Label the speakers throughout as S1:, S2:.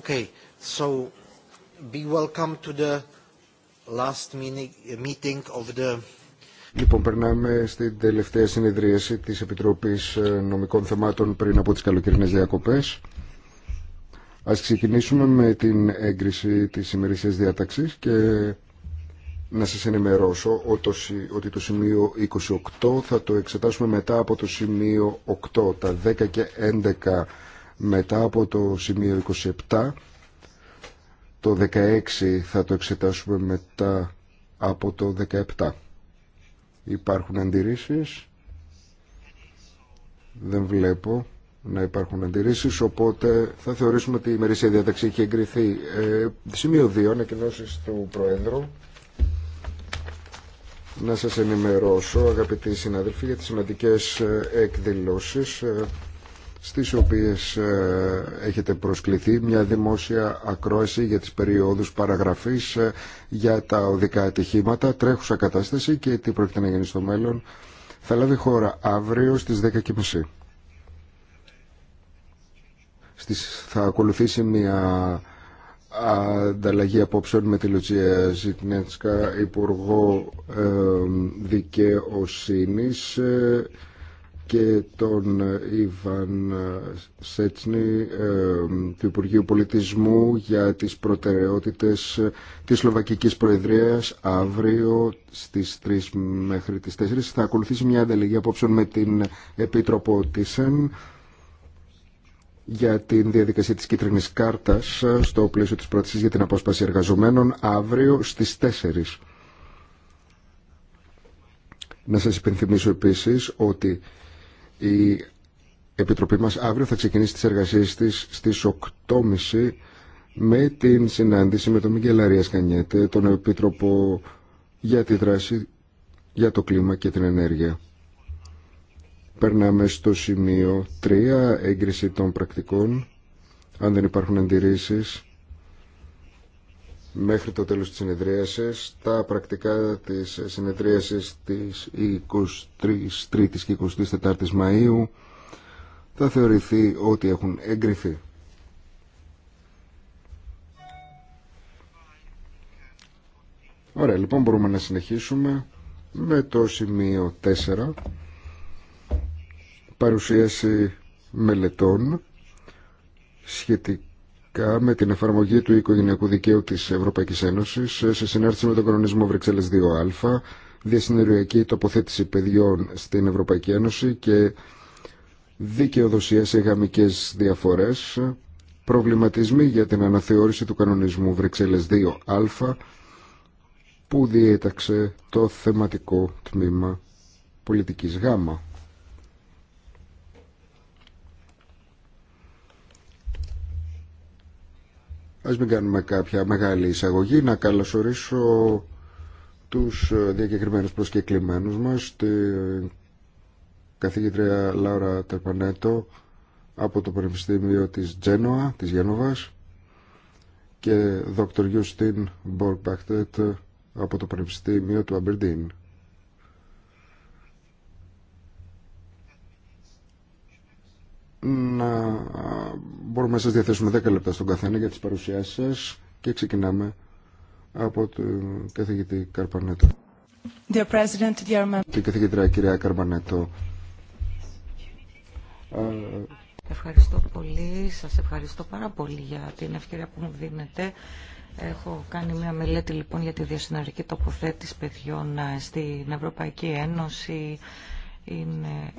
S1: Okay, so be welcome to the last meeting of the...
S2: Λοιπόν, περνάμε στην τελευταία συνεδρίαση της Επιτροπής ε, Νομικών Θεμάτων πριν από τις καλοκαιρινές διακοπές. Ας ξεκινήσουμε με την έγκριση της ημερησίας διάταξης και να σας ενημερώσω ότι το σημείο 28 θα το εξετάσουμε μετά από το σημείο 8, τα 10 και 11 μετά από το σημείο 27. Το 16 θα το εξετάσουμε μετά από το 17. Υπάρχουν αντιρρήσεις. Δεν βλέπω να υπάρχουν αντιρρήσεις, οπότε θα θεωρήσουμε ότι η ημερήσια διάταξη έχει εγκριθεί. Ε, σημείο 2, ανακοινώσει του Προέδρου. Να σας ενημερώσω, αγαπητοί συναδελφοί, για τις σημαντικές ε, εκδηλώσεις ε, στις οποίες ε, έχετε προσκληθεί μια δημόσια ακρόαση για τις περιόδους παραγραφής ε, για τα οδικά ατυχήματα, τρέχουσα κατάσταση και τι πρόκειται να γίνει στο μέλλον. Θα λάβει χώρα αύριο στις 10.30. Στις, θα ακολουθήσει μια ανταλλαγή απόψεων με τη Λουτσία Ζιτνέτσκα, Υπουργό ε, Δικαιοσύνης, ε, και τον Ιβαν Σέτσνη ε, του Υπουργείου Πολιτισμού για τις προτεραιότητες της Σλοβακικής Προεδρίας αύριο στις 3 μέχρι τις 4. Θα ακολουθήσει μια ανταλλαγή απόψεων με την Επίτροπο Τίσεν για την διαδικασία της κίτρινης κάρτας στο πλαίσιο της πρότασης για την απόσπαση εργαζομένων αύριο στις 4. Να σας υπενθυμίσω επίσης ότι η Επιτροπή μας αύριο θα ξεκινήσει τις εργασίες της στις 8.30 με την συνάντηση με τον Μικελαρία Σκανιέτε, τον Επίτροπο για τη δράση για το κλίμα και την ενέργεια. Περνάμε στο σημείο 3, έγκριση των πρακτικών. Αν δεν υπάρχουν αντιρρήσεις, μέχρι το τέλος της συνεδρίασης τα πρακτικά της συνεδρίασης της 23ης και 24ης Μαΐου θα θεωρηθεί ότι έχουν εγκριθεί. Ωραία, λοιπόν μπορούμε να συνεχίσουμε με το σημείο 4 παρουσίαση μελετών σχετικά με την εφαρμογή του οικογενειακού δικαίου της Ευρωπαϊκής Ένωσης ε, σε συνάρτηση με τον κανονισμό Βρυξέλλες 2α, διασυνεργειακή τοποθέτηση παιδιών στην Ευρωπαϊκή Ένωση και δικαιοδοσία σε γαμικές διαφορές, προβληματισμοί για την αναθεώρηση του κανονισμού Βρυξέλλες 2α που διέταξε το θεματικό τμήμα πολιτικής γάμα. Ας μην κάνουμε κάποια μεγάλη εισαγωγή, να καλωσορίσω τους διακεκριμένους προσκεκλημένους μας, την καθηγήτρια Λάουρα Τερπανέτο από το Πανεπιστήμιο της Τζένοα, της Γένοβας και δόκτωρ Ιουστίν Μπορκμπακτέτ από το Πανεπιστήμιο του Αμπερντίν. να μπορούμε να σας διαθέσουμε 10 λεπτά στον καθένα για τις παρουσιάσεις σας και ξεκινάμε από τον καθηγητή Καρπανέτο.
S3: Dear President,
S2: κυρία Καρπανέτο.
S4: Ευχαριστώ πολύ, σας ευχαριστώ πάρα πολύ για την ευκαιρία που μου δίνετε. Έχω κάνει μια μελέτη λοιπόν για τη διασυναρική τοποθέτηση παιδιών στην Ευρωπαϊκή Ένωση. Είναι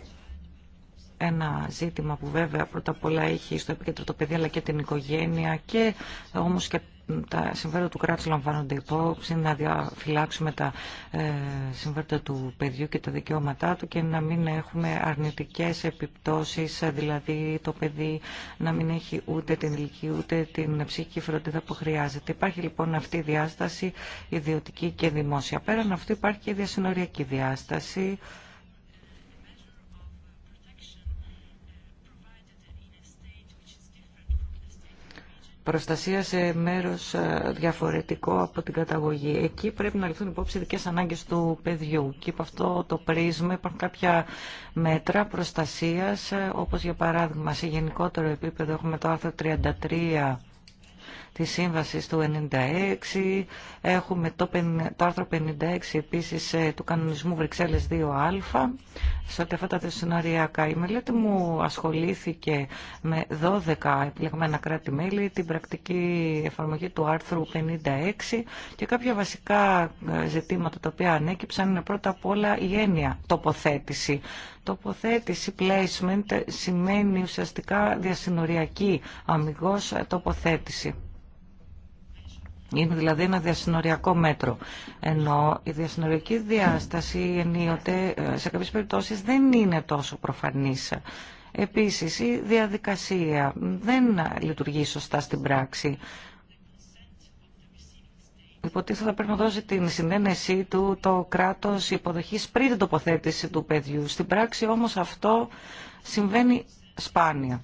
S4: ένα ζήτημα που βέβαια πρώτα απ' όλα έχει στο επίκεντρο το παιδί αλλά και την οικογένεια και όμως και τα συμφέροντα του κράτους λαμβάνονται υπόψη, να διαφυλάξουμε τα ε, συμφέροντα του παιδιού και τα δικαιώματά του και να μην έχουμε αρνητικές επιπτώσεις, δηλαδή το παιδί να μην έχει ούτε την ηλική ούτε την ψυχική φροντίδα που χρειάζεται. Υπάρχει λοιπόν αυτή η διάσταση ιδιωτική και δημόσια. Πέραν αυτού υπάρχει και η διασυνοριακή διάσταση προστασία σε μέρος ε, διαφορετικό από την καταγωγή. Εκεί πρέπει να ληφθούν υπόψη ειδικέ ανάγκες του παιδιού. Και από αυτό το πρίσμα υπάρχουν κάποια μέτρα προστασίας, ε, όπως για παράδειγμα σε γενικότερο επίπεδο έχουμε το άρθρο 33 τη σύμβαση του 96. Έχουμε το, άρθρο 56 επίσης ε, του κανονισμού Βρυξέλλες 2α. Σε ό,τι αυτά τα τρεσιναριακά η μελέτη μου ασχολήθηκε με 12 επιλεγμένα κράτη-μέλη, την πρακτική εφαρμογή του άρθρου 56 και κάποια βασικά ε, ζητήματα τα οποία ανέκυψαν είναι πρώτα απ' όλα η έννοια τοποθέτηση. Τοποθέτηση, placement, σημαίνει ουσιαστικά διασυνοριακή αμυγός τοποθέτηση. Είναι δηλαδή ένα διασυνοριακό μέτρο. Ενώ η διασυνοριακή διάσταση ενίοτε ε, σε κάποιες περιπτώσεις δεν είναι τόσο προφανής. Επίσης η διαδικασία δεν λειτουργεί σωστά στην πράξη. Υποτίθεται θα πρέπει να δώσει την συνένεσή του το κράτος υποδοχής πριν την τοποθέτηση του παιδιού. Στην πράξη όμως αυτό συμβαίνει σπάνια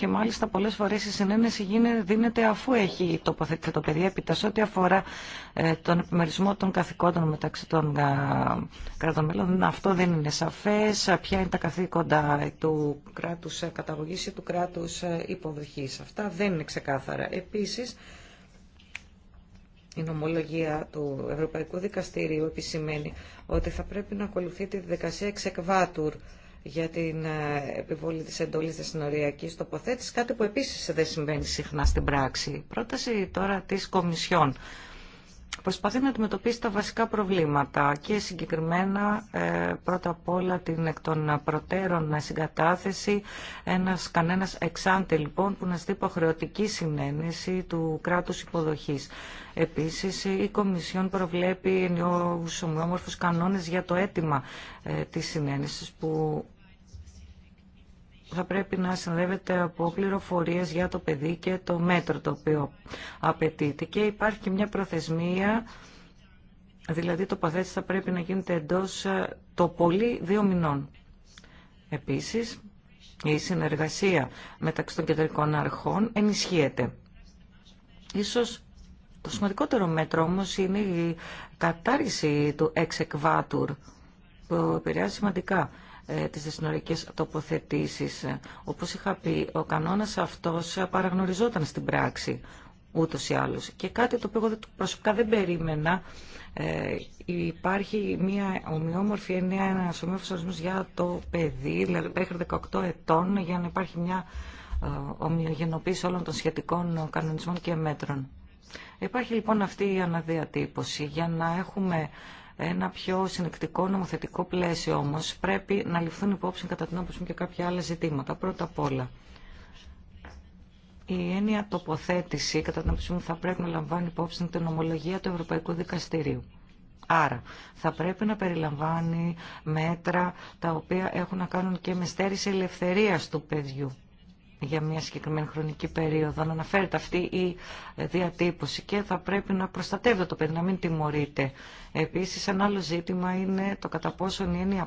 S4: και μάλιστα πολλές φορές η συνένεση γίνεται, δίνεται αφού έχει τοποθετηθεί το παιδί έπειτα σε ό,τι αφορά ε, τον επιμερισμό των καθηκόντων μεταξύ των κρατών μελών. Αυτό δεν είναι σαφές. Ποια είναι τα καθήκοντα του κράτους ε, καταγωγής ή του κράτους ε, υποδοχής. Αυτά δεν είναι ξεκάθαρα. Επίσης, η νομολογία του Ευρωπαϊκού Δικαστηρίου επισημαίνει ότι θα πρέπει να ακολουθεί τη δικασία εξεκβάτουρ για την ε, επιβολή της εντολής της συνοριακής τοποθέτησης, κάτι που επίσης δεν συμβαίνει συχνά στην πράξη. Πρόταση τώρα της Κομισιόν προσπαθεί να αντιμετωπίσει τα βασικά προβλήματα και συγκεκριμένα ε, πρώτα απ' όλα την εκ των προτέρων συγκατάθεση ένας κανένας εξάντε λοιπόν που να στείλει υποχρεωτική συνένεση του κράτους υποδοχής. Επίσης η Κομισιόν προβλέπει ενιαίους όμορφους κανόνες για το αίτημα ε, της συνένεσης που θα πρέπει να συνδέεται από πληροφορίες για το παιδί και το μέτρο το οποίο απαιτείται. Και υπάρχει και μια προθεσμία, δηλαδή το παθέτης θα πρέπει να γίνεται εντός ε, το πολύ δύο μηνών. Επίσης, η συνεργασία μεταξύ των κεντρικών αρχών ενισχύεται. Ίσως το σημαντικότερο μέτρο όμως είναι η κατάργηση του εξεκβάτουρ που επηρεάζει σημαντικά ε, τις δυσνορικές τοποθετήσεις. Όπως είχα πει, ο κανόνας αυτός παραγνωριζόταν στην πράξη ούτως ή άλλως. Και κάτι το οποίο προσωπικά δεν περίμενα, ε, υπάρχει μια ομοιόμορφη εννέα, ένα ομοιόμορφος ορισμός για το παιδί, δηλαδή μέχρι 18 ετών, για να υπάρχει μια ε, ομοιογενοποίηση όλων των σχετικών κανονισμών και μέτρων. Υπάρχει λοιπόν αυτή η αναδιατύπωση για να έχουμε ένα πιο συνεκτικό νομοθετικό πλαίσιο όμως πρέπει να ληφθούν υπόψη κατά την άποψη μου και κάποια άλλα ζητήματα. Πρώτα απ' όλα, η έννοια τοποθέτηση κατά την άποψη μου θα πρέπει να λαμβάνει υπόψη την ομολογία του Ευρωπαϊκού Δικαστηρίου. Άρα θα πρέπει να περιλαμβάνει μέτρα τα οποία έχουν να κάνουν και με στέρηση ελευθερίας του παιδιού για μια συγκεκριμένη χρονική περίοδο. Να αναφέρεται αυτή η ε, διατύπωση και θα πρέπει να προστατεύεται το παιδί, να μην τιμωρείται. Επίσης, ένα άλλο ζήτημα είναι το κατά πόσον είναι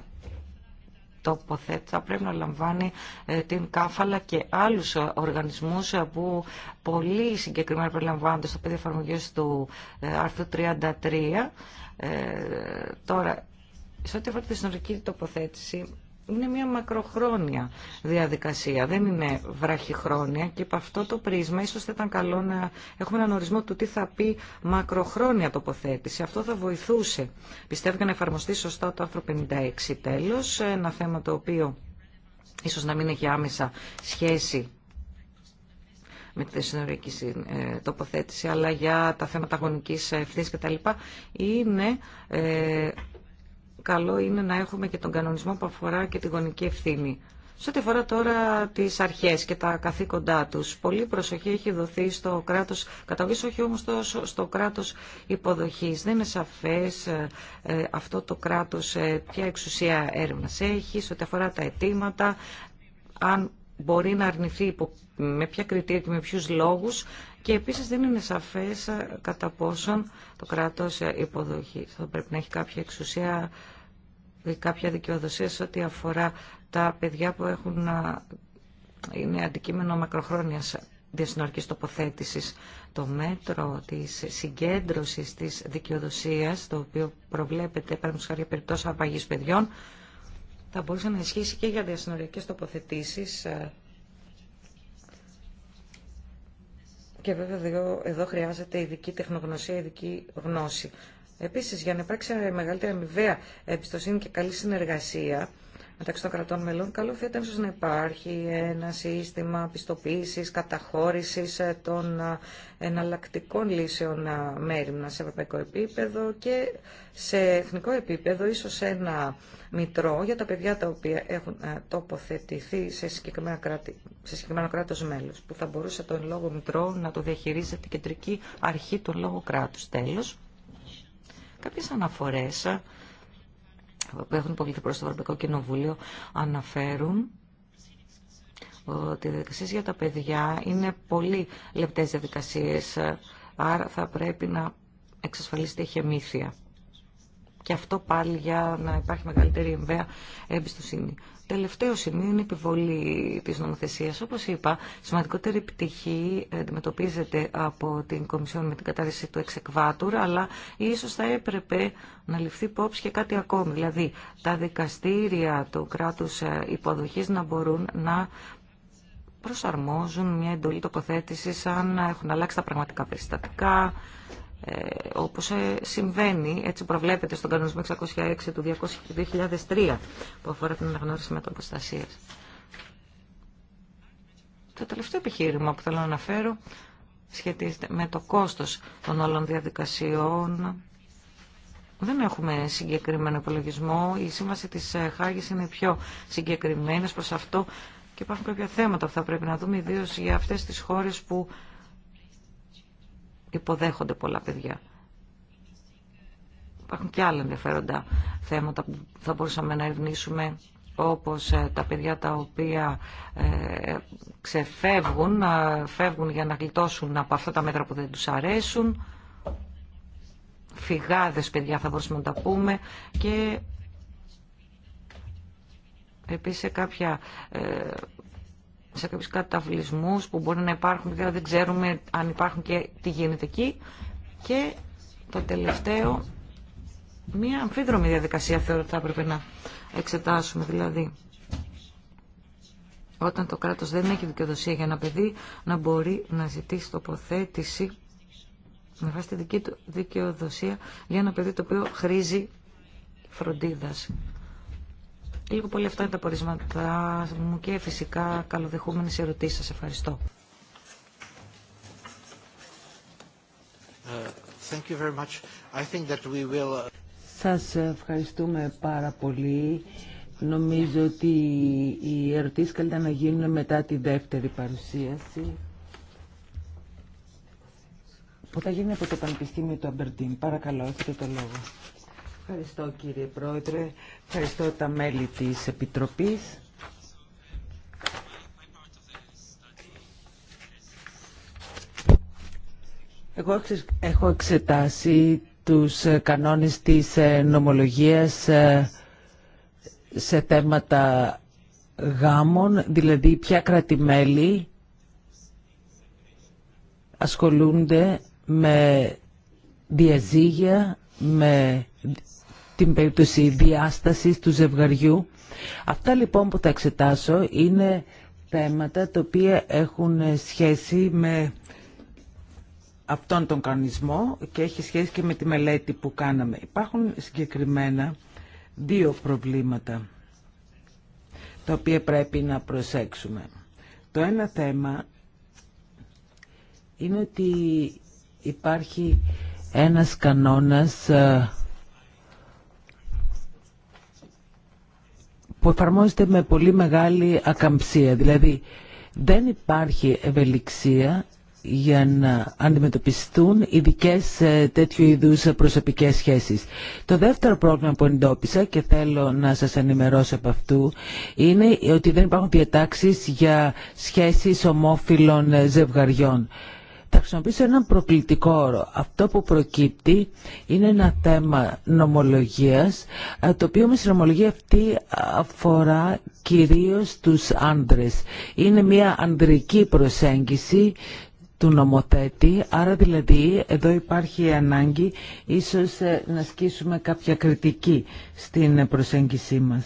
S4: τοποθέτηση θα πρέπει να λαμβάνει ε, την κάφαλα και άλλους ε, οργανισμούς που πολύ συγκεκριμένα περιλαμβάνονται στο πεδίο εφαρμογή του άρθρου 33. Ε, τώρα, σε ό,τι αφορά τη συνολική τοποθέτηση, είναι μια μακροχρόνια διαδικασία, δεν είναι βραχυχρόνια και από αυτό το πρίσμα ίσως θα ήταν καλό να έχουμε έναν ορισμό του τι θα πει μακροχρόνια τοποθέτηση. Αυτό θα βοηθούσε, πιστεύω, για να εφαρμοστεί σωστά το άρθρο 56 τέλος, ένα θέμα το οποίο ίσως να μην έχει άμεσα σχέση με τη συνορική ε, τοποθέτηση, αλλά για τα θέματα γονικής ευθύνης κτλ. είναι ε, καλό είναι να έχουμε και τον κανονισμό που αφορά και τη γονική ευθύνη. Σε ό,τι αφορά τώρα τι αρχέ και τα καθήκοντά του, πολλή προσοχή έχει δοθεί στο κράτο καταγωγή, όχι όμω στο, στο κράτο υποδοχή. Δεν είναι σαφέ ε, ε, αυτό το κράτο ε, ποια εξουσία έρευνα έχει, σε ό,τι αφορά τα αιτήματα, αν μπορεί να αρνηθεί με ποια κριτήρια και με ποιου λόγου. Και επίση δεν είναι σαφές ε, κατά πόσον το κράτο υποδοχή θα πρέπει να έχει κάποια εξουσία κάποια δικαιοδοσία σε ό,τι αφορά τα παιδιά που έχουν, είναι αντικείμενο μακροχρόνιας διασυνορικής τοποθέτησης. Το μέτρο της συγκέντρωσης της δικαιοδοσίας, το οποίο προβλέπεται, παραδείγματος χάρη περιπτώσει απαγής παιδιών, θα μπορούσε να ισχύσει και για διασυνοριακές τοποθετήσεις. Και βέβαια εδώ χρειάζεται ειδική τεχνογνωσία, ειδική γνώση. Επίσης, για να υπάρξει μεγαλύτερη αμοιβαία εμπιστοσύνη και καλή συνεργασία μεταξύ των κρατών μελών, καλό θα ήταν να υπάρχει ένα σύστημα πιστοποίησης, καταχώρησης ε, των ε, εναλλακτικών λύσεων ε, μέρημνα σε ευρωπαϊκό επίπεδο και σε εθνικό επίπεδο ίσως ένα μητρό για τα παιδιά τα οποία έχουν τοποθετηθεί σε συγκεκριμένο, κράτη, σε κράτος μέλος που θα μπορούσε τον λόγο μητρό να το διαχειρίζεται κεντρική αρχή του λόγου κράτους. Τέλος. Κάποιες αναφορές ε, που έχουν υποβληθεί προς το Ευρωπαϊκό Κοινοβούλιο αναφέρουν ότι οι διαδικασίες για τα παιδιά είναι πολύ λεπτές διαδικασίες, ε, άρα θα πρέπει να εξασφαλίσετε ηχεμήθεια. Και αυτό πάλι για να υπάρχει μεγαλύτερη εμβέα εμπιστοσύνη Τελευταίο σημείο είναι η επιβολή της νομοθεσίας. Όπως είπα, σημαντικότερη πτυχή αντιμετωπίζεται από την Κομισιόν με την κατάρρευση του εξεκβάτουρ, αλλά ίσως θα έπρεπε να ληφθεί υπόψη και κάτι ακόμη. Δηλαδή, τα δικαστήρια του κράτου ε, υποδοχή να μπορούν να προσαρμόζουν μια εντολή τοποθέτηση αν έχουν αλλάξει τα πραγματικά περιστατικά, ε, όπως ε, συμβαίνει, έτσι προβλέπεται στον κανονισμό 606 του 2003 που αφορά την αναγνώριση μεταποστασίας. Το τελευταίο επιχείρημα που θέλω να αναφέρω σχετίζεται με το κόστος των όλων διαδικασιών. Δεν έχουμε συγκεκριμένο υπολογισμό. Η σύμβαση της ε, Χάγης είναι πιο συγκεκριμένη προς αυτό και υπάρχουν κάποια θέματα που θα πρέπει να δούμε, ιδίως για αυτές τις χώρες που υποδέχονται πολλά παιδιά. Υπάρχουν και άλλα ενδιαφέροντα θέματα που θα μπορούσαμε να ερευνήσουμε όπως ε, τα παιδιά τα οποία ε, ξεφεύγουν, ε, φεύγουν για να γλιτώσουν από αυτά τα μέτρα που δεν τους αρέσουν, φυγάδες παιδιά θα μπορούσαμε να τα πούμε και επίσης κάποια σε κάποιους καταβλισμούς που μπορεί να υπάρχουν, δηλαδή δεν ξέρουμε αν υπάρχουν και τι γίνεται εκεί. Και το τελευταίο, μία αμφίδρομη διαδικασία θεωρώ ότι θα έπρεπε να εξετάσουμε. Δηλαδή, όταν το κράτος δεν έχει δικαιοδοσία για ένα παιδί, να μπορεί να ζητήσει τοποθέτηση με βάση τη δική του δικαιοδοσία για ένα παιδί το οποίο χρήζει φροντίδας. Λίγο πολύ αυτά είναι τα πορίσματα μου και φυσικά καλοδεχούμενες ερωτήσεις. Σας ευχαριστώ.
S1: Thank
S3: Σας ευχαριστούμε πάρα πολύ. Νομίζω ότι οι ερωτήσεις καλύτερα να γίνουν μετά τη δεύτερη παρουσίαση που θα γίνει από το Πανεπιστήμιο του Αμπερντίν. Παρακαλώ, έχετε το λόγο. Ευχαριστώ κύριε Πρόεδρε, ευχαριστώ τα μέλη της Επιτροπής. Εγώ έχω εξετάσει τους ε, κανόνες της ε, νομολογίας ε, σε θέματα γάμων, δηλαδή ποια κρατημέλη ασχολούνται με διαζύγια με την περίπτωση διάστασης του ζευγαριού. Αυτά λοιπόν που θα εξετάσω είναι θέματα τα οποία έχουν σχέση με αυτόν τον κανονισμό και έχει σχέση και με τη μελέτη που κάναμε. Υπάρχουν συγκεκριμένα δύο προβλήματα τα οποία πρέπει να προσέξουμε. Το ένα θέμα είναι ότι υπάρχει ένας κανόνας ε, που εφαρμόζεται με πολύ μεγάλη ακαμψία. Δηλαδή δεν υπάρχει ευελιξία για να αντιμετωπιστούν ειδικέ ε, τέτοιου είδους προσωπικές σχέσεις. Το δεύτερο πρόβλημα που εντόπισα και θέλω να σας ενημερώσω από αυτού είναι ότι δεν υπάρχουν διατάξεις για σχέσεις ομόφυλων ε, ζευγαριών. Θα χρησιμοποιήσω έναν προκλητικό όρο. Αυτό που προκύπτει είναι ένα θέμα νομολογίας, ε, το οποίο με η νομολογία αυτή αφορά κυρίως τους άντρες. Είναι μια ανδρική προσέγγιση του νομοθέτη, άρα δηλαδή εδώ υπάρχει η ανάγκη ίσως ε, να ασκήσουμε κάποια κριτική στην προσέγγιση μας.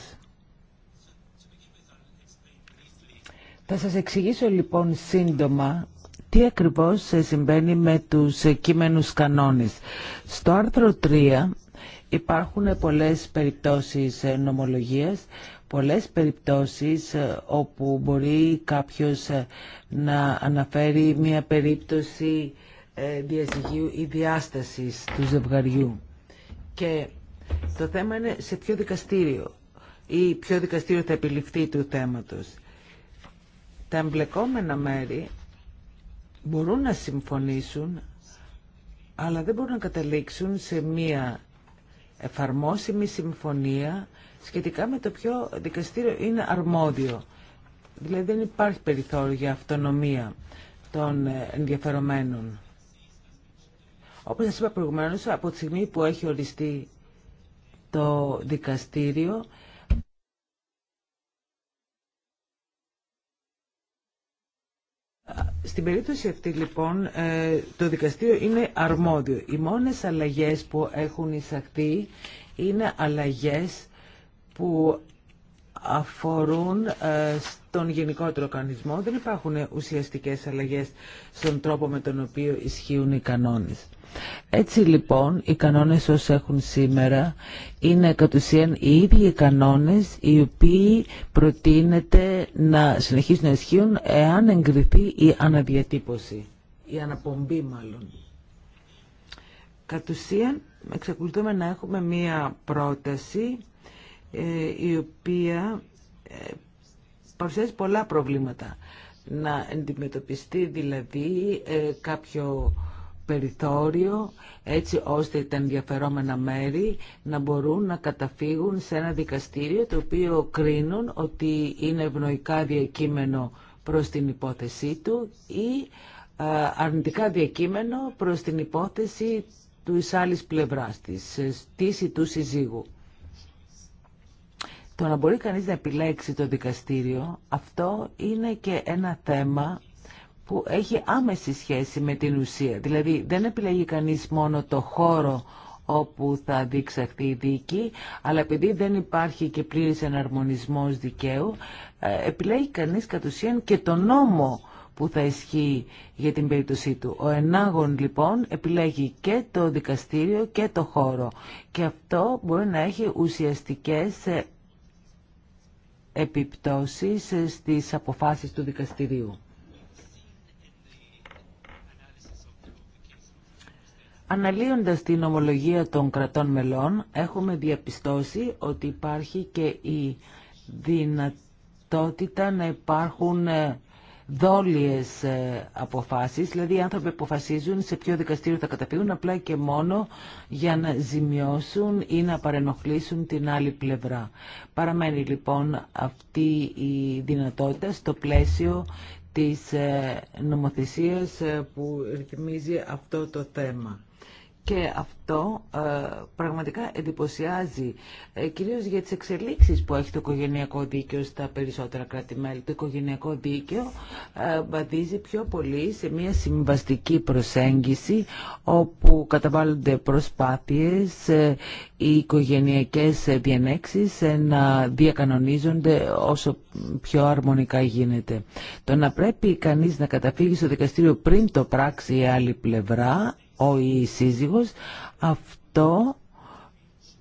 S3: Θα σας εξηγήσω λοιπόν σύντομα τι ακριβώς συμβαίνει με τους κείμενους κανόνες. Στο άρθρο 3 υπάρχουν πολλές περιπτώσεις νομολογίας, πολλές περιπτώσεις όπου μπορεί κάποιος να αναφέρει μια περίπτωση ε, διαζυγίου ή διάστασης του ζευγαριού. Και το θέμα είναι σε ποιο δικαστήριο ή ποιο δικαστήριο θα επιληφθεί του θέματος. Τα εμπλεκόμενα μέρη μπορούν να συμφωνήσουν, αλλά δεν μπορούν να καταλήξουν σε μία εφαρμόσιμη συμφωνία σχετικά με το ποιο δικαστήριο είναι αρμόδιο. Δηλαδή δεν υπάρχει περιθώριο για αυτονομία των ενδιαφερομένων. Όπως σας είπα προηγουμένως, από τη στιγμή που έχει οριστεί το δικαστήριο Στην περίπτωση αυτή λοιπόν ε, το δικαστήριο είναι αρμόδιο. Οι μόνες αλλαγές που έχουν εισαχθεί είναι αλλαγές που αφορούν ε, στον γενικότερο οργανισμό. Δεν υπάρχουν ουσιαστικές αλλαγές στον τρόπο με τον οποίο ισχύουν οι κανόνες. Έτσι λοιπόν οι κανόνες όσοι έχουν σήμερα είναι κατ' ουσίαν οι ίδιοι οι κανόνες οι οποίοι προτείνεται να συνεχίσουν να ισχύουν εάν εγκριθεί η αναδιατύπωση, η αναπομπή μάλλον. Κατ' ουσίαν εξακολουθούμε να έχουμε μία πρόταση ε, η οποία ε, παρουσιάζει πολλά προβλήματα. Να αντιμετωπιστεί δηλαδή ε, κάποιο περιθώριο έτσι ώστε τα ενδιαφερόμενα μέρη να μπορούν να καταφύγουν σε ένα δικαστήριο το οποίο κρίνουν ότι είναι ευνοϊκά διακείμενο προς την υπόθεσή του ή αρνητικά διακείμενο προς την υπόθεση του άλλης πλευράς της, της ή του συζύγου. Το να μπορεί κανείς να επιλέξει το δικαστήριο, αυτό είναι και ένα θέμα που έχει άμεση σχέση με την ουσία. Δηλαδή δεν επιλέγει κανείς μόνο το χώρο όπου θα διεξαχθεί η δίκη, αλλά επειδή δεν υπάρχει και πλήρης εναρμονισμός δικαίου, ε, επιλέγει κανείς κατ' ουσίαν και το νόμο που θα ισχύει για την περίπτωσή του. Ο ενάγων λοιπόν επιλέγει και το δικαστήριο και το χώρο και αυτό μπορεί να έχει ουσιαστικές ε, επιπτώσεις στις αποφάσεις του δικαστηρίου. Αναλύοντας την ομολογία των κρατών μελών, έχουμε διαπιστώσει ότι υπάρχει και η δυνατότητα να υπάρχουν ε, δόλιες ε, αποφάσεις, δηλαδή οι άνθρωποι αποφασίζουν σε ποιο δικαστήριο θα καταφύγουν απλά και μόνο για να ζημιώσουν ή να παρενοχλήσουν την άλλη πλευρά. Παραμένει λοιπόν αυτή η δυνατότητα στο πλαίσιο της ε, νομοθεσίας ε, που ρυθμίζει αυτό το θέμα. Και αυτό ε, πραγματικά εντυπωσιάζει, ε, κυρίως για τις εξελίξεις που έχει το οικογενειακό δίκαιο στα περισσότερα κράτη-μέλη. Το οικογενειακό δίκαιο ε, πιο πολύ σε μια συμβαστική προσέγγιση όπου καταβάλλονται προσπάθειες ε, οι οικογενειακές διενέξεις ε, να διακανονίζονται όσο πιο αρμονικά γίνεται. Το να πρέπει κανείς να καταφύγει στο δικαστήριο πριν το πράξει η άλλη πλευρά ο ή η σύζυγος, αυτό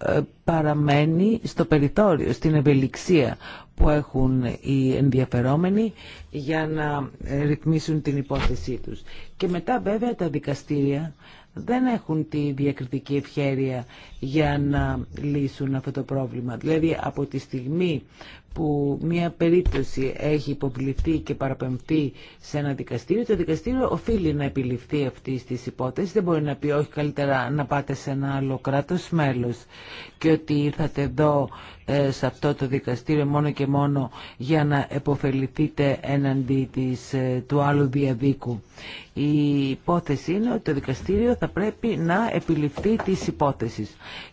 S3: ε, παραμένει στο περιθώριο, στην ευελιξία που έχουν οι ενδιαφερόμενοι για να ε, ρυθμίσουν την υπόθεσή τους. Και μετά βέβαια τα δικαστήρια δεν έχουν τη διακριτική ευχέρεια για να λύσουν αυτό το πρόβλημα. Δηλαδή από τη στιγμή που μια περίπτωση έχει υποβληθεί και παραπεμφθεί σε ένα δικαστήριο, το δικαστήριο οφείλει να επιληφθεί αυτή τη υπόθεση. Δεν μπορεί να πει όχι καλύτερα να πάτε σε ένα άλλο κράτος μέλος και ότι ήρθατε εδώ ε, σε αυτό το δικαστήριο μόνο και μόνο για να επωφεληθείτε έναντι της, ε, του άλλου διαδίκου. Η υπόθεση είναι ότι το δικαστήριο θα πρέπει να επιληφθεί τη υπόθεση.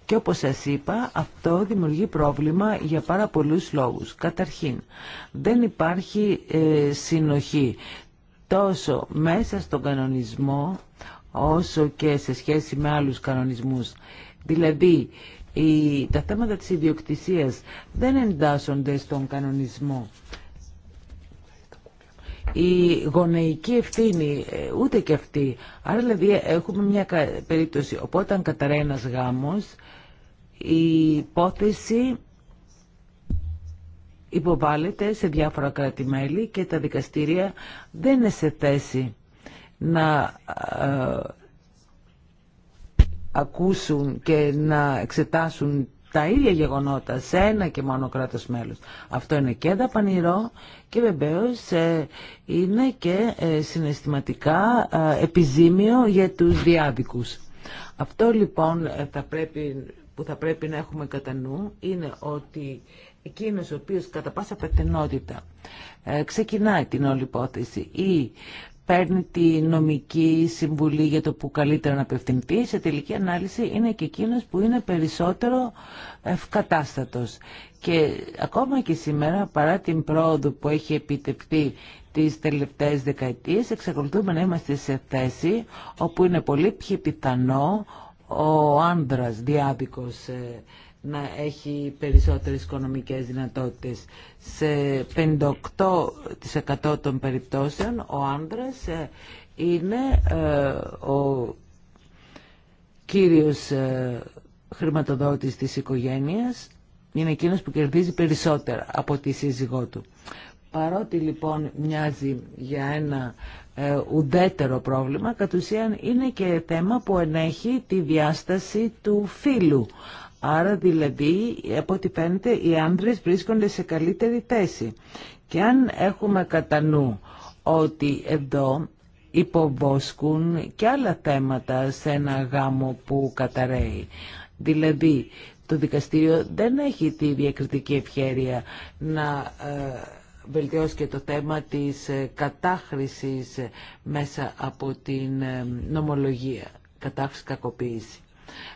S3: Και όπως σας είπα, αυτό δημιουργεί πρόβλημα για πάρα πολλούς λόγους. Καταρχήν, δεν υπάρχει ε, συνοχή τόσο μέσα στον κανονισμό όσο και σε σχέση με άλλους κανονισμούς. Δηλαδή, τα θέματα της ιδιοκτησίας δεν εντάσσονται στον κανονισμό η γονεϊκή ευθύνη, ε, ούτε και αυτή. Άρα δηλαδή έχουμε μια περίπτωση Οπότε, αν καταραίει ένας γάμος, η υπόθεση υποβάλλεται σε διάφορα κράτη-μέλη και τα δικαστήρια δεν είναι σε θέση να ε, ακούσουν και να εξετάσουν τα ίδια γεγονότα σε ένα και μόνο κράτος μέλος. Αυτό είναι και δαπανηρό και βεβαίως ε, είναι και ε, συναισθηματικά ε, επιζήμιο για τους διάδικους. Αυτό λοιπόν που θα πρέπει να έχουμε κατά νου είναι ότι εκείνος ο οποίος κατά πάσα ε, ξεκινάει την όλη υπόθεση ή παίρνει τη νομική συμβουλή για το που καλύτερα να απευθυνθεί, σε τελική ανάλυση είναι και εκείνο που είναι περισσότερο ευκατάστατος. Και ακόμα και σήμερα, παρά την πρόοδο που έχει επιτευχθεί τις τελευταίες δεκαετίες, εξακολουθούμε να είμαστε σε θέση όπου είναι πολύ πιο πιθανό ο άνδρας διάδικος ε, να έχει περισσότερες οικονομικές δυνατότητες. Σε 58% των περιπτώσεων ο άνδρας ε, είναι ε, ο κύριος ε, χρηματοδότης της οικογένειας, είναι εκείνος που κερδίζει περισσότερα από τη σύζυγό του. Παρότι λοιπόν μοιάζει για ένα ε, ουδέτερο πρόβλημα, κατ' ουσίαν είναι και θέμα που ενέχει τη διάσταση του φίλου. Άρα δηλαδή, από ό,τι φαίνεται, οι άνδρες βρίσκονται σε καλύτερη θέση. Και αν έχουμε κατά νου ότι εδώ υποβόσκουν και άλλα θέματα σε ένα γάμο που καταραίει. Δηλαδή, το δικαστήριο δεν έχει τη διακριτική ευχέρεια να ε, βελτιώσει και το θέμα της ε, κατάχρησης ε, μέσα από την νομολογία, κατάχρηση κακοποίηση.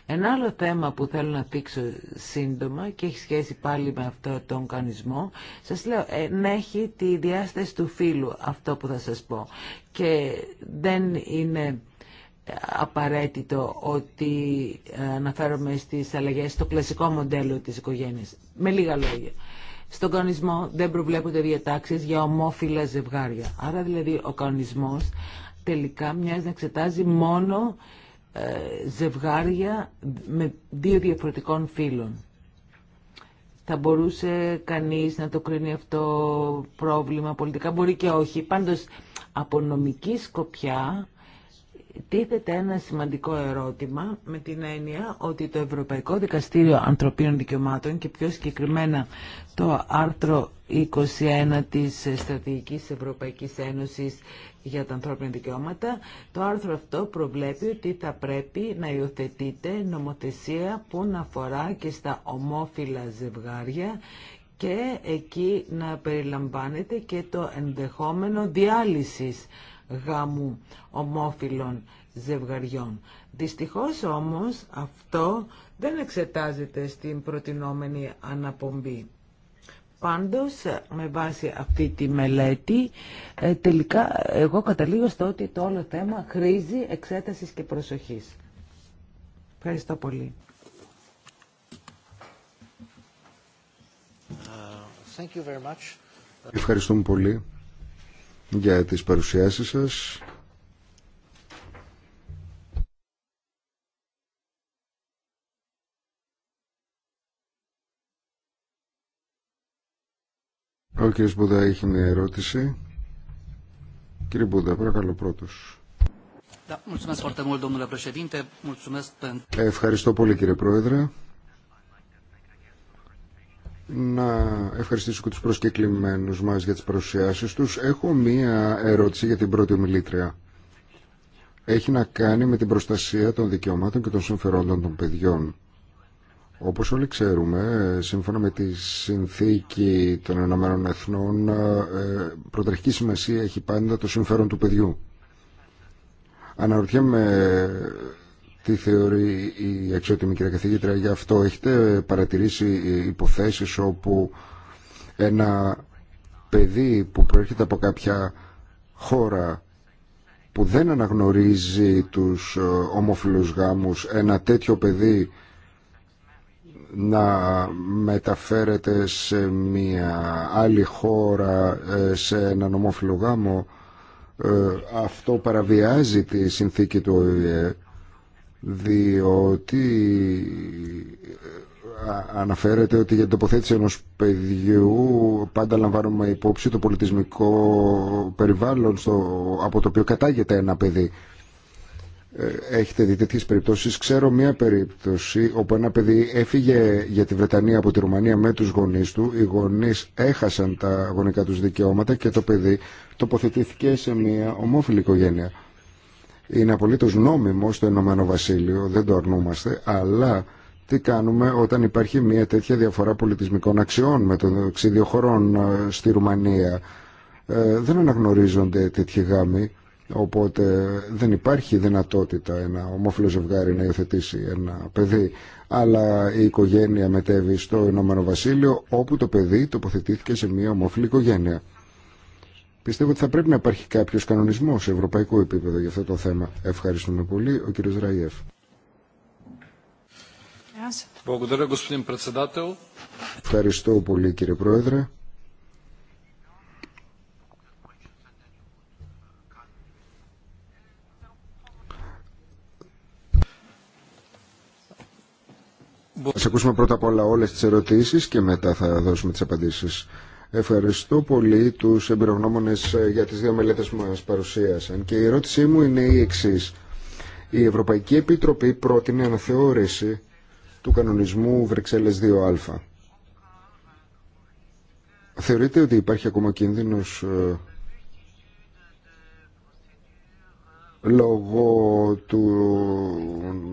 S3: Ένα άλλο θέμα που θέλω να δείξω σύντομα και έχει σχέση πάλι με αυτό τον κανισμό, σας λέω, ε, έχει τη διάσταση του φίλου αυτό που θα σας πω. Και δεν είναι απαραίτητο ότι ε, αναφέρομαι στις αλλαγές στο κλασικό μοντέλο της οικογένειας. Με λίγα λόγια. Στον κανονισμό δεν προβλέπονται διατάξεις για ομόφυλα ζευγάρια. Άρα δηλαδή ο κανονισμός τελικά μοιάζει να εξετάζει μόνο ε, ζευγάρια με δύο διαφορετικών φύλων. Θα μπορούσε κανείς να το κρίνει αυτό πρόβλημα πολιτικά, μπορεί και όχι. Πάντως, από νομική σκοπιά τίθεται ένα σημαντικό ερώτημα με την έννοια ότι το Ευρωπαϊκό Δικαστήριο Ανθρωπίνων Δικαιωμάτων και πιο συγκεκριμένα το άρθρο 21 της Στρατηγικής Ευρωπαϊκής Ένωσης για τα ανθρώπινα δικαιώματα, το άρθρο αυτό προβλέπει ότι θα πρέπει να υιοθετείται νομοθεσία που να αφορά και στα ομόφυλα ζευγάρια και εκεί να περιλαμβάνεται και το ενδεχόμενο διάλυσης γάμου ομόφυλων ζευγαριών. Δυστυχώς όμως αυτό δεν εξετάζεται στην προτινόμενη αναπομπή. Πάντως, με βάση αυτή τη μελέτη, ε, τελικά εγώ καταλήγω στο ότι το όλο θέμα χρήζει εξέτασης και προσοχής. Ευχαριστώ
S1: πολύ. Uh,
S2: Ευχαριστούμε πολύ για τις παρουσιάσεις σας. Ο κ. Μπουδά έχει μια ερώτηση. Κύριε Μπουδά, παρακαλώ πρώτος. Ευχαριστώ πολύ κύριε Πρόεδρε να ευχαριστήσω και τους προσκεκλημένους μας για τις παρουσιάσεις τους. Έχω μία ερώτηση για την πρώτη ομιλήτρια. Έχει να κάνει με την προστασία των δικαιωμάτων και των συμφερόντων των παιδιών. Όπως όλοι ξέρουμε, σύμφωνα με τη συνθήκη των Ηνωμένων Εθνών, ε, πρωτερχική σημασία έχει πάντα το συμφέρον του παιδιού. Αναρωτιέμαι τι θεωρεί η αξιότιμη κυρία καθηγήτρια για αυτό. Έχετε παρατηρήσει υποθέσεις όπου ένα παιδί που προέρχεται από κάποια χώρα που δεν αναγνωρίζει τους ε, ομοφυλούς γάμους, ένα τέτοιο παιδί να μεταφέρεται σε μια άλλη χώρα, ε, σε έναν ομόφυλο γάμο, ε, αυτό παραβιάζει τη συνθήκη του ΟΗΕ διότι ε, αναφέρεται ότι για την τοποθέτηση ενός παιδιού πάντα λαμβάνουμε υπόψη το πολιτισμικό περιβάλλον στο, από το οποίο κατάγεται ένα παιδί. Ε, έχετε δει τέτοιες περιπτώσεις. Ξέρω μία περίπτωση όπου ένα παιδί έφυγε για τη Βρετανία από τη Ρουμανία με τους γονείς του. Οι γονείς έχασαν τα γονικά τους δικαιώματα και το παιδί τοποθετήθηκε σε μία ομόφυλη οικογένεια είναι απολύτω νόμιμο στο Ηνωμένο Βασίλειο, δεν το αρνούμαστε, αλλά τι κάνουμε όταν υπάρχει μια τέτοια διαφορά πολιτισμικών αξιών με τον εξίδιο χωρών ε, στη Ρουμανία. Ε, δεν αναγνωρίζονται τέτοιοι γάμοι, οπότε δεν υπάρχει δυνατότητα ένα ομόφυλο ζευγάρι να υιοθετήσει ένα παιδί. Αλλά η οικογένεια μετέβει στο Ηνωμένο Βασίλειο, όπου το παιδί τοποθετήθηκε σε μια ομόφυλη οικογένεια. Πιστεύω ότι θα πρέπει να υπάρχει κάποιο κανονισμό σε ευρωπαϊκό επίπεδο για αυτό το θέμα. Ευχαριστούμε πολύ. Ο κύριο Ραϊεφ. Ευχαριστώ πολύ κύριε Πρόεδρε. Θα ακούσουμε πρώτα απ' όλα όλες τις ερωτήσεις και μετά θα δώσουμε τις απαντήσεις. Ευχαριστώ πολύ του εμπειρογνώμονε ε, για τις δύο μελέτε που μας παρουσίασαν και η ερώτησή μου είναι η εξής. Η Ευρωπαϊκή Επιτροπή πρότεινε αναθεώρηση του κανονισμού Βρυξέλλες 2α. Θεωρείτε ότι υπάρχει ακόμα κίνδυνος ε, λόγω του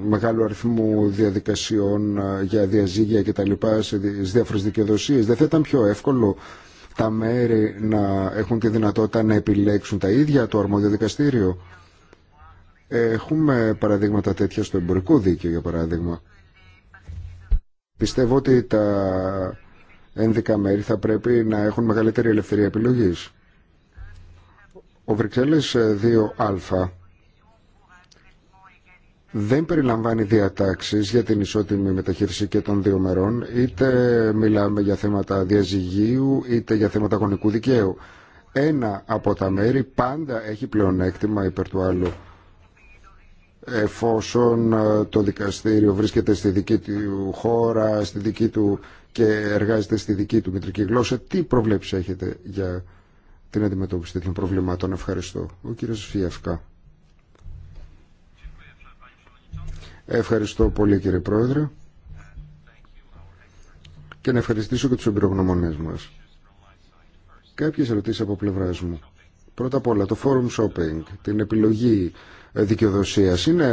S2: μεγάλου αριθμού διαδικασιών ε, για διαζύγια και τα λοιπά σε διάφορες δικαιοδοσίες. Δεν θα ήταν πιο εύκολο τα μέρη να έχουν τη δυνατότητα να επιλέξουν τα ίδια το αρμόδιο δικαστήριο. Έχουμε παραδείγματα τέτοια στο εμπορικό δίκαιο, για παράδειγμα. Πιστεύω ότι τα ένδικα μέρη θα πρέπει να έχουν μεγαλύτερη ελευθερία επιλογής. Ο Βρυξέλλες 2α δεν περιλαμβάνει διατάξεις για την ισότιμη μεταχείριση και των δύο μερών, είτε μιλάμε για θέματα διαζυγίου, είτε για θέματα γονικού δικαίου. Ένα από τα μέρη πάντα έχει πλεονέκτημα υπέρ του άλλου εφόσον ε, το δικαστήριο βρίσκεται στη δική του χώρα, στη δική του και εργάζεται στη δική του μητρική γλώσσα, τι προβλέψεις έχετε για την αντιμετώπιση τέτοιων προβλημάτων. Ευχαριστώ. Ο κύριος Φιεύκα Ευχαριστώ πολύ κύριε Πρόεδρε και να ευχαριστήσω και τους εμπειρογνωμονές μας. Κάποιες ερωτήσεις από πλευράς μου. Πρώτα απ' όλα το forum shopping, την επιλογή ε, δικαιοδοσίας είναι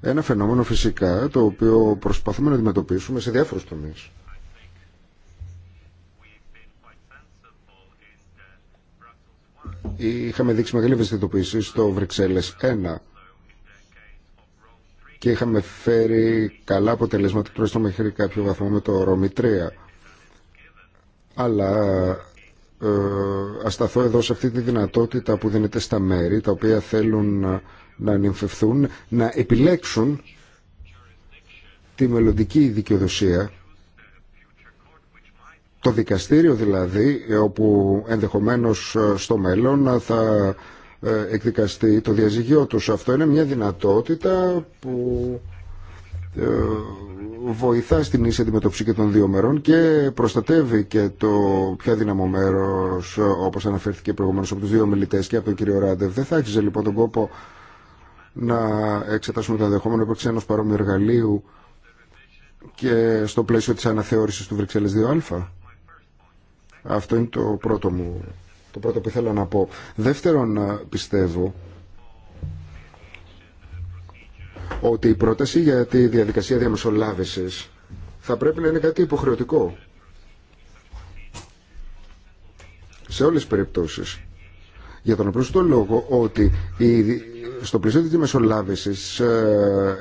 S2: ε, ένα φαινόμενο φυσικά το οποίο προσπαθούμε να αντιμετωπίσουμε σε διάφορους τομείς. Είχαμε δείξει μεγάλη ευαισθητοποίηση στο Βρυξέλλες 1 και είχαμε φέρει καλά αποτελέσματα το μέχρι κάποιο βαθμό με το Ρώμη Αλλά ε, ασταθώ εδώ σε αυτή τη δυνατότητα που δίνεται στα μέρη τα οποία θέλουν να, να να επιλέξουν τη μελλοντική δικαιοδοσία το δικαστήριο δηλαδή ε, όπου ενδεχομένως ε, στο μέλλον θα ε, εκδικαστεί το διαζυγείο τους. Αυτό είναι μια δυνατότητα που ε, βοηθά στην ίση αντιμετώπιση και των δύο μερών και προστατεύει και το πιο δύναμο μέρο, όπω αναφέρθηκε προηγουμένως από τους δύο μιλητέ και από τον κύριο Ράντεβ. Δεν θα άξιζε λοιπόν τον κόπο να εξετάσουμε το ενδεχόμενο υπάρξη ενό παρόμοιου εργαλείου και στο πλαίσιο της αναθεώρησης του βρυξελλες 2 2α. Αυτό είναι το πρώτο μου το πρώτο που ήθελα να πω. Δεύτερον, ε, πιστεύω ότι η πρόταση για τη διαδικασία διαμεσολάβησης θα πρέπει να είναι κάτι υποχρεωτικό. Σε όλες τις περιπτώσεις. Για τον απλούστο λόγο ότι στο πλαίσιο της μεσολάβησης ε,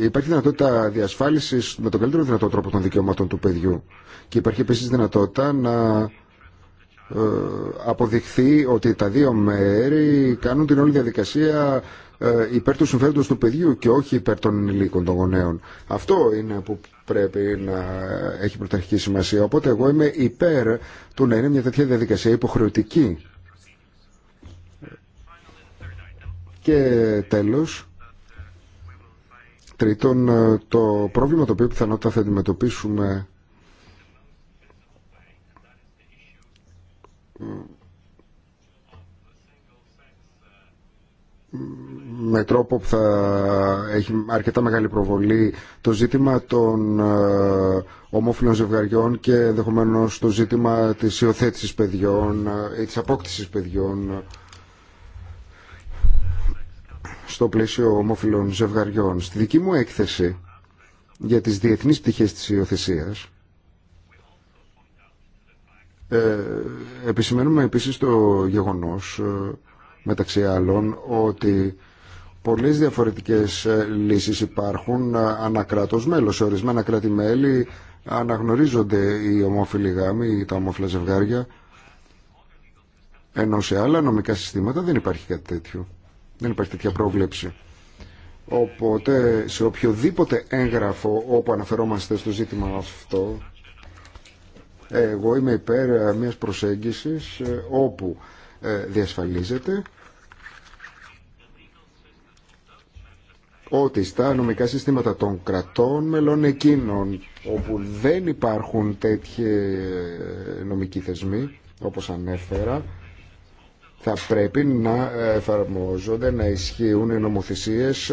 S2: υπάρχει δυνατότητα διασφάλισης με τον καλύτερο δυνατό τρόπο των δικαιωμάτων του παιδιού και υπάρχει επίσης δυνατότητα να ε, αποδειχθεί ότι τα δύο μέρη κάνουν την όλη διαδικασία ε, υπέρ του συμφέροντος του παιδιού και όχι υπέρ των ενηλίκων των γονέων. Αυτό είναι που πρέπει να έχει πρωταρχική σημασία. Οπότε εγώ είμαι υπέρ του να είναι μια τέτοια διαδικασία υποχρεωτική. Και τέλος, τρίτον, ε, το πρόβλημα το οποίο πιθανότατα θα αντιμετωπίσουμε με τρόπο που θα έχει αρκετά μεγάλη προβολή το ζήτημα των ε, ομόφυλων ζευγαριών και ενδεχομένω το ζήτημα της υιοθέτηση παιδιών ε, ή της απόκτησης παιδιών ε, στο πλαίσιο ομόφυλων ζευγαριών. Στη δική μου έκθεση για τις διεθνείς πτυχές της υιοθεσίας ε, επισημαίνουμε επίσης το γεγονός ε, μεταξύ άλλων ότι πολλές διαφορετικές ε, λύσεις υπάρχουν ε, ανακράτως μέλος. Σε ορισμένα κράτη-μέλη αναγνωρίζονται οι ομόφυλοι γάμοι τα ομόφυλα ζευγάρια ενώ σε άλλα νομικά συστήματα δεν υπάρχει κάτι τέτοιο. Δεν υπάρχει τέτοια πρόβλεψη. Οπότε σε οποιοδήποτε έγγραφο όπου αναφερόμαστε στο ζήτημα αυτό εγώ είμαι υπέρ ε, μιας προσέγγισης ε, όπου ε, διασφαλίζεται ότι στα νομικά συστήματα των κρατών μελών εκείνων όπου δεν υπάρχουν τέτοιοι νομικοί θεσμοί όπως ανέφερα θα πρέπει να εφαρμόζονται, να ισχύουν οι νομοθεσίες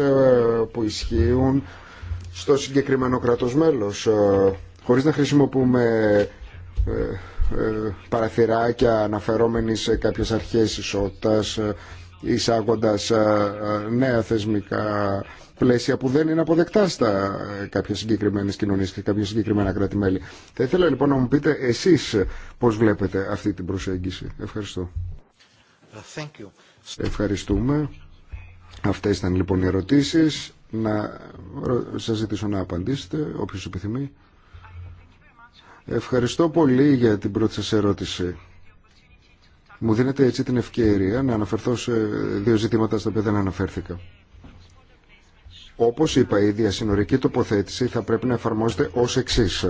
S2: που ισχύουν στο συγκεκριμένο κράτος μέλος χωρίς να χρησιμοποιούμε ε, ε, παραθυράκια αναφερόμενοι σε κάποιες αρχές ισότητας ε, εισάγοντας νέα θεσμικά πλαίσια που δεν είναι αποδεκτά στα κάποια συγκεκριμένε κοινωνίε και κάποια συγκεκριμένα κράτη-μέλη. Θα ήθελα λοιπόν να μου πείτε εσεί πώ βλέπετε αυτή την προσέγγιση. Ευχαριστώ. Uh, Ευχαριστούμε. Αυτέ ήταν λοιπόν οι ερωτήσει. Να σα ζητήσω να απαντήσετε όποιο επιθυμεί. Ευχαριστώ πολύ για την πρώτη σας ερώτηση. Μου δίνετε έτσι την ευκαιρία να αναφερθώ σε δύο ζητήματα στα οποία δεν αναφέρθηκα. Όπως είπα, η διασυνορική τοποθέτηση θα πρέπει να εφαρμόζεται ως εξής.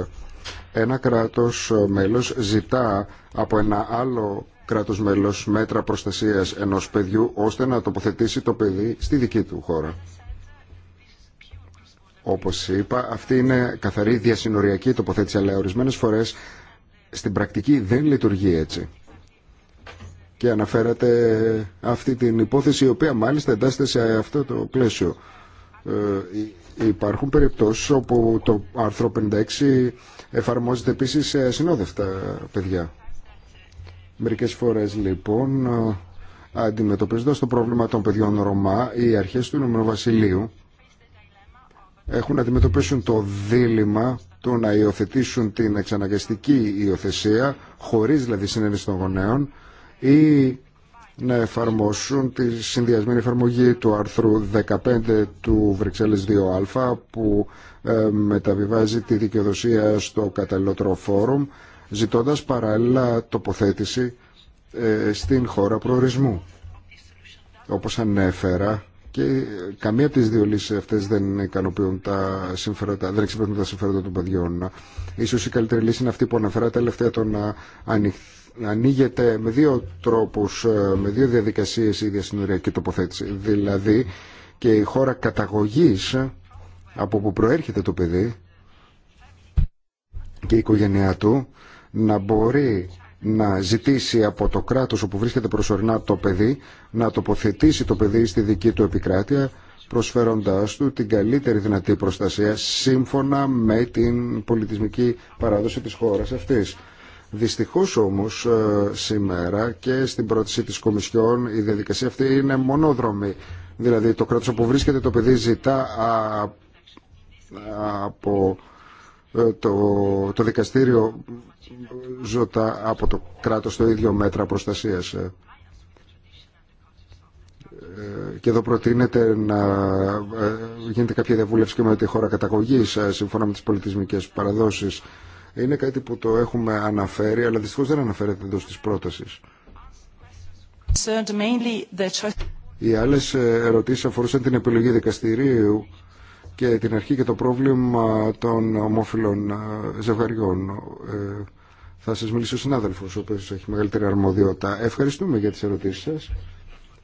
S2: Ένα κράτος μέλος ζητά από ένα άλλο κράτος μέλος μέτρα προστασίας ενός παιδιού ώστε να τοποθετήσει το παιδί στη δική του χώρα. Όπως είπα, αυτή είναι καθαρή διασυνοριακή τοποθέτηση, αλλά ορισμένε φορές στην πρακτική δεν λειτουργεί έτσι. Και αναφέρατε αυτή την υπόθεση, η οποία μάλιστα εντάσσεται σε αυτό το πλαίσιο. Ε, υπάρχουν περιπτώσεις όπου το άρθρο 56 εφαρμόζεται επίσης σε συνόδευτα παιδιά. Μερικές φορές λοιπόν ε, αντιμετωπίζοντας το πρόβλημα των παιδιών Ρωμά, οι αρχές του Ινωμένου Βασιλείου έχουν να αντιμετωπίσουν το δίλημα του να υιοθετήσουν την εξαναγκαστική υιοθεσία, χωρίς δηλαδή συνένεση των γονέων, ή να εφαρμόσουν τη συνδυασμένη εφαρμογή του άρθρου 15 του Βρυξέλλες 2α που ε, μεταβιβάζει τη δικαιοδοσία στο καταλληλότερο φόρουμ ζητώντας παράλληλα τοποθέτηση ε, στην χώρα προορισμού. Όπως ανέφερα, και καμία από τι δύο λύσεις αυτές δεν ικανοποιούν τα συμφέροντα, δεν εξυπηρετούν τα συμφέροντα των παιδιών. Ίσως η καλύτερη λύση είναι αυτή που αναφέρατε τελευταία το να ανοίγεται με δύο τρόπους, ε, με δύο διαδικασίες η διασυνοριακή τοποθέτηση. Δηλαδή και η χώρα καταγωγής από που προέρχεται το παιδί και η οικογένειά του να μπορεί να ζητήσει από το κράτος όπου βρίσκεται προσωρινά το παιδί να τοποθετήσει το παιδί στη δική του επικράτεια προσφέροντάς του την καλύτερη δυνατή προστασία σύμφωνα με την πολιτισμική παράδοση της χώρας αυτής. Δυστυχώς όμως ε, σήμερα και στην πρόταση της Κομισιόν η διαδικασία αυτή είναι μονόδρομη. Δηλαδή το κράτος όπου βρίσκεται το παιδί ζητά από ε, το, το δικαστήριο ζωτά από το κράτος το ίδιο μέτρα προστασίας. Ε. Ε, και εδώ προτείνεται να ε, γίνεται κάποια διαβούλευση και με τη χώρα καταγωγής σύμφωνα με τις πολιτισμικές παραδόσεις. Είναι κάτι που το έχουμε αναφέρει, αλλά δυστυχώς δεν αναφέρεται εντό τη πρόταση. Οι άλλες ερωτήσεις αφορούσαν την επιλογή δικαστηρίου και την αρχή και το πρόβλημα των ομόφυλων ε, ζευγαριών. Ε, θα σας μιλήσει ο συνάδελφος, ο οποίος έχει μεγαλύτερη αρμοδιότητα. Ευχαριστούμε για τις ερωτήσεις σας.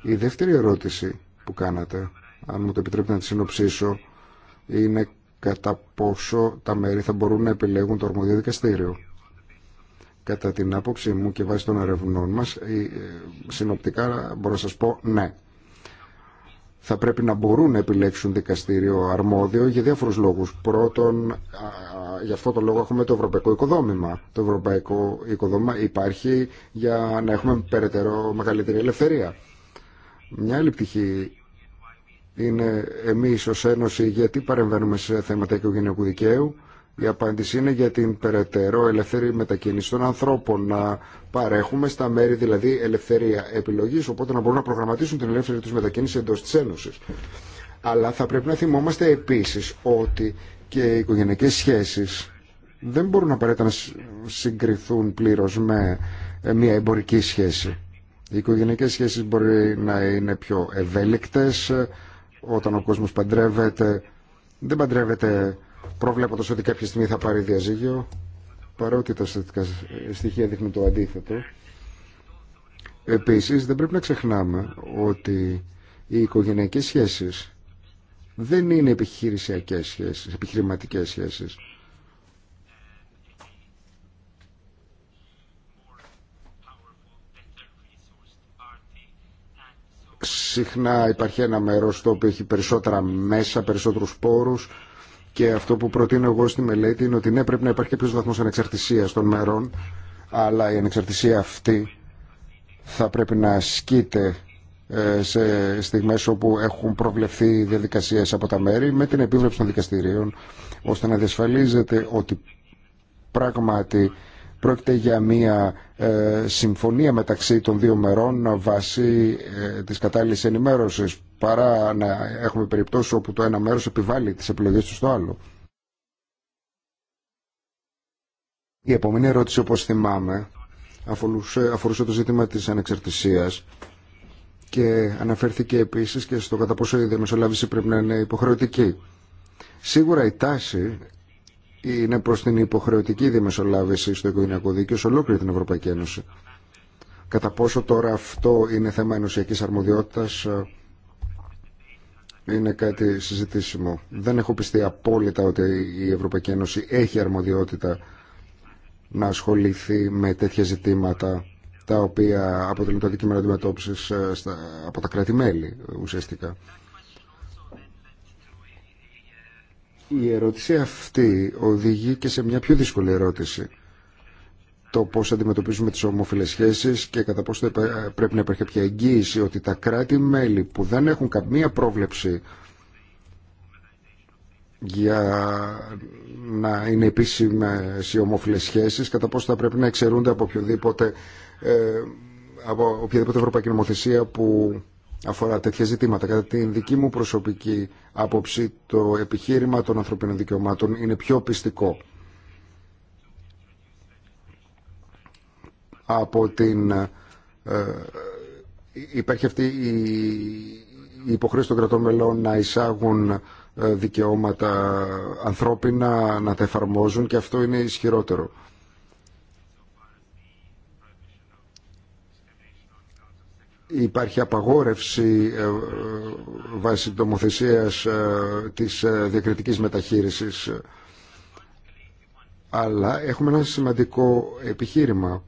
S2: Η δεύτερη ερώτηση που κάνατε, αν μου το επιτρέπετε να τη συνοψίσω, είναι κατά πόσο τα μέρη θα μπορούν να επιλέγουν το αρμοδίο δικαστήριο. Κατά την άποψή μου και βάσει των ερευνών μας, ε, συνοπτικά μπορώ να σας πω ναι θα πρέπει να μπορούν να επιλέξουν δικαστήριο αρμόδιο για διάφορους λόγους. Πρώτον, γι' αυτό το λόγο έχουμε το ευρωπαϊκό οικοδόμημα. Το ευρωπαϊκό οικοδόμημα υπάρχει για να έχουμε περαιτέρω μεγαλύτερη ελευθερία. Μια άλλη πτυχή είναι εμείς ως Ένωση γιατί παρεμβαίνουμε σε θέματα οικογενειακού δικαίου η απάντηση είναι για την περαιτέρω ελευθερή μετακίνηση των ανθρώπων. Να παρέχουμε στα μέρη δηλαδή ελευθερία επιλογή, οπότε να μπορούν να προγραμματίσουν την ελεύθερη του μετακίνηση εντό τη Ένωση. Αλλά θα πρέπει να θυμόμαστε επίση ότι και οι οικογενειακέ σχέσει δεν μπορούν απαραίτητα να συγκριθούν πλήρω με ε, μια εμπορική σχέση. Οι οικογενειακέ σχέσει μπορεί να είναι πιο ευέλικτε ε, όταν ο κόσμο παντρεύεται. Δεν παντρεύεται προβλέποντα ότι κάποια στιγμή θα πάρει διαζύγιο, παρότι τα στοιχεία δείχνουν το αντίθετο. Επίση, δεν πρέπει να ξεχνάμε ότι οι οικογενειακέ σχέσεις δεν είναι επιχειρησιακές σχέσει, επιχειρηματικές σχέσεις. Συχνά υπάρχει ένα μέρος το οποίο έχει περισσότερα μέσα, περισσότερους πόρους, και αυτό που προτείνω εγώ στη μελέτη είναι ότι ναι, πρέπει να υπάρχει κάποιο βαθμό ανεξαρτησία των μερών, αλλά η ανεξαρτησία αυτή θα πρέπει να ασκείται ε, σε στιγμές όπου έχουν προβλεφθεί διαδικασίες από τα μέρη με την επίβλεψη των δικαστηρίων ώστε να διασφαλίζεται ότι πράγματι Πρόκειται για μια ε, συμφωνία μεταξύ των δύο μερών βάσει ε, της κατάλληλης ενημέρωσης παρά να έχουμε περιπτώσεις όπου το ένα μέρος επιβάλλει τις επιλογές του στο άλλο. Η επόμενη ερώτηση, όπως θυμάμαι, αφορούσε, το ζήτημα της ανεξαρτησίας και αναφέρθηκε επίσης και στο κατά πόσο η διαμεσολάβηση πρέπει να είναι υποχρεωτική. Σίγουρα η τάση είναι προς την υποχρεωτική διαμεσολάβηση στο οικογενειακό δίκαιο σε ολόκληρη την Ευρωπαϊκή Ένωση. Κατά πόσο τώρα αυτό είναι θέμα ενωσιακής αρμοδιότητας ε, είναι κάτι συζητήσιμο. Δεν έχω πιστεί απόλυτα ότι η Ευρωπαϊκή Ένωση έχει αρμοδιότητα να ασχοληθεί με τέτοια ζητήματα τα οποία αποτελούν το αντικείμενο αντιμετώπιση ε, από τα κράτη-μέλη ουσιαστικά. Η ερώτηση αυτή οδηγεί και σε μια πιο δύσκολη ερώτηση. Το πώς αντιμετωπίζουμε τις ομοφυλές σχέσεις και κατά πόσο πρέπει να υπάρχει κάποια εγγύηση ότι τα κράτη-μέλη που δεν έχουν καμία πρόβλεψη για να είναι επίσημες οι ομόφυλες σχέσεις, κατά πόσο θα πρέπει να εξαιρούνται από ε, από οποιαδήποτε ευρωπαϊκή νομοθεσία που αφορά τέτοια ζητήματα. Κατά την δική μου προσωπική άποψη, το επιχείρημα των ανθρωπίνων δικαιωμάτων είναι πιο πιστικό από την... Ε, ε, υπάρχει αυτή η, η υποχρέωση των κρατών μελών να εισάγουν ε, δικαιώματα ανθρώπινα, να τα εφαρμόζουν και αυτό είναι ισχυρότερο. υπάρχει απαγόρευση ε, βάσει τομοθεσίας ε, της ε, διακριτικής μεταχείρισης. Αλλά έχουμε ένα σημαντικό επιχείρημα.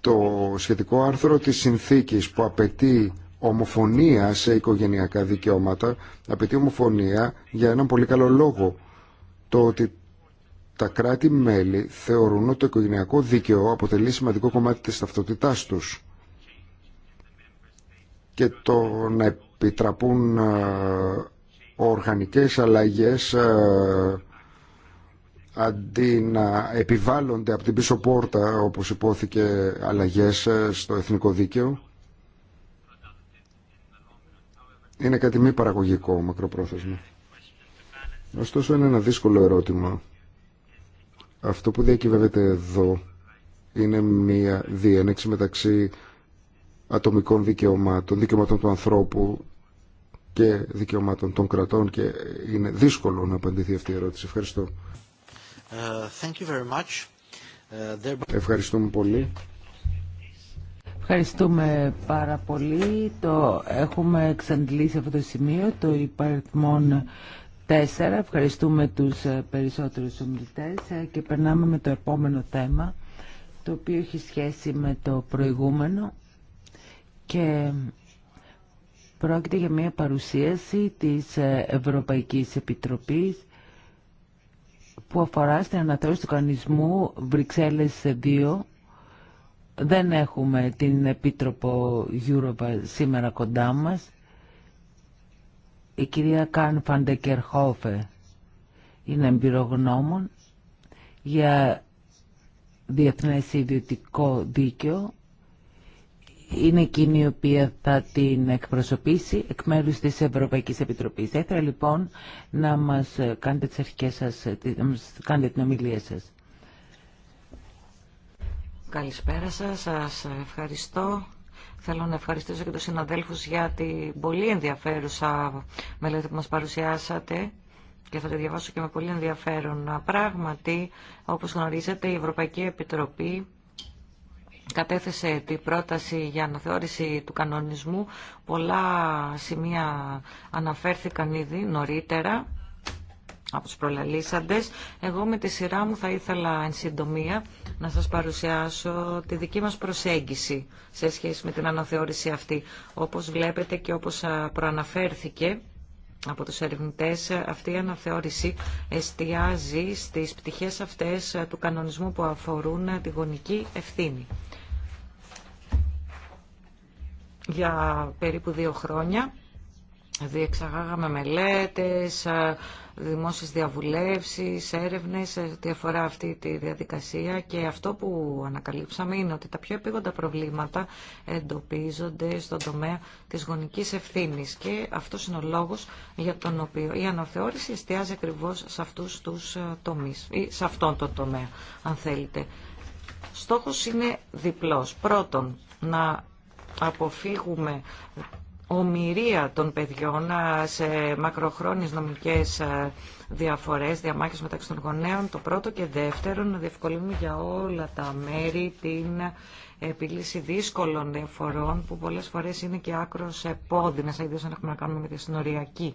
S2: Το σχετικό άρθρο της συνθήκης που απαιτεί ομοφωνία σε οικογενειακά δικαιώματα, απαιτεί ομοφωνία για έναν πολύ καλό λόγο. Το ότι τα κράτη-μέλη θεωρούν ότι το οικογενειακό δίκαιο αποτελεί σημαντικό κομμάτι της ταυτότητάς τους και το να επιτραπούν ε, οργανικές αλλαγές ε, αντί να επιβάλλονται από την πίσω πόρτα όπως υπόθηκε αλλαγές ε, στο εθνικό δίκαιο είναι κάτι μη παραγωγικό μακροπρόθεσμα. Ωστόσο είναι ένα δύσκολο ερώτημα. Αυτό που διακυβεύεται εδώ είναι μια διένεξη μεταξύ ατομικών δικαιωμάτων, δικαιωμάτων του ανθρώπου και δικαιωμάτων των κρατών και είναι δύσκολο να απαντηθεί αυτή η ερώτηση.
S3: Ευχαριστώ.
S1: Uh, uh, Ευχαριστούμε πολύ.
S3: Ευχαριστούμε πάρα πολύ. Το έχουμε εξαντλήσει αυτό το σημείο, το υπαριθμόν 4. Ευχαριστούμε τους ε, περισσότερους ομιλητές ε, και περνάμε με το επόμενο θέμα, το οποίο έχει σχέση με το προηγούμενο και πρόκειται για μια παρουσίαση της Ευρωπαϊκής Επιτροπής που αφορά στην αναθεώρηση του κανονισμού Βρυξέλλες 2. Δεν έχουμε την Επίτροπο Europa σήμερα κοντά μας. Η κυρία Καν Φαντεκερχόφε είναι εμπειρογνώμων για διεθνές ιδιωτικό δίκαιο είναι εκείνη η οποία θα την εκπροσωπήσει εκ μέρους της Ευρωπαϊκής Επιτροπής. Θα ήθελα λοιπόν να μας κάνετε τις αρχικές σας, να μας κάνετε την ομιλία σας.
S4: Καλησπέρα σας, σας ευχαριστώ. Θέλω να ευχαριστήσω και τους συναδέλφους για την πολύ ενδιαφέρουσα μελέτη που μας παρουσιάσατε και θα τη διαβάσω και με πολύ ενδιαφέρον. Πράγματι, όπως γνωρίζετε, η Ευρωπαϊκή Επιτροπή κατέθεσε την πρόταση για αναθεώρηση του κανονισμού. Πολλά σημεία αναφέρθηκαν ήδη νωρίτερα από τους προλαλήσαντες. Εγώ με τη σειρά μου θα ήθελα εν συντομία να σας παρουσιάσω τη δική μας προσέγγιση σε σχέση με την αναθεώρηση αυτή. Όπως βλέπετε και όπως προαναφέρθηκε από τους ερευνητές, αυτή η αναθεώρηση εστιάζει στις πτυχές αυτές του κανονισμού που αφορούν τη γονική ευθύνη για περίπου δύο χρόνια. Διεξαγάγαμε μελέτες, ε, δημόσιες διαβουλεύσεις, έρευνες ό,τι ε, αφορά αυτή τη διαδικασία και αυτό που ανακαλύψαμε είναι ότι τα πιο επίγοντα προβλήματα εντοπίζονται στον τομέα της γονικής ευθύνης και αυτό είναι ο λόγος για τον οποίο η αναθεώρηση εστιάζει ακριβώς σε αυτούς τους ε, τομείς ή σε αυτόν τον τομέα αν θέλετε. Στόχος είναι διπλός. Πρώτον, να αποφύγουμε ομοιρία των παιδιών σε μακροχρόνιες νομικές διαφορές, διαμάχες μεταξύ των γονέων, το πρώτο και δεύτερο να διευκολύνουμε για όλα τα μέρη την επίλυση δύσκολων διαφορών που πολλές φορές είναι και άκρος επώδυνες, ιδίως αν έχουμε να κάνουμε με τη συνοριακή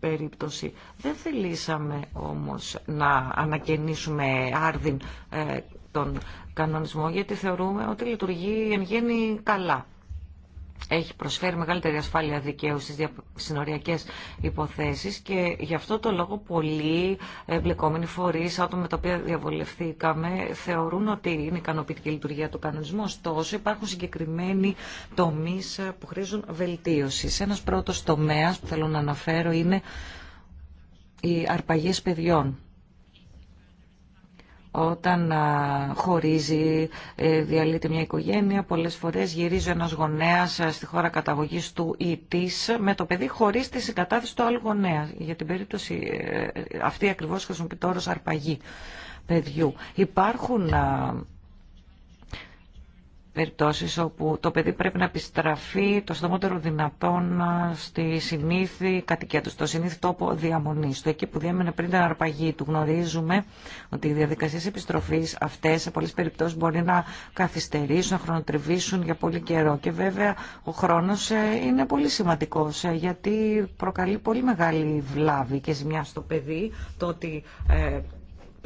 S4: περίπτωση. Δεν θελήσαμε όμως να ανακαινήσουμε άρδιν ε, τον κανονισμό γιατί θεωρούμε ότι λειτουργεί εν γέννη καλά. Έχει προσφέρει μεγαλύτερη ασφάλεια δικαίου στις συνοριακές υποθέσεις και γι' αυτό το λόγο πολλοί εμπλεκόμενοι φορείς, άτομα με τα οποία διαβολευθήκαμε, θεωρούν ότι είναι ικανοποιητική λειτουργία του κανονισμού. Ωστόσο υπάρχουν συγκεκριμένοι τομείς που χρήζουν βελτίωση. Ένας πρώτος τομέας που θέλω να αναφέρω είναι οι αρπαγές παιδιών όταν χωρίζει, ε, διαλύεται μια οικογένεια, πολλές φορές γυρίζει ένας γονέας ε, στη χώρα καταγωγής του ή της με το παιδί χωρίς τη συγκατάθεση του άλλου γονέα. Για την περίπτωση ε, αυτή ακριβώς χρησιμοποιεί το όρος αρπαγή παιδιού. Υπάρχουν περιπτώσεις όπου το παιδί πρέπει να επιστραφεί το στομότερο δυνατόν στη συνήθεια κατοικία του, στο συνήθι τόπο διαμονής του, εκεί που διέμενε πριν την αρπαγή του. Γνωρίζουμε ότι οι διαδικασίε επιστροφής αυτές σε πολλέ περιπτώσει μπορεί να καθυστερήσουν, να χρονοτριβήσουν για πολύ καιρό και βέβαια ο χρόνος ε, είναι πολύ σημαντικό ε, γιατί προκαλεί πολύ μεγάλη βλάβη και ζημιά στο παιδί το ότι ε,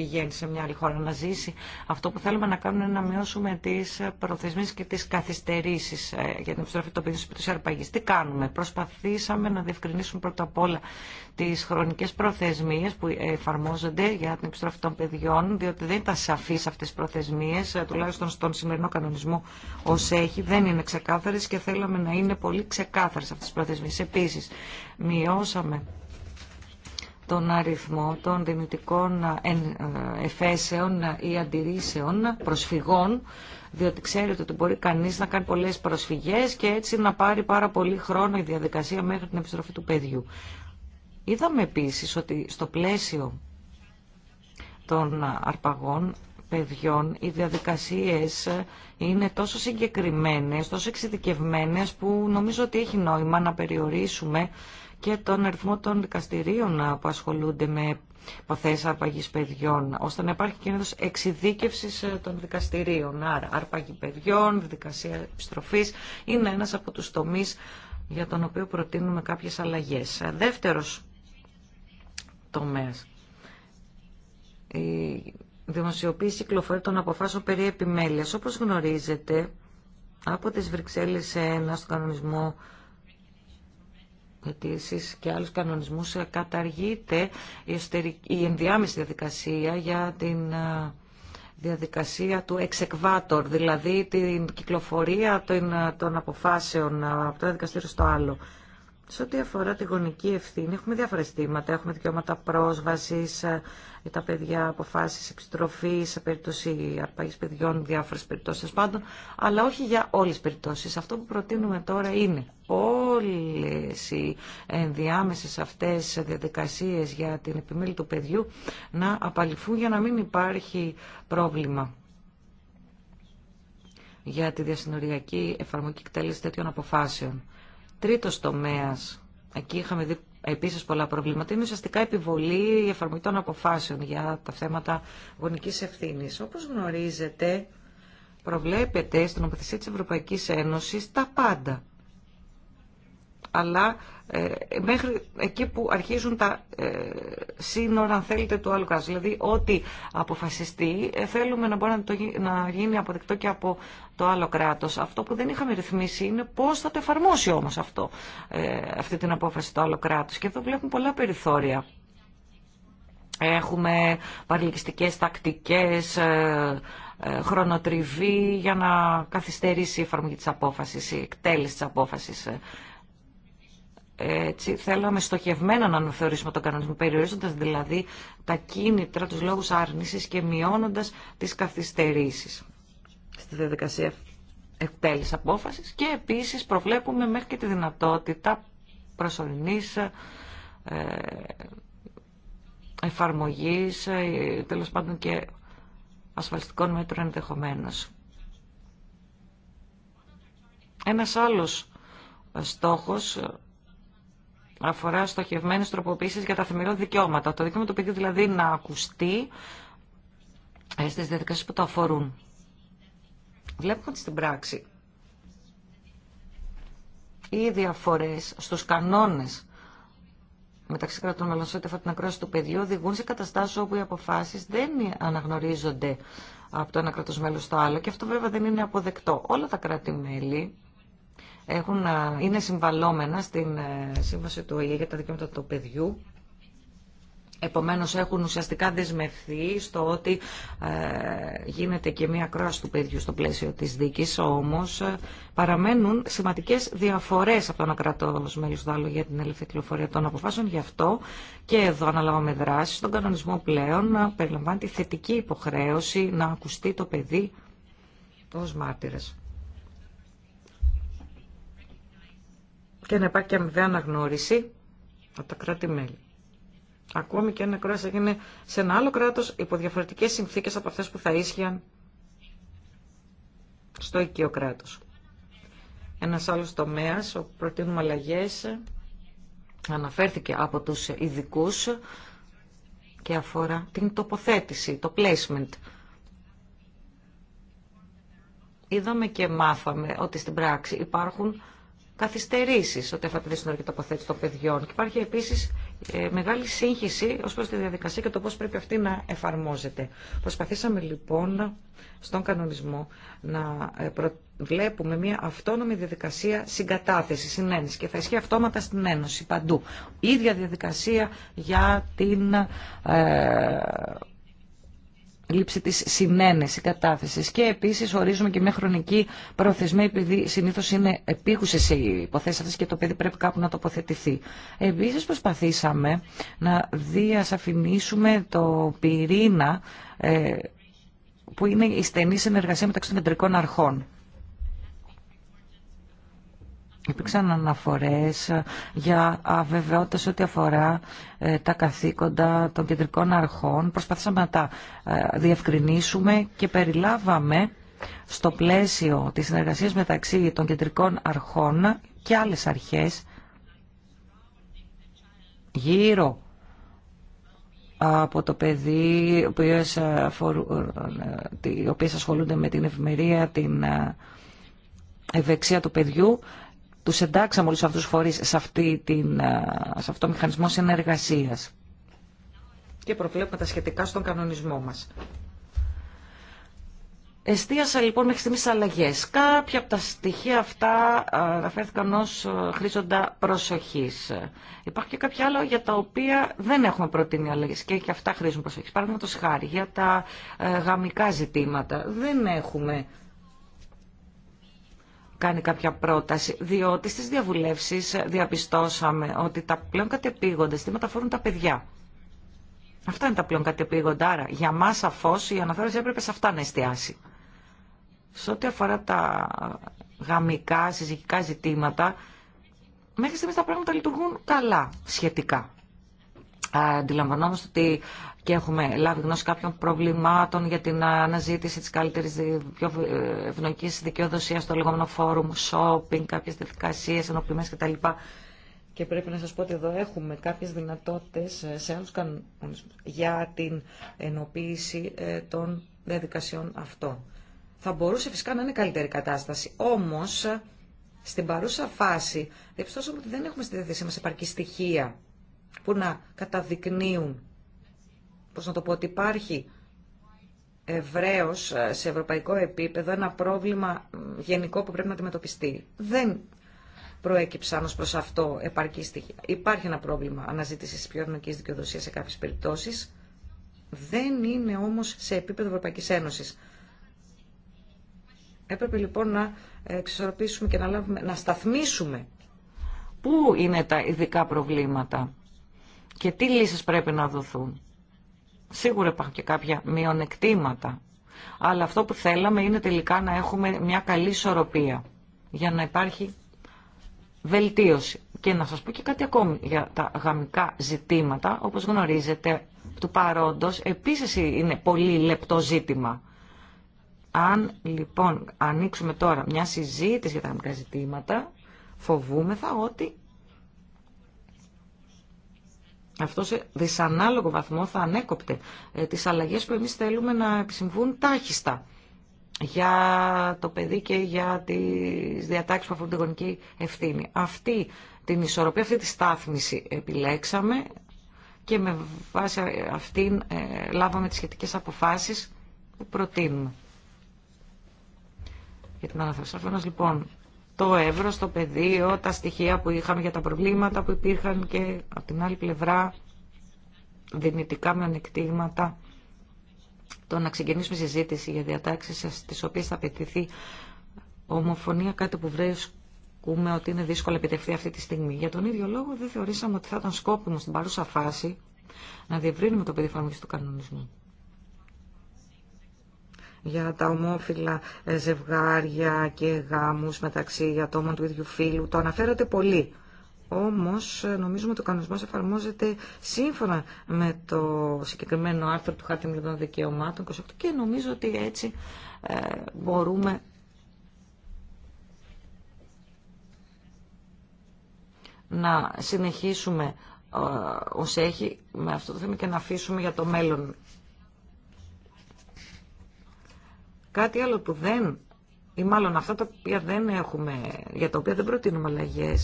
S4: πηγαίνει σε μια άλλη χώρα να ζήσει. Αυτό που θέλουμε να κάνουμε είναι να μειώσουμε τι προθεσμίε και τι καθυστερήσει ε, για την επιστροφή των παιδιών τη αρπαγή. Τι κάνουμε, προσπαθήσαμε να διευκρινίσουμε πρώτα απ' όλα τι χρονικέ προθεσμίε που εφαρμόζονται για την επιστροφή των παιδιών, διότι δεν ήταν σαφεί αυτέ τι προθεσμίε, ε, τουλάχιστον στον σημερινό κανονισμό ω έχει, δεν είναι ξεκάθαρε και θέλαμε να είναι πολύ ξεκάθαρε αυτέ τι προθεσμίε. Επίση, μειώσαμε τον αριθμό των δυνητικών ε, ε, εφέσεων ή αντιρρήσεων, προσφυγών, διότι ξέρετε ότι μπορεί κανείς να κάνει πολλές προσφυγές και έτσι να πάρει πάρα πολύ χρόνο η διαδικασία μέχρι την επιστροφή του παιδιού. Είδαμε επίσης ότι στο πλαίσιο των αρπαγών παιδιών οι διαδικασίες είναι τόσο συγκεκριμένες, τόσο εξειδικευμένες που νομίζω ότι έχει νόημα να περιορίσουμε και τον αριθμό των δικαστηρίων που ασχολούνται με υποθέσει αρπαγή παιδιών, ώστε να υπάρχει κίνητος εξειδίκευση ε, των δικαστηρίων. Άρα, αρπαγή παιδιών, δικασία επιστροφή είναι ένα από του τομεί για τον οποίο προτείνουμε κάποιες αλλαγές. Ε, δεύτερος τομέας Η δημοσιοποίηση κυκλοφορεί των αποφάσεων περί επιμέλειας. Όπως γνωρίζετε, από τις Βρυξέλλες 1 στον κανονισμό και άλλους κανονισμούς ε, καταργείται η ενδιάμεση διαδικασία για την ε, διαδικασία του εξεκβάτορ, δηλαδή την κυκλοφορία των ε, αποφάσεων από το ένα δικαστήριο στο άλλο. Σε ό,τι αφορά τη γονική ευθύνη, έχουμε διάφορα στήματα. Έχουμε δικαιώματα πρόσβαση ε, τα παιδιά, αποφάσει επιστροφή σε περίπτωση αρπαγή παιδιών, διάφορε περιπτώσει πάντων, αλλά όχι για όλε τι περιπτώσει. Αυτό που προτείνουμε τώρα είναι όλε οι ενδιάμεσε αυτέ διαδικασίε για την επιμέλεια του παιδιού να απαλληφθούν για να μην υπάρχει πρόβλημα για τη διασυνοριακή εφαρμογή εκτέλεση τέτοιων αποφάσεων. Τρίτος τομέας, εκεί είχαμε δει επίσης πολλά προβλήματα, είναι ουσιαστικά επιβολή η εφαρμογή των αποφάσεων για τα θέματα γονικής ευθύνης. Όπως γνωρίζετε, προβλέπεται στην νομοθεσία της Ευρωπαϊκής Ένωσης τα πάντα. Αλλά ε, μέχρι εκεί που αρχίζουν τα ε, σύνορα, αν θέλετε, του άλλου κράτους. Δηλαδή, ό,τι αποφασιστεί, ε, θέλουμε να μπορεί να, το, να γίνει αποδεκτό και από το άλλο κράτος. Αυτό που δεν είχαμε ρυθμίσει είναι πώς θα το εφαρμόσει όμως αυτό, αυτή την απόφαση το άλλο κράτος. Και εδώ βλέπουμε πολλά περιθώρια. Έχουμε παρελκυστικές τακτικές, χρονοτριβή για να καθυστερήσει η εφαρμογή της απόφασης, η εκτέλεση της απόφασης. Έτσι, θέλαμε στοχευμένα να αναθεωρήσουμε τον κανονισμό, περιορίζοντας δηλαδή τα κίνητρα, τους λόγους άρνησης και μειώνοντας τις καθυστερήσεις στη διαδικασία εκτέλεσης απόφασης και επίσης προβλέπουμε μέχρι και τη δυνατότητα προσωρινής ε, εφαρμογής, ε, τέλος πάντων και ασφαλιστικών μέτρων ενδεχομένω. Ένας άλλος ε, στόχος αφορά στοχευμένε τροποποίησεις για τα θεμελιώδη δικαιώματα. Το δικαίωμα του παιδιού δηλαδή να ακουστεί ε, στι διαδικασίε που το αφορούν. Βλέπουμε ότι στην πράξη οι διαφορέ στου κανόνε μεταξύ κρατών μελών σε την ακρόαση του παιδιού οδηγούν σε καταστάσει όπου οι αποφάσει δεν αναγνωρίζονται από το ένα κράτο μέλο στο άλλο και αυτό βέβαια δεν είναι αποδεκτό. Όλα τα κράτη-μέλη έχουν, είναι συμβαλόμενα στην ε, Σύμβαση του ΟΗΕ για τα δικαιώματα του παιδιού. Επομένως έχουν ουσιαστικά δεσμευθεί στο ότι ε, γίνεται και μία κρόαση του παιδιού στο πλαίσιο της δίκης, όμως ε, παραμένουν σημαντικές διαφορές από το ένα κρατός μέλος του άλλου για την ελεύθερη των αποφάσεων. Γι' αυτό και εδώ αναλάβαμε δράση. Στον κανονισμό πλέον περιλαμβάνει τη θετική υποχρέωση να ακουστεί το παιδί ως μάρτυρες. και να υπάρχει και αμοιβαία αναγνώριση από τα κράτη-μέλη. Ακόμη και ένα κράτο έγινε σε ένα άλλο κράτο υπό διαφορετικέ συνθήκε από αυτέ που θα ίσχυαν στο οικείο κράτο. Ένα άλλο τομέα όπου προτείνουμε αλλαγέ αναφέρθηκε από του ειδικού και αφορά την τοποθέτηση, το placement. Είδαμε και μάθαμε ότι στην πράξη υπάρχουν καθυστερήσει ό,τι θα τη δυσυνορική τοποθέτηση των παιδιών. Και υπάρχει επίση ε, μεγάλη σύγχυση ω προ τη διαδικασία και το πώ πρέπει αυτή να εφαρμόζεται. Προσπαθήσαμε λοιπόν στον κανονισμό να ε, βλέπουμε μια αυτόνομη διαδικασία συγκατάθεση, συνένεση και θα ισχύει αυτόματα στην Ένωση παντού. ίδια διαδικασία για την ε, λήψη της συνένεση κατάθεσης και επίσης ορίζουμε και μια χρονική προθεσμία επειδή συνήθως είναι επίκουσες οι υποθέσεις αυτές και το παιδί πρέπει κάπου να τοποθετηθεί. Επίσης προσπαθήσαμε να διασαφηνίσουμε το πυρήνα ε, που είναι η στενή συνεργασία μεταξύ των κεντρικών αρχών Υπήρξαν αναφορές για αβεβαιότητες ό,τι αφορά ε, τα καθήκοντα των κεντρικών αρχών. Προσπαθήσαμε να τα ε, διευκρινίσουμε και περιλάβαμε στο πλαίσιο της συνεργασίας μεταξύ των κεντρικών αρχών και άλλες αρχές γύρω από το παιδί, οι οποίες ε, ασχολούνται με την ευημερία, την ευεξία του παιδιού, του εντάξαμε όλου αυτού τους φορείς σε, σε αυτό το μηχανισμό συνεργασία. και προβλέπουμε τα σχετικά στον κανονισμό μα. Εστίασα λοιπόν μέχρι στιγμής αλλαγέ. Κάποια από τα στοιχεία αυτά αναφέρθηκαν ω χρήζοντα προσοχή. Υπάρχουν και κάποια άλλα για τα οποία δεν έχουμε προτείνει αλλαγέ και και αυτά χρήζουν προσοχή. Παραδείγματο χάρη για τα ε, γαμικά ζητήματα δεν έχουμε κάνει κάποια πρόταση, διότι στις διαβουλεύσεις διαπιστώσαμε ότι τα πλέον κατεπήγοντα στήματα φορούν τα παιδιά. Αυτά είναι τα πλέον κατεπήγοντα, άρα για μας σαφώ η αναθεώρηση έπρεπε σε αυτά να εστιάσει. Σε ό,τι αφορά τα γαμικά, συζυγικά ζητήματα, μέχρι στιγμής τα πράγματα λειτουργούν καλά σχετικά αντιλαμβανόμαστε ότι και έχουμε λάβει γνώση κάποιων προβλημάτων για την αναζήτηση της καλύτερης, πιο ευνοϊκής δικαιοδοσίας στο λεγόμενο φόρουμ, shopping, κάποιες διαδικασίες ενοποιημένες κτλ. Και πρέπει να σας πω ότι εδώ έχουμε κάποιες δυνατότητες ε, σε άλλους κανονισμούς για την ενοποίηση ε, των διαδικασιών αυτών. Θα μπορούσε φυσικά να είναι καλύτερη κατάσταση, όμως ε, στην παρούσα φάση ότι δεν έχουμε στη διαθέσή μας επαρκή στοιχεία που να καταδεικνύουν, πώς να το πω, ότι υπάρχει ευρέως ε, σε ευρωπαϊκό επίπεδο ένα πρόβλημα γενικό που πρέπει να αντιμετωπιστεί. Δεν προέκυψαν ως προς αυτό επαρκή στοιχεία. Υπάρχει ένα πρόβλημα αναζήτησης πιο ευνοϊκής δικαιοδοσίας σε κάποιες περιπτώσεις. Δεν είναι όμως σε επίπεδο Ευρωπαϊκής Ένωσης. Έπρεπε λοιπόν να εξορροπήσουμε και να, λάβουμε, να σταθμίσουμε πού είναι τα ειδικά προβλήματα και τι λύσεις πρέπει να δοθούν. Σίγουρα υπάρχουν και κάποια μειονεκτήματα, αλλά αυτό που θέλαμε είναι τελικά να έχουμε μια καλή ισορροπία για να υπάρχει βελτίωση. Και να σας πω και κάτι ακόμη για τα γαμικά ζητήματα, όπως γνωρίζετε του παρόντος, επίσης είναι πολύ λεπτό ζήτημα. Αν λοιπόν ανοίξουμε τώρα μια συζήτηση για τα γαμικά ζητήματα, φοβούμεθα ότι αυτό σε δυσανάλογο βαθμό θα ανέκοπτε ε, τις αλλαγές που εμείς θέλουμε να επισυμβούν τάχιστα για το παιδί και για τις διατάξεις που αφορούν την γονική ευθύνη. Αυτή την ισορροπία, αυτή τη στάθμιση επιλέξαμε και με βάση αυτήν ε, λάβαμε τις σχετικές αποφάσεις που προτείνουμε. Για την λοιπόν το εύρος, το πεδίο, τα στοιχεία που είχαμε για τα προβλήματα που υπήρχαν και από την άλλη πλευρά δυνητικά ανεκτήματα το να ξεκινήσουμε συζήτηση για διατάξεις στις οποίες θα απαιτηθεί ομοφωνία, κάτι που βρίσκουμε ότι είναι δύσκολο επιτευχθεί αυτή τη στιγμή. Για τον ίδιο λόγο δεν θεωρήσαμε ότι θα ήταν σκόπιμο στην παρούσα φάση να διευρύνουμε το πεδίο του κανονισμού για τα ομόφυλα ε, ζευγάρια και γάμους μεταξύ ατόμων του ίδιου φίλου Το αναφέρατε πολύ. Όμως ε, νομίζουμε ότι ο κανονισμός εφαρμόζεται σύμφωνα με το συγκεκριμένο άρθρο του Χάρτη Μιλωτών Δικαιωμάτων 28 και νομίζω ότι έτσι ε, μπορούμε να συνεχίσουμε ως έχει με αυτό το θέμα και να αφήσουμε για το μέλλον Κάτι άλλο που δεν, ή μάλλον αυτά τα οποία δεν έχουμε, για τα οποία δεν προτείνουμε αλλαγέ.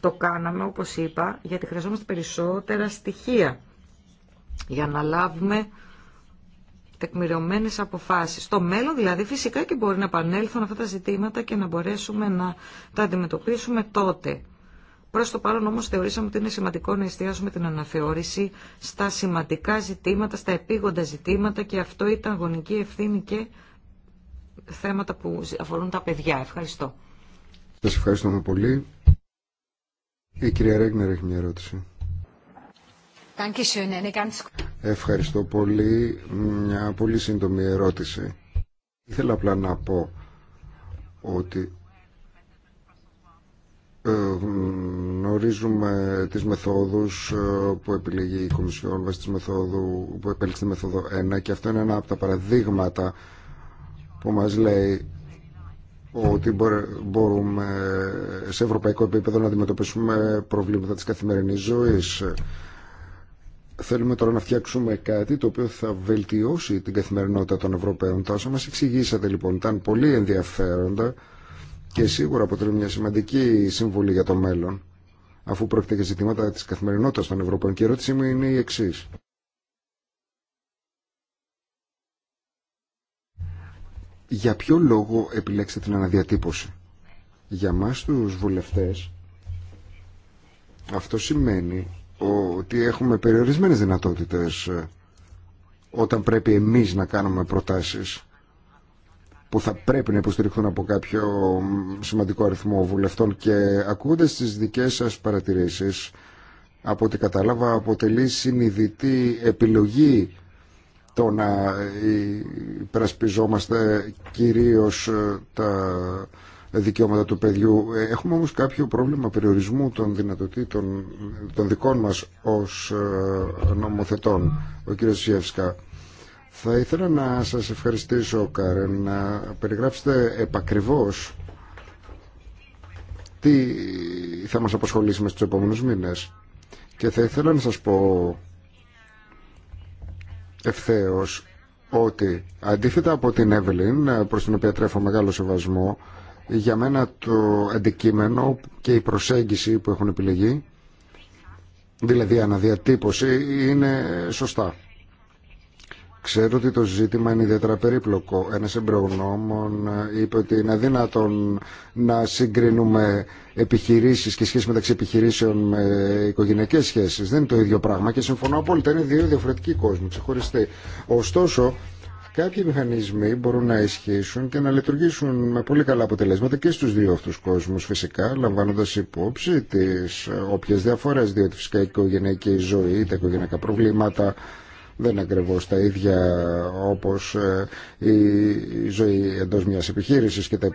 S4: Το κάναμε, όπως είπα, γιατί χρειαζόμαστε περισσότερα στοιχεία για να λάβουμε τεκμηριωμένες αποφάσεις. Στο μέλλον δηλαδή φυσικά και μπορεί να επανέλθουν αυτά τα ζητήματα και να μπορέσουμε να τα αντιμετωπίσουμε τότε. Προς το παρόν όμως θεωρήσαμε ότι είναι σημαντικό να εστιάσουμε την αναθεώρηση στα σημαντικά ζητήματα, στα επίγοντα ζητήματα και αυτό ήταν γονική ευθύνη και θέματα που αφορούν τα παιδιά. Ευχαριστώ.
S2: Σα ευχαριστούμε πολύ. Η κυρία Ρέγνερ έχει μια ερώτηση. Ευχαριστώ πολύ. Μια πολύ σύντομη ερώτηση. Ήθελα απλά να πω ότι ε, γνωρίζουμε τις μεθόδους ε, που επιλέγει η Κομισιόν βάσει μεθόδου που επέλεξε τη μεθόδο 1 και αυτό είναι ένα από τα παραδείγματα που μας λέει ότι μπορούμε σε ευρωπαϊκό επίπεδο να αντιμετωπίσουμε προβλήματα της καθημερινής ζωής. Θέλουμε τώρα να φτιάξουμε κάτι το οποίο θα βελτιώσει την καθημερινότητα των Ευρωπαίων. Τόσο μας εξηγήσατε λοιπόν ήταν πολύ ενδιαφέροντα και σίγουρα αποτελεί μια σημαντική σύμβολη για το μέλλον, αφού πρόκειται για ζητήματα τη καθημερινότητα των Ευρωπαίων. Και η ερώτησή μου είναι η εξή. Για ποιο λόγο επιλέξετε την αναδιατύπωση. Για μας τους βουλευτές αυτό σημαίνει ότι έχουμε περιορισμένες δυνατότητες ε, όταν πρέπει εμείς να κάνουμε προτάσεις που θα πρέπει να υποστηριχθούν από κάποιο σημαντικό αριθμό βουλευτών και ακούγοντας τις δικές σας παρατηρήσεις από ό,τι κατάλαβα αποτελεί συνειδητή επιλογή το να ε, υπερασπιζόμαστε κυρίως ε, τα δικαιώματα του παιδιού. Ε, έχουμε όμως κάποιο πρόβλημα περιορισμού των δυνατοτήτων των δικών μας ως νομοθετών. Ο κύριος Σιεύσκα. Θα ήθελα να σας ευχαριστήσω, Κάρεν, να περιγράψετε επακριβώς τι θα μας αποσχολήσει μες τους επόμενους μήνες. Και θα ήθελα να σας πω ευθέως ότι αντίθετα από την Εύελιν, προς την οποία τρέφω μεγάλο σεβασμό, για μένα το αντικείμενο και η προσέγγιση που έχουν επιλεγεί, δηλαδή αναδιατύπωση, είναι σωστά. Ξέρω ότι το ζήτημα είναι ιδιαίτερα περίπλοκο. Ένα εμπρογνώμων ε, είπε ότι είναι αδύνατον να συγκρίνουμε επιχειρήσει και σχέσει μεταξύ επιχειρήσεων με οικογενειακέ σχέσει. Δεν είναι το ίδιο πράγμα και συμφωνώ απόλυτα. Είναι δύο διαφορετικοί κόσμοι, ξεχωριστοί. Ωστόσο, κάποιοι μηχανισμοί μπορούν να ισχύσουν και να λειτουργήσουν με πολύ καλά αποτελέσματα και στου δύο αυτού κόσμού, φυσικά, λαμβάνοντα υπόψη τι ε, όποιε διαφορέ διότι φυσικά η οικογενειακή ζωή, τα οικογενειακά προβλήματα, δεν είναι ακριβώς τα ίδια όπως ε, η ζωή εντός μιας επιχείρησης και τα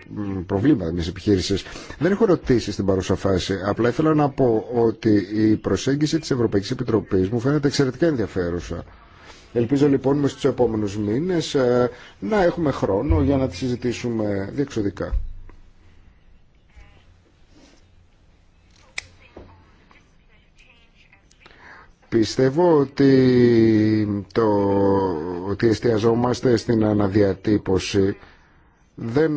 S2: προβλήματα μιας επιχείρησης. Δεν έχω ρωτήσει στην παρούσα φάση. Απλά ήθελα να πω ότι η προσέγγιση της Ευρωπαϊκής Επιτροπής μου φαίνεται εξαιρετικά ενδιαφέρουσα. Ελπίζω λοιπόν με στους επόμενους μήνες ε, να έχουμε χρόνο για να τη συζητήσουμε διεξοδικά. Πιστεύω ότι, το, ότι εστιαζόμαστε στην αναδιατύπωση δεν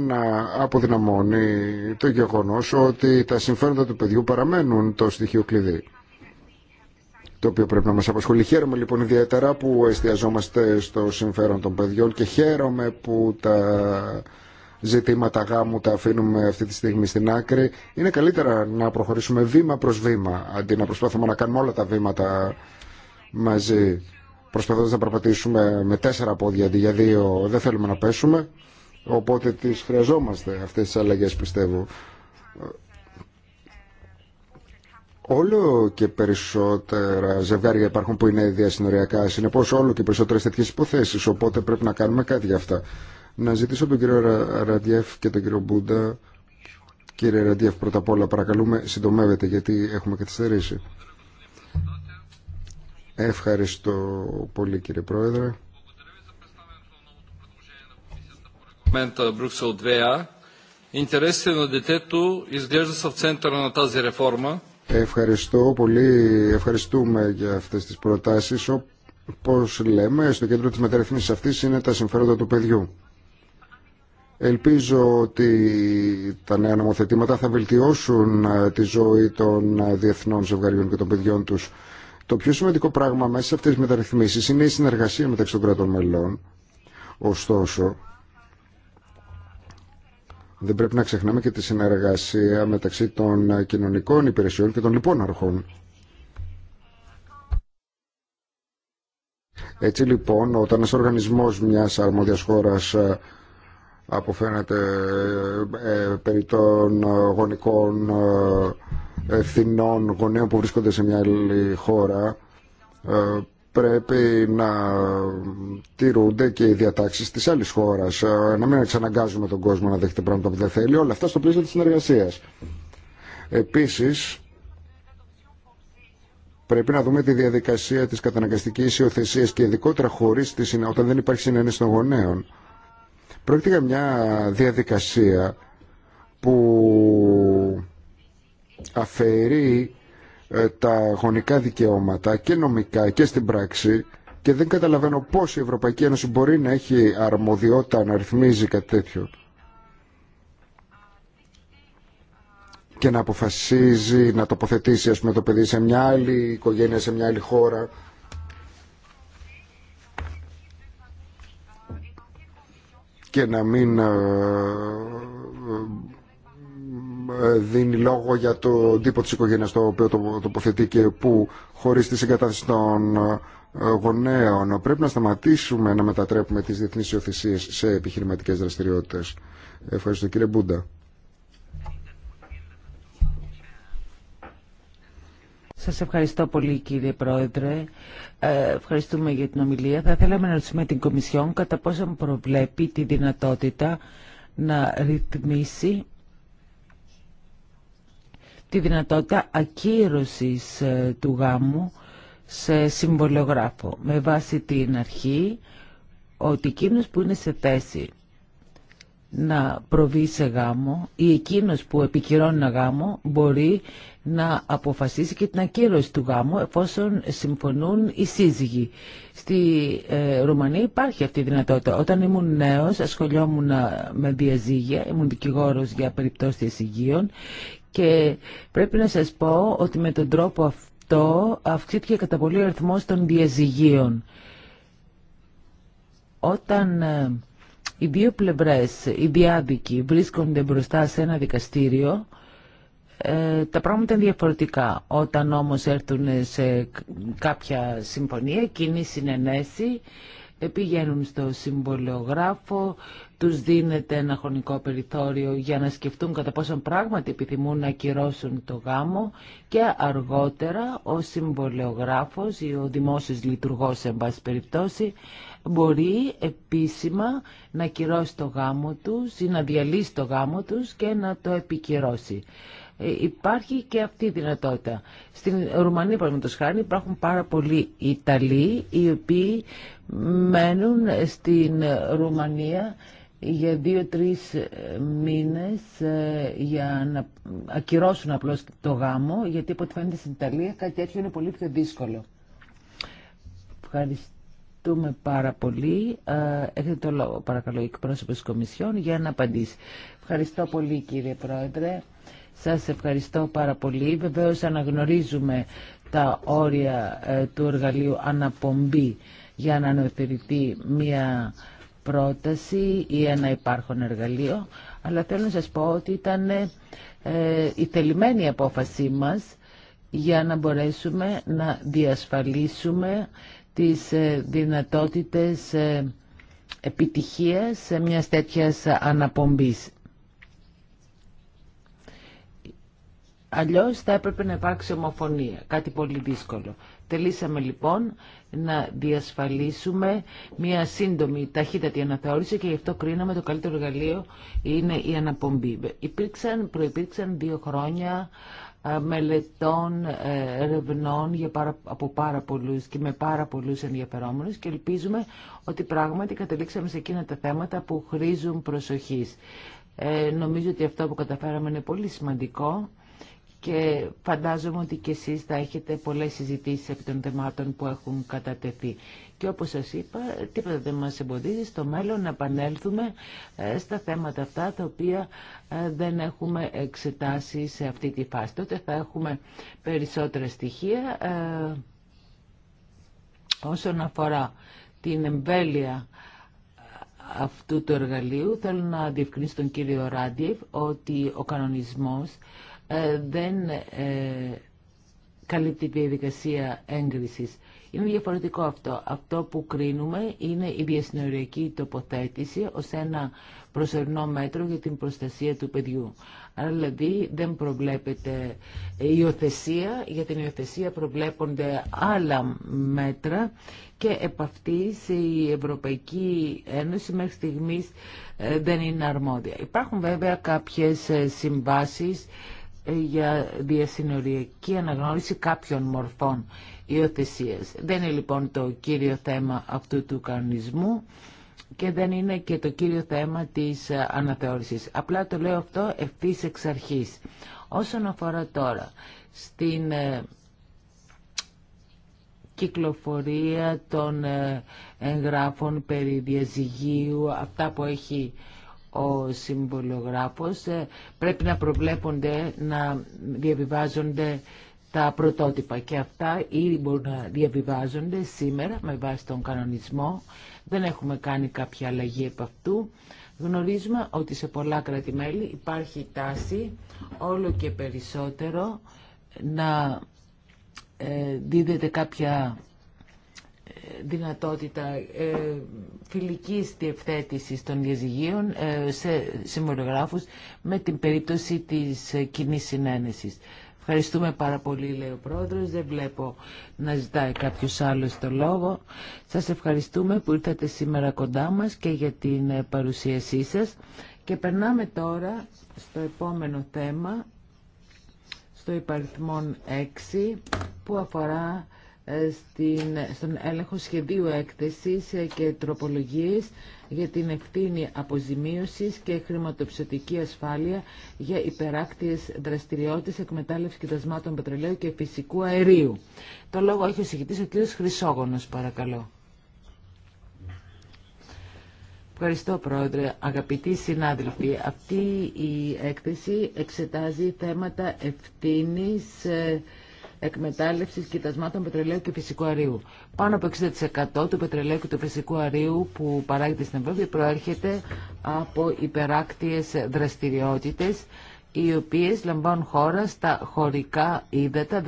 S2: αποδυναμώνει το γεγονός ότι τα συμφέροντα του παιδιού παραμένουν το στοιχείο κλειδί το οποίο πρέπει να μας απασχολεί. Χαίρομαι λοιπόν ιδιαίτερα που εστιαζόμαστε στο συμφέρον των παιδιών και χαίρομαι που τα ζητήματα γάμου τα αφήνουμε αυτή τη στιγμή στην άκρη. Είναι καλύτερα να προχωρήσουμε βήμα προ βήμα, αντί να προσπαθούμε να κάνουμε όλα τα βήματα μαζί, προσπαθώντα να περπατήσουμε με τέσσερα πόδια αντί για δύο, δεν θέλουμε να πέσουμε. Οπότε τι χρειαζόμαστε αυτέ τι αλλαγέ, πιστεύω. Όλο και περισσότερα ζευγάρια υπάρχουν που είναι διασυνοριακά. Συνεπώ, όλο και περισσότερε τέτοιε υποθέσει. Οπότε πρέπει να κάνουμε κάτι για αυτά. Να ζητήσω τον κύριο Ραντιέφ και τον κύριο Μπούντα. Κύριε Ραντιέφ, πρώτα απ' όλα παρακαλούμε συντομεύετε γιατί έχουμε καθυστερήσει. Ευχαριστώ πολύ κύριε Πρόεδρε. Ευχαριστώ πολύ. Ευχαριστούμε για αυτές τις προτάσεις. Όπως λέμε, στο κέντρο της μεταρρύθμισης αυτής είναι τα συμφέροντα του παιδιού. Ελπίζω ότι τα νέα νομοθετήματα θα βελτιώσουν ε, τη ζωή των ε, διεθνών ζευγαριών και των παιδιών τους. Το πιο σημαντικό πράγμα μέσα σε αυτές τις μεταρρυθμίσεις είναι η συνεργασία μεταξύ των κρατών μελών. Ωστόσο, δεν πρέπει να ξεχνάμε και τη συνεργασία μεταξύ των ε, κοινωνικών υπηρεσιών και των λοιπών αρχών. Έτσι λοιπόν, όταν ένα οργανισμός μιας αρμόδια χώρας αποφαίνεται ε, ε, περί των ε, γονικών ε, ευθυνών γονέων που βρίσκονται σε μια άλλη χώρα πρέπει να τηρούνται και οι διατάξει τη άλλη χώρα. Να μην εξαναγκάζουμε τον κόσμο να δέχεται πράγματα που δεν θέλει. Όλα αυτά στο πλαίσιο τη συνεργασία. Επίση, πρέπει να δούμε τη διαδικασία της καταναγκαστικής υιοθεσία και ειδικότερα χωρίς τη όταν δεν υπάρχει συνένεση των γονέων. Πρόκειται για μια διαδικασία που αφαιρεί ε, τα γονικά δικαιώματα και νομικά και στην πράξη και δεν καταλαβαίνω πώς η Ευρωπαϊκή Ένωση μπορεί να έχει αρμοδιότητα να ρυθμίζει κάτι τέτοιο και να αποφασίζει να τοποθετήσει πούμε, το παιδί σε μια άλλη οικογένεια, σε μια άλλη χώρα και να μην ε, ε, ε, δίνει λόγο για το τύπο της οικογένειας το οποίο το τοποθετεί και που χωρίς τη συγκατάθεση των γονέων πρέπει να σταματήσουμε να μετατρέπουμε τις διεθνείς υιοθεσίες σε επιχειρηματικές δραστηριότητες. Ευχαριστώ κύριε Μπούντα.
S3: Σας ευχαριστώ πολύ κύριε Πρόεδρε. Ε, ευχαριστούμε για την ομιλία. Θα θέλαμε να ρωτήσουμε την Κομισιόν κατά πόσο προβλέπει τη δυνατότητα να ρυθμίσει τη δυνατότητα ακύρωσης ε, του γάμου σε συμβολογράφο με βάση την αρχή ότι εκείνο που είναι σε θέση να προβεί σε γάμο ή εκείνος που επικυρώνει ένα γάμο μπορεί να αποφασίσει και την ακύρωση του γάμου εφόσον συμφωνούν οι σύζυγοι. Στη ε, Ρουμανία υπάρχει αυτή η δυνατότητα. Όταν ήμουν νέος ασχολιόμουν ε, με διαζύγια, ήμουν δικηγόρος για περιπτώσεις υγείων και πρέπει να σας πω ότι με τον τρόπο αυτό αυξήθηκε κατά πολύ ο των διαζυγίων. Όταν ε, οι δύο πλευρές, οι διάδικοι, βρίσκονται μπροστά σε ένα δικαστήριο ε, τα πράγματα είναι διαφορετικά. Όταν όμως έρθουν σε κάποια συμφωνία, κοινή συνενέση, ε, πηγαίνουν στο συμβολιογράφο, τους δίνεται ένα χρονικό περιθώριο για να σκεφτούν κατά πόσον πράγματι επιθυμούν να ακυρώσουν το γάμο και αργότερα ο συμβολιογράφος ή ο δημόσιος λειτουργός, εν περιπτώσει, μπορεί επίσημα να ακυρώσει το γάμο τους ή να διαλύσει το γάμο τους και να το επικυρώσει. Ε, υπάρχει και αυτή η δυνατότητα. Στην Ρουμανία, παραδείγματο χάρη, υπάρχουν πάρα πολλοί Ιταλοί οι οποίοι μένουν στην Ρουμανία για δύο-τρεις μήνες ε, για να ακυρώσουν απλώς το γάμο, γιατί από ό,τι φαίνεται στην Ιταλία κάτι τέτοιο είναι πολύ πιο δύσκολο. Ευχαριστούμε πάρα πολύ. Ε, έχετε το λόγο, παρακαλώ, εκπρόσωπος της Κομισιόν για να απαντήσει. Ευχαριστώ πολύ κύριε Πρόεδρε. Σας ευχαριστώ πάρα πολύ. Βεβαίως αναγνωρίζουμε τα όρια ε, του εργαλείου αναπομπή για να αναφερθεί μια πρόταση ή ένα υπάρχον εργαλείο. Αλλά θέλω να σας πω ότι ήταν ε, η θελημένη απόφασή μας για να μπορέσουμε να διασφαλίσουμε τις ε, δυνατότητες επιτυχίας μιας τέτοιας αναπομπής. Αλλιώς θα έπρεπε να υπάρξει ομοφωνία, κάτι πολύ δύσκολο. Τελήσαμε λοιπόν να διασφαλίσουμε μια σύντομη ταχύτατη αναθεώρηση και γι' αυτό κρίναμε το καλύτερο εργαλείο είναι η αναπομπή. Υπήρξαν, προϋπήρξαν δύο χρόνια ε, μελετών, ε, ερευνών για πάρα, από πάρα πολλούς και με πάρα πολλούς ενδιαφερόμενους και ελπίζουμε ότι πράγματι καταλήξαμε σε εκείνα τα θέματα που χρήζουν προσοχής. Ε, νομίζω ότι αυτό που καταφέραμε είναι πολύ σημαντικό και φαντάζομαι ότι και εσείς θα έχετε πολλές συζητήσεις επί των θεμάτων που έχουν κατατεθεί. Και όπως σας είπα, τίποτα δεν μας εμποδίζει στο μέλλον να επανέλθουμε ε, στα θέματα αυτά τα οποία ε, δεν έχουμε εξετάσει σε αυτή τη φάση. Τότε θα έχουμε περισσότερα στοιχεία ε, όσον αφορά την εμβέλεια αυτού του εργαλείου. Θέλω να διευκρινίσω τον κύριο Ράντιεφ ότι ο κανονισμός ε, δεν ε, καλύπτει τη διαδικασία έγκρισης. Είναι διαφορετικό αυτό. Αυτό που κρίνουμε είναι η διασυνοριακή τοποθέτηση ως ένα προσωρινό μέτρο για την προστασία του παιδιού. Άρα δηλαδή δεν προβλέπεται υιοθεσία. Για την υιοθεσία προβλέπονται άλλα μέτρα και επ' αυτή η Ευρωπαϊκή Ένωση μέχρι στιγμής ε, δεν είναι αρμόδια. Υπάρχουν βέβαια κάποιες συμβάσεις για διασυνοριακή αναγνώριση κάποιων μορφών υιοθεσία. Δεν είναι λοιπόν το κύριο θέμα αυτού του κανονισμού και δεν είναι και το κύριο θέμα της αναθεώρησης. Απλά το λέω αυτό ευθύς εξ αρχής. Όσον αφορά τώρα στην ε, κυκλοφορία των ε, εγγράφων περί διαζυγίου, αυτά που έχει ο συμβολογράφος ε, πρέπει να προβλέπονται να διαβιβάζονται τα πρωτότυπα και αυτά ήδη μπορούν να διαβιβάζονται σήμερα με βάση τον κανονισμό. Δεν έχουμε κάνει κάποια αλλαγή από αυτού. Γνωρίζουμε ότι σε πολλά κράτη-μέλη υπάρχει τάση όλο και περισσότερο να ε, δίδεται κάποια δυνατότητα ε, φιλικής διευθέτησης των διαζυγίων ε, σε συμβολογράφους με την περίπτωση της ε, κοινή συνένεσης. Ευχαριστούμε πάρα πολύ, λέει ο Πρόεδρος. Δεν βλέπω να ζητάει κάποιος άλλος το λόγο. Σας ευχαριστούμε που ήρθατε σήμερα κοντά μας και για την ε, παρουσίασή σας. Και περνάμε τώρα στο επόμενο θέμα, στο υπαριθμόν 6, που αφορά στον έλεγχο σχεδίου έκθεσης και τροπολογίες για την ευθύνη αποζημίωσης και χρηματοπιστωτική ασφάλεια για υπεράκτιες δραστηριότητες εκμετάλλευση κοιτασμάτων πετρελαίου και φυσικού αερίου. Το λόγο έχει ο συγκητής ο κ. Χρυσόγονος, παρακαλώ. Ευχαριστώ Πρόεδρε. Αγαπητοί συνάδελφοι, αυτή η έκθεση εξετάζει θέματα ευθύνης ε, εκμετάλλευσης κοιτασμάτων πετρελαίου και φυσικού αρίου. Πάνω από 60% του πετρελαίου και του φυσικού αρίου που παράγεται στην Ευρώπη προέρχεται από υπεράκτιες δραστηριότητες οι οποίες λαμβάνουν χώρα στα χωρικά ύδατα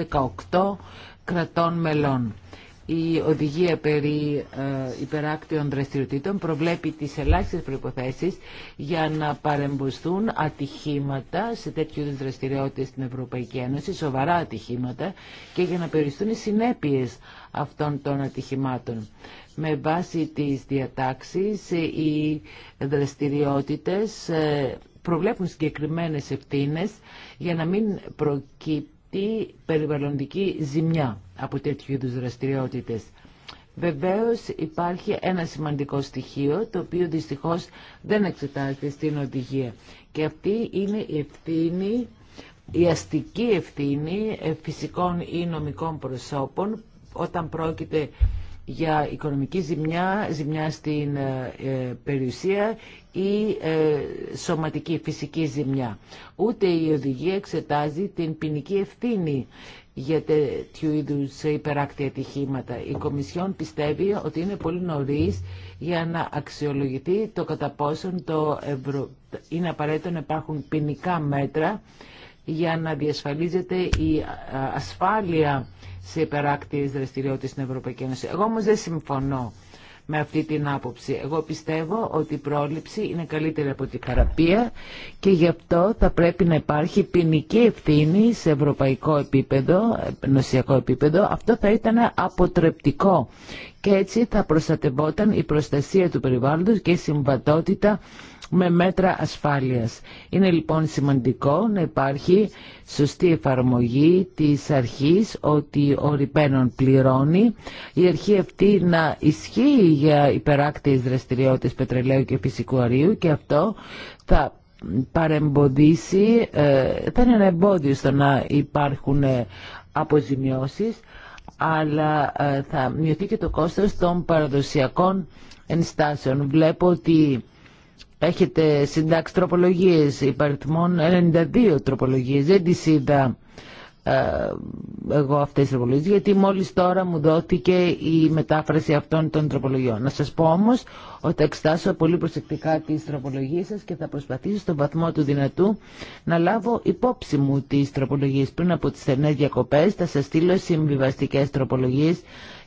S3: 18 κρατών μελών η οδηγία περί ε, υπεράκτιων δραστηριοτήτων προβλέπει τις ελάχιστες προϋποθέσεις για να παρεμποστούν ατυχήματα σε τέτοιου είδους δραστηριότητες στην Ευρωπαϊκή Ένωση, σοβαρά ατυχήματα και για να περιστούν οι συνέπειες αυτών των ατυχημάτων. Με βάση τις διατάξεις οι δραστηριότητες ε, προβλέπουν συγκεκριμένες ευθύνες για να μην προκύπτουν τη περιβαλλοντική ζημιά από τέτοιου είδους δραστηριότητες. Βεβαίως υπάρχει ένα σημαντικό στοιχείο το οποίο δυστυχώς δεν εξετάζεται στην οδηγία και αυτή είναι η ευθύνη, η αστική ευθύνη ε, φυσικών ή νομικών προσώπων όταν πρόκειται για οικονομική ζημιά, ζημιά στην ε, ε, περιουσία ή ε, σωματική, φυσική ζημιά. Ούτε η οδηγία εξετάζει την ποινική ευθύνη για τέτοιου είδου υπεράκτια ατυχήματα. Η Κομισιόν πιστεύει τετοιου ειδου υπερακτη είναι πολύ νωρί για να αξιολογηθεί το κατά πόσον το ευρω... είναι απαραίτητο να υπάρχουν ποινικά μέτρα για να διασφαλίζεται η ασφάλεια σε υπεράκτιε δραστηριότητε στην Ευρωπαϊκή Ένωση. Εγώ όμω δεν συμφωνώ με αυτή την άποψη. Εγώ πιστεύω ότι η πρόληψη είναι καλύτερη από τη θεραπεία και γι' αυτό θα πρέπει να υπάρχει ποινική ευθύνη σε ευρωπαϊκό επίπεδο, νοσιακό επίπεδο. Αυτό θα ήταν αποτρεπτικό και έτσι θα προστατευόταν η προστασία του περιβάλλοντος και η συμβατότητα με μέτρα ασφάλειας. Είναι λοιπόν σημαντικό να υπάρχει σωστή εφαρμογή της αρχής ότι ο ρηπαίνων πληρώνει. Η αρχή αυτή να ισχύει για υπεράκτιες δραστηριότητες πετρελαίου και φυσικού αερίου και αυτό θα παρεμποδίσει, ε, θα είναι ένα εμπόδιο στο να υπάρχουν ε, αποζημιώσεις αλλά ε, θα μειωθεί και το κόστος των παραδοσιακών ενστάσεων. Βλέπω ότι Έχετε συντάξει τροπολογίες υπαριθμών 92 τροπολογίες. Δεν τις είδα ε, εγώ αυτές τι τροπολογίες γιατί μόλις τώρα μου δόθηκε η μετάφραση αυτών των τροπολογιών. Να σας πω όμως ότι εξτάσω πολύ προσεκτικά τις τροπολογίες σας και θα προσπαθήσω στον βαθμό του δυνατού να λάβω υπόψη μου τις τροπολογίες. Πριν από τις στενέ διακοπές θα σας στείλω συμβιβαστικές τροπολογίες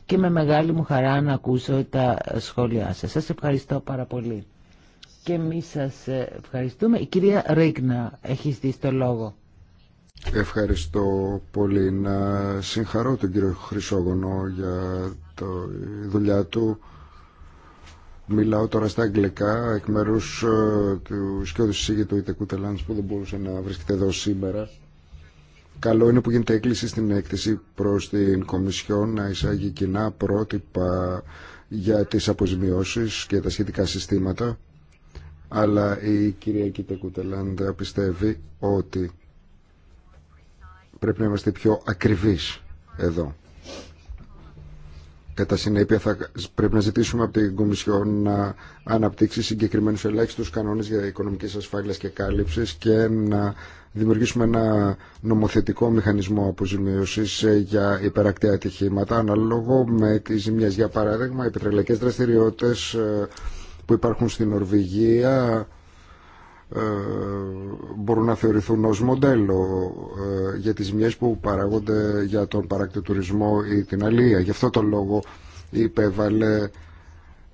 S3: και με μεγάλη μου χαρά να ακούσω τα σχόλιά σας. Σας ευχαριστώ πάρα πολύ. Και εμεί σα ε, ευχαριστούμε. Η κυρία Ρίγνα έχει δει το λόγο.
S2: Ευχαριστώ πολύ. Να συγχαρώ τον κύριο Χρυσόγονο για το, δουλειά του. Μιλάω τώρα στα αγγλικά εκ μέρου ε, του σκιώδου συζήτητου Ιτεκού Τελάντ που δεν μπορούσε να βρίσκεται εδώ σήμερα. Καλό είναι που γίνεται έκκληση στην έκθεση προ την Κομισιόν να εισάγει κοινά πρότυπα για τι αποζημιώσει και τα σχετικά συστήματα αλλά η κυρία Κίτα Κουτελάντα πιστεύει ότι πρέπει να είμαστε πιο ακριβείς εδώ. Κατά συνέπεια θα πρέπει να ζητήσουμε από την Κομισιόν να αναπτύξει συγκεκριμένους ελάχιστους κανόνες για οικονομικές ασφάλειας και κάλυψης και να δημιουργήσουμε ένα νομοθετικό μηχανισμό αποζημίωσης για υπερακτή ατυχήματα αναλόγω με τις ζημιές. Για παράδειγμα, οι πετρελαϊκές δραστηριότητες ε, που υπάρχουν στην Νορβηγία ε, μπορούν να θεωρηθούν ως μοντέλο ε, για τις μιας που παράγονται για τον παρακτητουρισμό ή την αλία. Γι' αυτό τον λόγο υπέβαλε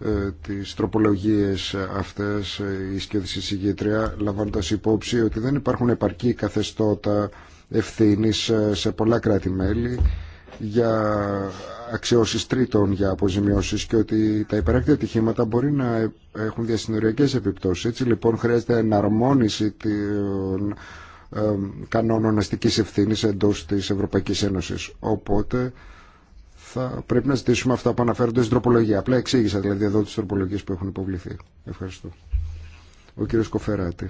S2: ε, τις τροπολογίες αυτές η σκέψη εισηγήτρια λαμβάνοντας η σκεψη συγκητρια ότι δεν υπάρχουν επαρκή καθεστώτα ευθύνης σε πολλά κράτη-μέλη για αξιώσεις τρίτων για αποζημιώσεις και ότι τα υπεράκτητα ατυχήματα μπορεί να έχουν διασυνοριακές επιπτώσεις. Έτσι λοιπόν χρειάζεται εναρμόνιση των κανόνων αστικής ευθύνης εντός της Ευρωπαϊκής Ένωσης. Οπότε θα πρέπει να ζητήσουμε αυτά που αναφέρονται στην τροπολογία. Απλά εξήγησα δηλαδή εδώ τις τροπολογίες που έχουν υποβληθεί. Ευχαριστώ. Ο κύριος Κοφεράτη.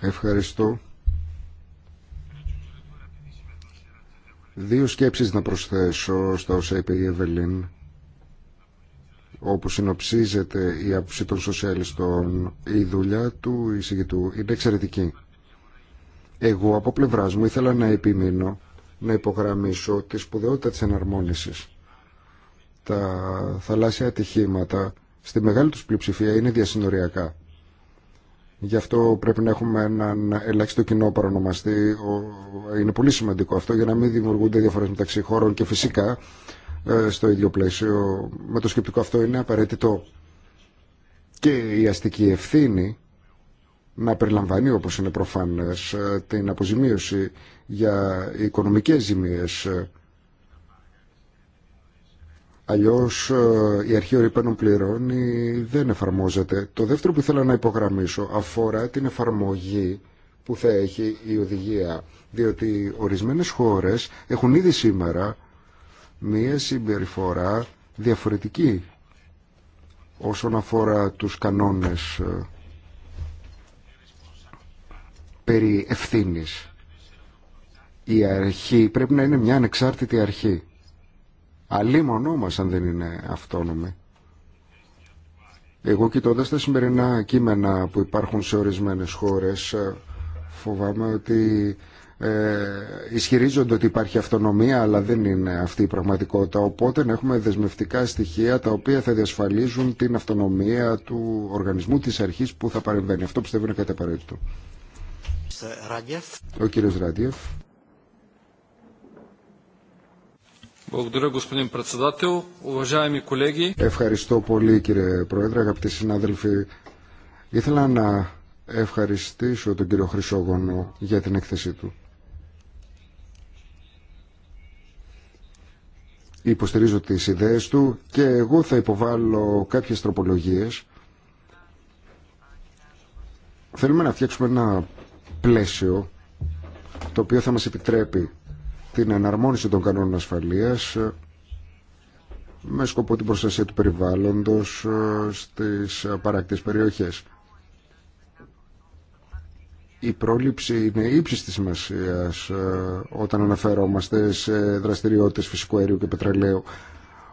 S2: Ευχαριστώ. Δύο σκέψεις να προσθέσω στα όσα είπε η Ευελίν όπου συνοψίζεται η άποψη των σοσιαλιστών η δουλειά του εισηγητού είναι εξαιρετική. Εγώ από πλευρά μου ήθελα να επιμείνω να υπογραμμίσω τη σπουδαιότητα της εναρμόνισης. Τα θαλάσσια ατυχήματα στη μεγάλη τους πλειοψηφία είναι διασυνοριακά. Γι' αυτό πρέπει να έχουμε έναν ελάχιστο κοινό παρονομαστή. Είναι πολύ σημαντικό αυτό για να μην δημιουργούνται διαφορέ μεταξύ χώρων και φυσικά ε, στο ίδιο πλαίσιο με το σκεπτικό αυτό είναι απαραίτητο και η αστική ευθύνη να περιλαμβάνει όπως είναι προφανές ε, την αποζημίωση για οικονομικές ζημίες ε, Αλλιώς ε, η αρχή ορυπαίνων πληρώνει δεν εφαρμόζεται. Το δεύτερο που ήθελα να υπογραμμίσω αφορά την εφαρμογή που θα έχει η οδηγία. Διότι ορισμένες χώρες έχουν ήδη σήμερα μία συμπεριφορά διαφορετική όσον αφορά τους κανόνες ε, περί ευθύνης. Η αρχή πρέπει να είναι μια ανεξάρτητη αρχή. Αλλήμον μας αν δεν είναι αυτόνομη. Εγώ κοιτώντας τα σημερινά κείμενα που υπάρχουν σε ορισμένες χώρες ε, φοβάμαι ότι ε, ισχυρίζονται ότι υπάρχει αυτονομία αλλά δεν είναι αυτή η πραγματικότητα οπότε να έχουμε δεσμευτικά στοιχεία τα οποία θα διασφαλίζουν την αυτονομία του οργανισμού της αρχής που θα παρεμβαίνει. Αυτό πιστεύω είναι κάτι απαραίτητο. Ο κύριος Ράντιεφ. Ευχαριστώ πολύ κύριε Πρόεδρε, αγαπητοί συνάδελφοι. Ήθελα να ευχαριστήσω τον κύριο Χρυσόγονο για την έκθεσή του. Υποστηρίζω τις ιδέες του και εγώ θα υποβάλω κάποιες τροπολογίες. Θέλουμε να φτιάξουμε ένα πλαίσιο το οποίο θα μας επιτρέπει την εναρμόνιση των κανόνων ασφαλείας ε, με σκοπό την προστασία του περιβάλλοντος ε, στις ε, παρακτές περιοχές. Η πρόληψη είναι ύψης της σημασίας όταν αναφερόμαστε σε δραστηριότητες φυσικού αερίου και πετρελαίου.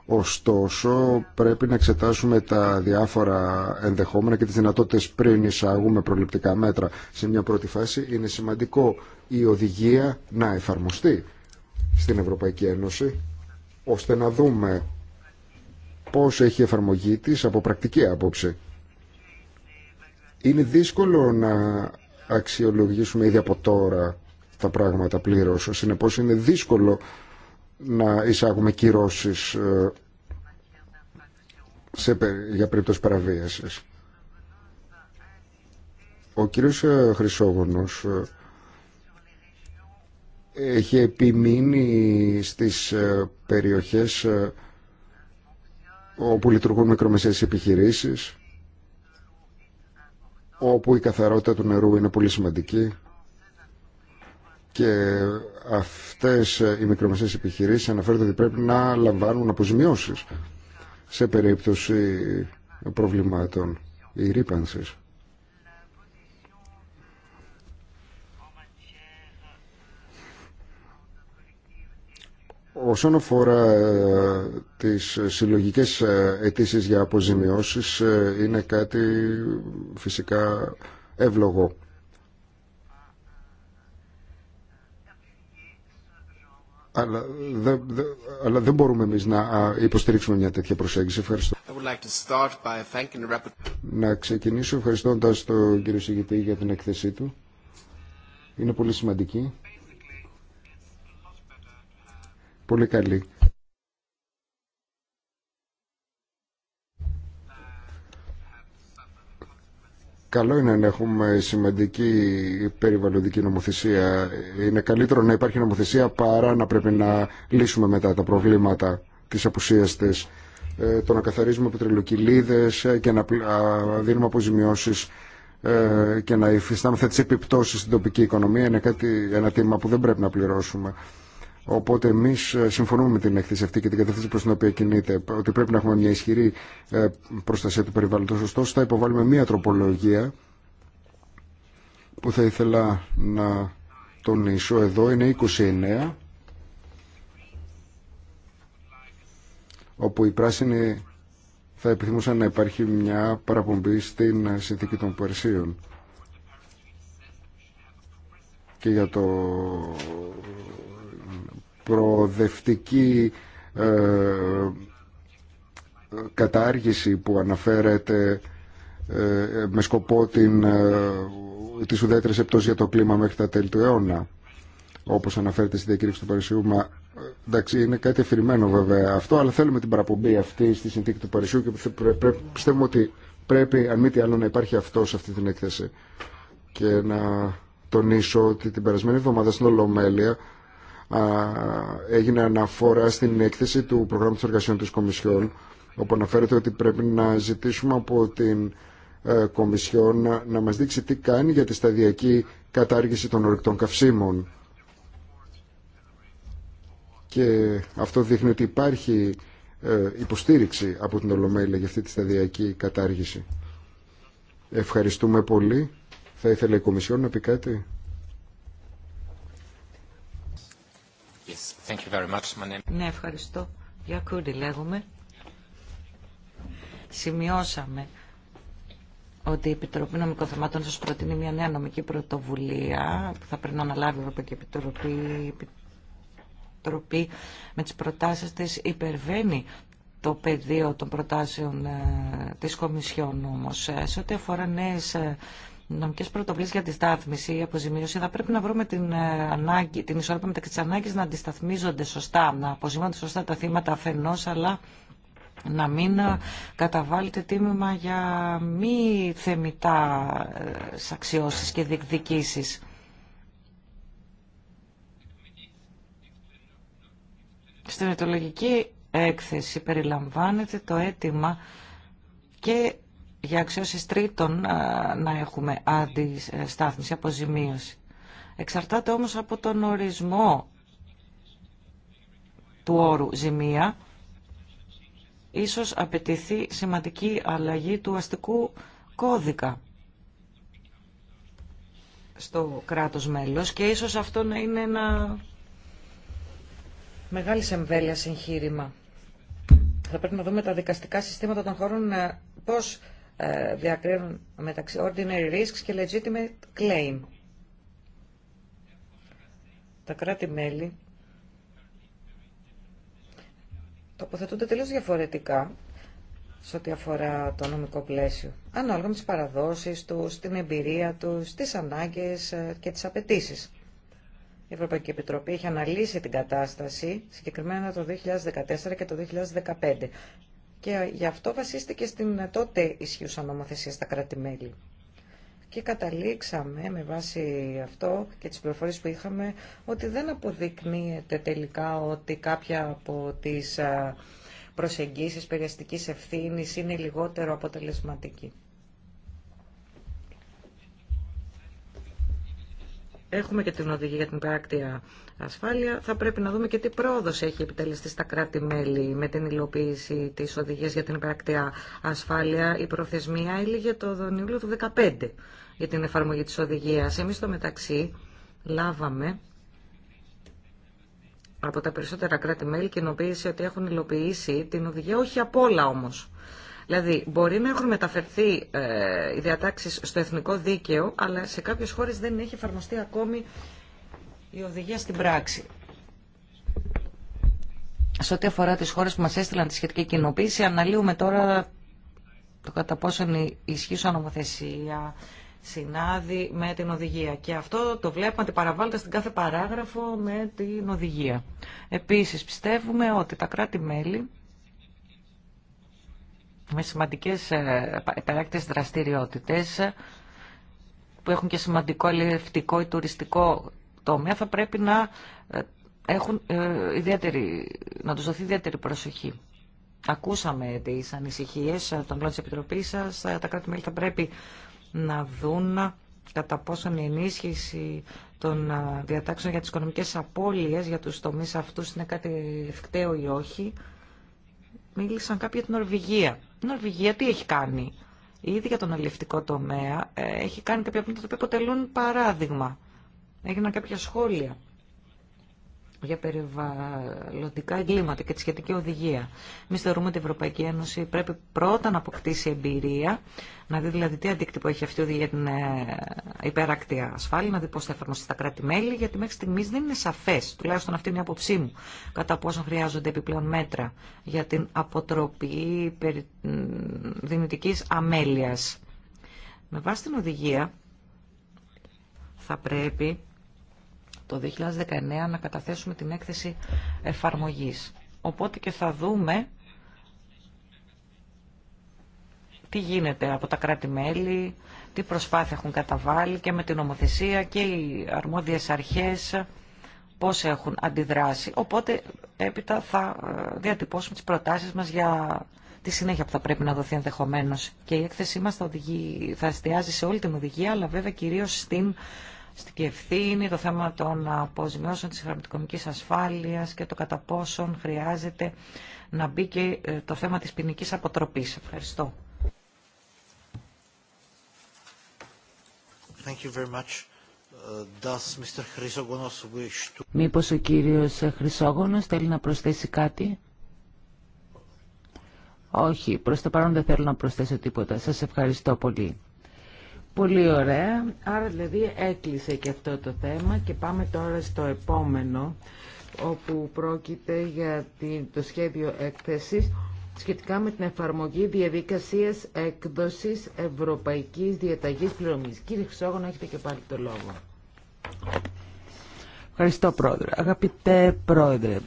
S2: Ωστόσο, πρέπει να εξετάσουμε τα διάφορα ενδεχόμενα και τις δυνατότητες πριν εισάγουμε προληπτικά μέτρα. Σε μια πρώτη φάση είναι σημαντικό η οδηγία να εφαρμοστεί στην Ευρωπαϊκή Ένωση ώστε να δούμε πώς έχει εφαρμογή της από πρακτική άποψη. Είναι δύσκολο να αξιολογήσουμε ήδη από τώρα τα πράγματα πλήρως. Συνεπώς είναι δύσκολο να εισάγουμε κυρώσεις ε, σε, για περίπτωση παραβίασης. Ο κύριος ε, Χρυσόγονος ε, έχει επιμείνει στις ε, περιοχές ε, όπου λειτουργούν μικρομεσαίες επιχειρήσεις, όπου η καθαρότητα του νερού είναι πολύ σημαντική και αυτές ε, οι μικρομεσαίες επιχειρήσεις αναφέρονται ότι πρέπει να λαμβάνουν αποζημιώσεις σε περίπτωση προβλημάτων ή ρήπανσης. Όσον αφορά ε, τις συλλογικές ε, αιτήσει για αποζημιώσεις, ε, είναι κάτι φυσικά εύλογο. Αλλά δεν, μπορούμε εμείς να υποστηρίξουμε μια τέτοια προσέγγιση. Ευχαριστώ. να ξεκινήσω ευχαριστώντας τον κύριο Σιγητή για την εκθεσή του. Είναι πολύ σημαντική πολύ καλή. Καλό είναι να έχουμε σημαντική περιβαλλοντική νομοθεσία. Είναι καλύτερο να υπάρχει νομοθεσία παρά να πρέπει να λύσουμε μετά τα προβλήματα της απουσίας της. Ε, το να καθαρίζουμε πετρελοκυλίδες ε, και να δίνουμε αποζημιώσεις ε, και να υφιστάμεθα τις επιπτώσεις στην τοπική οικονομία είναι κάτι, ένα τίμημα που δεν πρέπει να πληρώσουμε. Οπότε εμεί ε, συμφωνούμε με την έκθεση αυτή και την κατεύθυνση προ την οποία κινείται, ότι πρέπει να έχουμε μια ισχυρή ε, προστασία του περιβάλλοντο. Ωστόσο, θα υποβάλουμε μια τροπολογία που θα ήθελα να τονίσω εδώ. Είναι 29, όπου οι πράσινοι θα επιθυμούσαν να υπάρχει μια παραπομπή στην συνθήκη των Περσίων. Και για το προοδευτική ε, κατάργηση που αναφέρεται ε, με σκοπό την, ε, της ουδέτερης επτός για το κλίμα μέχρι τα τέλη του αιώνα όπως αναφέρεται στη διακήρυξη του Παρισιού μα, είναι κάτι εφηρημένο βέβαια αυτό αλλά θέλουμε την παραπομπή αυτή στη συνθήκη του Παρισιού και πιστεύουμε ότι πρέπει αν μη τι άλλο να υπάρχει αυτό σε αυτή την έκθεση και να τονίσω ότι την περασμένη εβδομάδα στην Ολομέλεια έγινε αναφορά στην έκθεση του προγράμματος εργασιών της Κομισιόν όπου αναφέρεται ότι πρέπει να ζητήσουμε από την ε, Κομισιόν να μας δείξει τι κάνει για τη σταδιακή κατάργηση των ορεικτών καυσίμων. Και αυτό δείχνει ότι υπάρχει ε, υποστήριξη από την Ολομέλη για αυτή τη σταδιακή κατάργηση. Ευχαριστούμε πολύ. Θα ήθελε η Κομισιόν να πει κάτι.
S4: Ναι, ευχαριστώ. Για κούρι λέγομαι. Σημειώσαμε ότι η Επιτροπή Νομικών Θεμάτων σας προτείνει μια νέα νομική πρωτοβουλία που θα πρέπει να αναλάβει η Ευρωπαϊκή Επιτροπή. Η Επιτροπή με τις προτάσεις της υπερβαίνει το πεδίο των προτάσεων ε, της Κομισιόν όμως. Ε, σε ό,τι αφορά νέες ε, νομικέ πρωτοβουλίε για τη στάθμιση, η αποζημίωση, θα πρέπει να βρούμε την, ε, ανάγκη, την ισορροπία μεταξύ τη ανάγκη να αντισταθμίζονται σωστά, να αποζημιώνονται σωστά τα θύματα αφενό, αλλά να μην ε, καταβάλλεται τίμημα για μη θεμητά ε, αξιώσει και διεκδικήσει. Στην ετολογική έκθεση περιλαμβάνεται το αίτημα και για αξιώσεις τρίτων να έχουμε αντιστάθμιση, αποζημίωση. Εξαρτάται όμως από τον ορισμό του όρου ζημία. Ίσως απαιτηθεί σημαντική αλλαγή του αστικού κώδικα στο κράτος μέλος και ίσως αυτό να είναι ένα μεγάλη εμβέλεια συγχείρημα. Θα πρέπει να δούμε τα δικαστικά συστήματα των χωρών ε, πώς ε, διακρίνουν μεταξύ ordinary risks και legitimate claim. Τα κράτη-μέλη τοποθετούνται τελείως διαφορετικά σε ό,τι αφορά το νομικό πλαίσιο, ανάλογα με τις παραδόσεις του την εμπειρία τους, τις ανάγκες ε, και τις απαιτήσει. Η Ευρωπαϊκή Επιτροπή έχει αναλύσει την κατάσταση συγκεκριμένα το 2014 και το 2015 και γι' αυτό βασίστηκε στην τότε ισχύουσα νομοθεσία στα κράτη-μέλη. Και καταλήξαμε με βάση αυτό και τις πληροφορίες που είχαμε ότι δεν αποδεικνύεται τελικά ότι κάποια από τις προσεγγίσεις περιαστικής ευθύνης είναι λιγότερο αποτελεσματική. Έχουμε και την οδηγία για την πράκτεια ασφάλεια, θα πρέπει να δούμε και τι πρόοδο έχει επιτελεστεί στα κράτη-μέλη με την υλοποίηση τη οδηγία για την υπερακτία ασφάλεια. Η προθεσμία έλεγε το Ιούλιο του 2015 για την εφαρμογή τη οδηγία. Εμεί στο μεταξύ λάβαμε από τα περισσότερα κράτη-μέλη κοινοποίηση ότι έχουν υλοποιήσει την οδηγία, όχι από όλα όμω. Δηλαδή, μπορεί να έχουν μεταφερθεί ε, οι διατάξει στο εθνικό δίκαιο, αλλά σε κάποιε χώρε δεν έχει εφαρμοστεί ακόμη η οδηγία στην πράξη. Σε ό,τι αφορά τις χώρες που μας έστειλαν τη σχετική κοινοποίηση, αναλύουμε τώρα το κατά πόσο η ισχύουσα νομοθεσία συνάδει με την οδηγία. Και αυτό το βλέπουμε ότι παραβάλλεται στην κάθε παράγραφο με την οδηγία. Επίσης πιστεύουμε ότι τα κράτη-μέλη με σημαντικές επεράκτες δραστηριότητες που έχουν και σημαντικό ελευθερικό ή τουριστικό τομέα θα πρέπει να, ε, έχουν, ε, ιδιαίτερη, να τους δοθεί ιδιαίτερη προσοχή. Ακούσαμε τις ανησυχίες ε, των πλών της Επιτροπής σας. Τα κράτη-μέλη θα πρέπει να δουν κατά πόσον η ενίσχυση των διατάξεων για τις οικονομικές απώλειες για τους τομείς αυτούς είναι κάτι ευκταίο ή όχι. Μίλησαν κάποιοι για την Νορβηγία. Η Νορβηγία τι έχει κάνει. Ήδη για τον αλληλευτικό τομέα έχει κάνει κάποια πράγματα που αποτελούν παράδειγμα έγιναν κάποια σχόλια για περιβαλλοντικά εγκλήματα και τη σχετική οδηγία. Εμεί θεωρούμε ότι η Ευρωπαϊκή Ένωση πρέπει πρώτα να αποκτήσει εμπειρία, να δει δηλαδή τι αντίκτυπο έχει αυτή η οδηγία για την ε, υπεράκτη ασφάλεια, να δει πώ θα εφαρμοστεί στα κράτη-μέλη, γιατί μέχρι στιγμή δεν είναι σαφέ, τουλάχιστον αυτή είναι η άποψή μου, κατά πόσο χρειάζονται επιπλέον μέτρα για την αποτροπή περί... δυνητική αμέλεια. Με βάση την οδηγία θα πρέπει το 2019 να καταθέσουμε την έκθεση εφαρμογής. Οπότε και θα δούμε τι γίνεται από τα κράτη-μέλη, τι προσπάθεια έχουν καταβάλει και με την νομοθεσία και οι αρμόδιες αρχές πώς έχουν αντιδράσει. Οπότε έπειτα θα ε, διατυπώσουμε τις προτάσεις μας για τη συνέχεια που θα πρέπει να δοθεί ενδεχομένω. Και η έκθεσή μας θα, θα εστιάζει σε όλη την οδηγία, αλλά βέβαια κυρίως στην στην ευθύνη, το θέμα των αποζημιώσεων της χρηματοοικονομικής ασφάλειας και το κατά πόσον χρειάζεται να μπει και ε, το θέμα της ποινική αποτροπής. Ευχαριστώ.
S1: Thank you very much. Ε, Mr.
S3: Μήπως ο κύριος Χρυσόγονος θέλει να προσθέσει κάτι. Όχι, προς το παρόν δεν θέλω να προσθέσω τίποτα. Σας ευχαριστώ πολύ. Πολύ ωραία. Άρα δηλαδή έκλεισε και αυτό το θέμα και πάμε τώρα στο επόμενο όπου πρόκειται για το σχέδιο έκθεσης σχετικά με την εφαρμογή διαδικασίας έκδοσης Ευρωπαϊκής Διαταγής Πληρωμής. Κύριε Χρυσόγωνο, έχετε και πάλι το λόγο. Ευχαριστώ, Πρόεδρε. Αγαπητέ Πρόεδρε,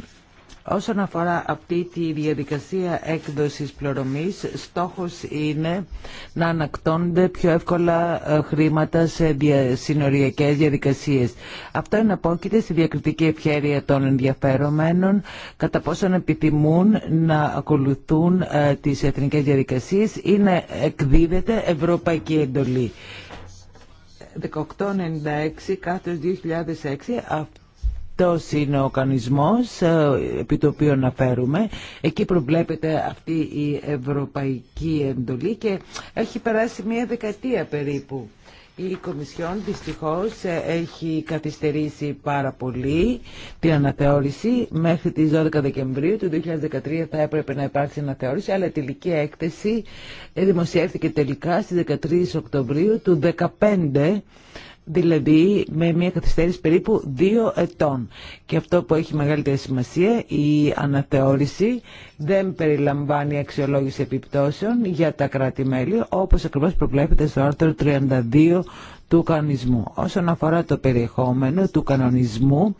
S3: Όσον αφορά αυτή τη διαδικασία έκδοσης πληρωμής, στόχος είναι να ανακτώνται πιο εύκολα ε, χρήματα σε συνοριακές διαδικασίες. Αυτό εναπόκειται στη διακριτική ευχαίρεια των ενδιαφερομένων, κατά πόσον επιθυμούν να ακολουθούν ε, τις εθνικές διαδικασίες ή να εκδίδεται ευρωπαϊκή εντολή. 1896 2006 αυτό είναι ο οργανισμό ε, επί το οποίο αναφέρουμε. Εκεί προβλέπεται αυτή η ευρωπαϊκή εντολή και έχει περάσει μία δεκαετία περίπου. Η Κομισιόν δυστυχώς ε, έχει καθυστερήσει πάρα πολύ την αναθεώρηση. Μέχρι τις 12 Δεκεμβρίου του 2013 θα έπρεπε να υπάρξει αναθεώρηση, αλλά η τελική έκθεση δημοσιεύθηκε τελικά στις 13 Οκτωβρίου του 2015 δηλαδή με μια καθυστέρηση περίπου δύο ετών. Και αυτό που έχει μεγαλύτερη σημασία, η αναθεώρηση δεν περιλαμβάνει αξιολόγηση επιπτώσεων για τα κράτη-μέλη, όπως ακριβώς προβλέπεται στο άρθρο 32 του κανονισμού. Όσον αφορά το περιεχόμενο του κανονισμού,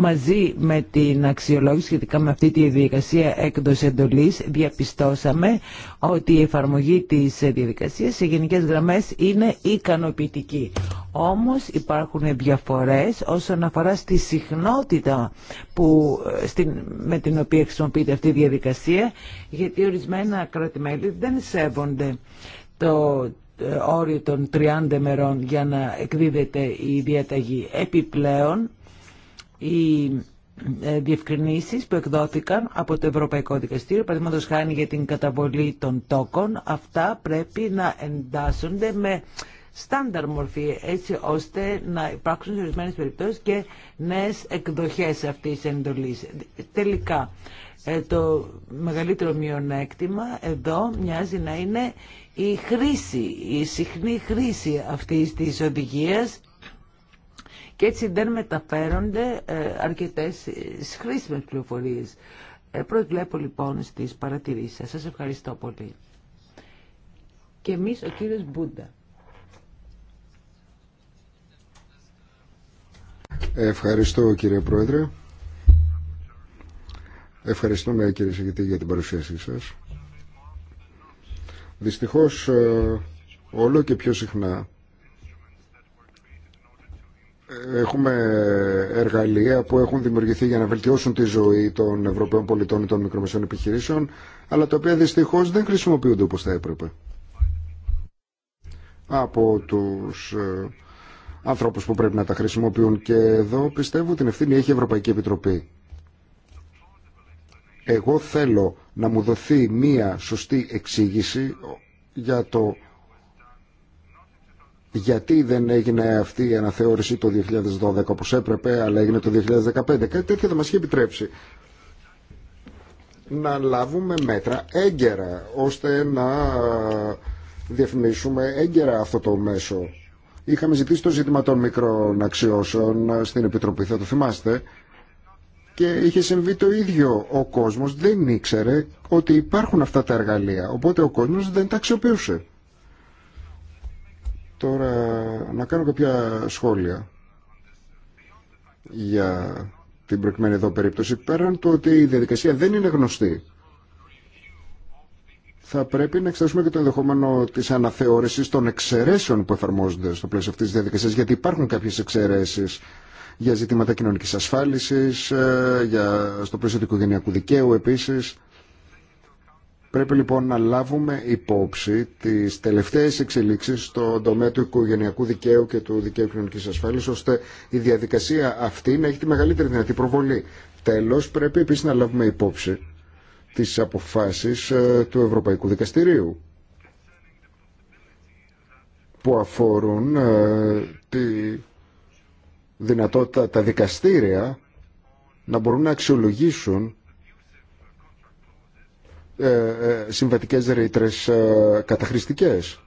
S3: Μαζί με την αξιολόγηση σχετικά με αυτή τη διαδικασία έκδοση εντολής διαπιστώσαμε ότι η εφαρμογή της διαδικασίας σε γενικές γραμμές είναι ικανοποιητική. Όμως υπάρχουν διαφορές όσον αφορά στη συχνότητα που, στην, με την οποία χρησιμοποιείται αυτή η διαδικασία γιατί ορισμένα κράτη-μέλη δεν σέβονται το ε, όριο των 30 μερών για να εκδίδεται η διαταγή. Επιπλέον οι ε, διευκρινήσεις που εκδόθηκαν από το Ευρωπαϊκό Δικαστήριο, παραδείγματος χάνει για την καταβολή των τόκων, αυτά πρέπει να εντάσσονται με στάνταρ μορφή, έτσι ώστε να υπάρξουν σε ορισμένες περιπτώσεις και νέε εκδοχές αυτής της εντολής. Τελικά, ε, το μεγαλύτερο μειονέκτημα εδώ μοιάζει να είναι η χρήση, η συχνή χρήση αυτής της οδηγίας και έτσι δεν μεταφέρονται ε, αρκετές ε, χρήσιμες πληροφορίες. Ε, Προσβλέπω λοιπόν στις παρατηρήσεις σας. Σας ευχαριστώ πολύ. Και εμείς ο κύριος Μπούντα.
S2: Ευχαριστώ κύριε Πρόεδρε. Ευχαριστούμε κύριε Σεγητή για την παρουσίασή σας. Δυστυχώς όλο και πιο συχνά έχουμε εργαλεία που έχουν δημιουργηθεί για να βελτιώσουν τη ζωή των Ευρωπαίων πολιτών ή των μικρομεσαίων επιχειρήσεων, αλλά τα οποία δυστυχώς δεν χρησιμοποιούνται όπω θα έπρεπε από τους ε, ανθρώπους που πρέπει να τα χρησιμοποιούν και εδώ πιστεύω την ευθύνη έχει η Ευρωπαϊκή Επιτροπή. Εγώ θέλω να μου δοθεί μία σωστή εξήγηση για το γιατί δεν έγινε αυτή η αναθεώρηση το 2012 όπως έπρεπε αλλά έγινε το 2015 κάτι τέτοιο δεν μας είχε επιτρέψει να λάβουμε μέτρα έγκαιρα ώστε να ε, διαφημίσουμε έγκαιρα αυτό το μέσο είχαμε ζητήσει το ζήτημα των μικρών αξιώσεων ε, στην Επιτροπή θα το θυμάστε και είχε συμβεί το ίδιο ο κόσμος δεν ήξερε ότι υπάρχουν αυτά τα εργαλεία οπότε ο κόσμος δεν τα αξιοποιούσε Τώρα να κάνω κάποια σχόλια για την προκειμένη εδώ περίπτωση. Πέραν το ότι η διαδικασία δεν είναι γνωστή, θα πρέπει να εξετάσουμε και το ενδεχόμενο τη αναθεώρηση των εξαιρέσεων που εφαρμόζονται στο πλαίσιο αυτή τη διαδικασία, γιατί υπάρχουν κάποιε εξαιρέσει για ζητήματα κοινωνική ασφάλισης, ε, για... στο πλαίσιο του οικογενειακού δικαίου επίση. Πρέπει λοιπόν να λάβουμε υπόψη τις τελευταίες εξελίξεις στον τομέα του οικογενειακού δικαίου και του δικαίου κοινωνικής ασφάλειας, ώστε η διαδικασία αυτή να έχει τη μεγαλύτερη δυνατή προβολή. Τέλος, πρέπει επίσης να λάβουμε υπόψη τις αποφάσεις ε, του Ευρωπαϊκού Δικαστηρίου που αφορούν ε, τη δυνατότητα τα δικαστήρια να μπορούν να αξιολογήσουν ε, ε, συμβατικές ρήτρες ε, καταχρηστικές.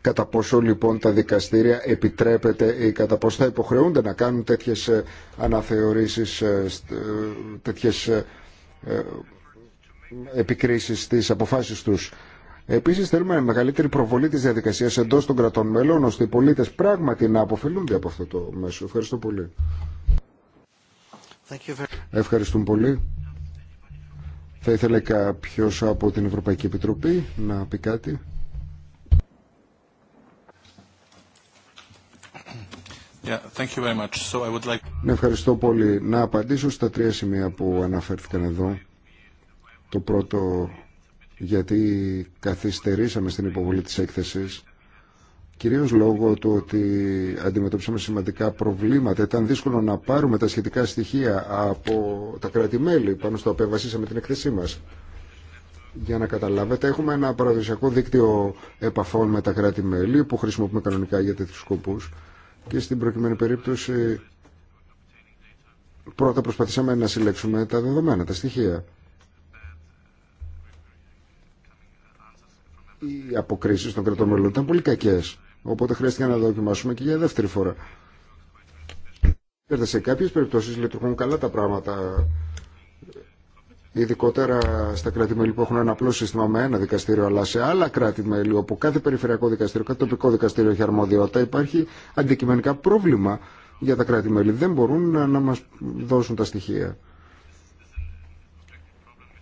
S2: Κατά πόσο λοιπόν τα δικαστήρια επιτρέπεται ή κατά πόσο θα υποχρεούνται να κάνουν τέτοιες αναθεωρήσεις, τέτοιες επικρίσεις στις αποφάσεις τους. Επίσης θέλουμε μεγαλύτερη προβολή της διαδικασίας εντός των κρατών μελών, ώστε οι πολίτες πράγματι να αποφελούνται από αυτό το μέσο. Ευχαριστώ πολύ. Ευχαριστούμε πολύ. Θα ήθελε κάποιο από την Ευρωπαϊκή Επιτροπή να πει κάτι.
S1: Yeah, thank you ναι,
S2: ευχαριστώ πολύ. Να απαντήσω στα τρία σημεία που αναφέρθηκαν εδώ. Το πρώτο, γιατί καθυστερήσαμε στην υποβολή της έκθεσης Κυρίως λόγω του ότι αντιμετωπίσαμε σημαντικά προβλήματα. Ήταν δύσκολο να πάρουμε τα σχετικά στοιχεία από τα κράτη-μέλη πάνω στο οποίο βασίσαμε την εκθεσή μας. Για να καταλάβετε, έχουμε ένα παραδοσιακό δίκτυο επαφών με τα κράτη-μέλη που χρησιμοποιούμε κανονικά για τέτοιους σκοπούς και στην προκειμένη περίπτωση πρώτα προσπαθήσαμε να συλλέξουμε τα δεδομένα, τα στοιχεία. Οι αποκρίσεις των κρατών μελών ήταν πολύ κακές. Οπότε χρειάστηκε να δοκιμάσουμε και για δεύτερη φορά. Σε κάποιες περιπτώσεις λειτουργούν καλά τα πράγματα, ειδικότερα στα κράτη-μέλη που έχουν ένα απλό σύστημα με ένα δικαστήριο, αλλά σε άλλα κράτη-μέλη όπου κάθε περιφερειακό δικαστήριο, κάθε τοπικό δικαστήριο έχει αρμοδιότητα, υπάρχει αντικειμενικά πρόβλημα για τα κράτη-μέλη. Δεν μπορούν να μας δώσουν τα στοιχεία.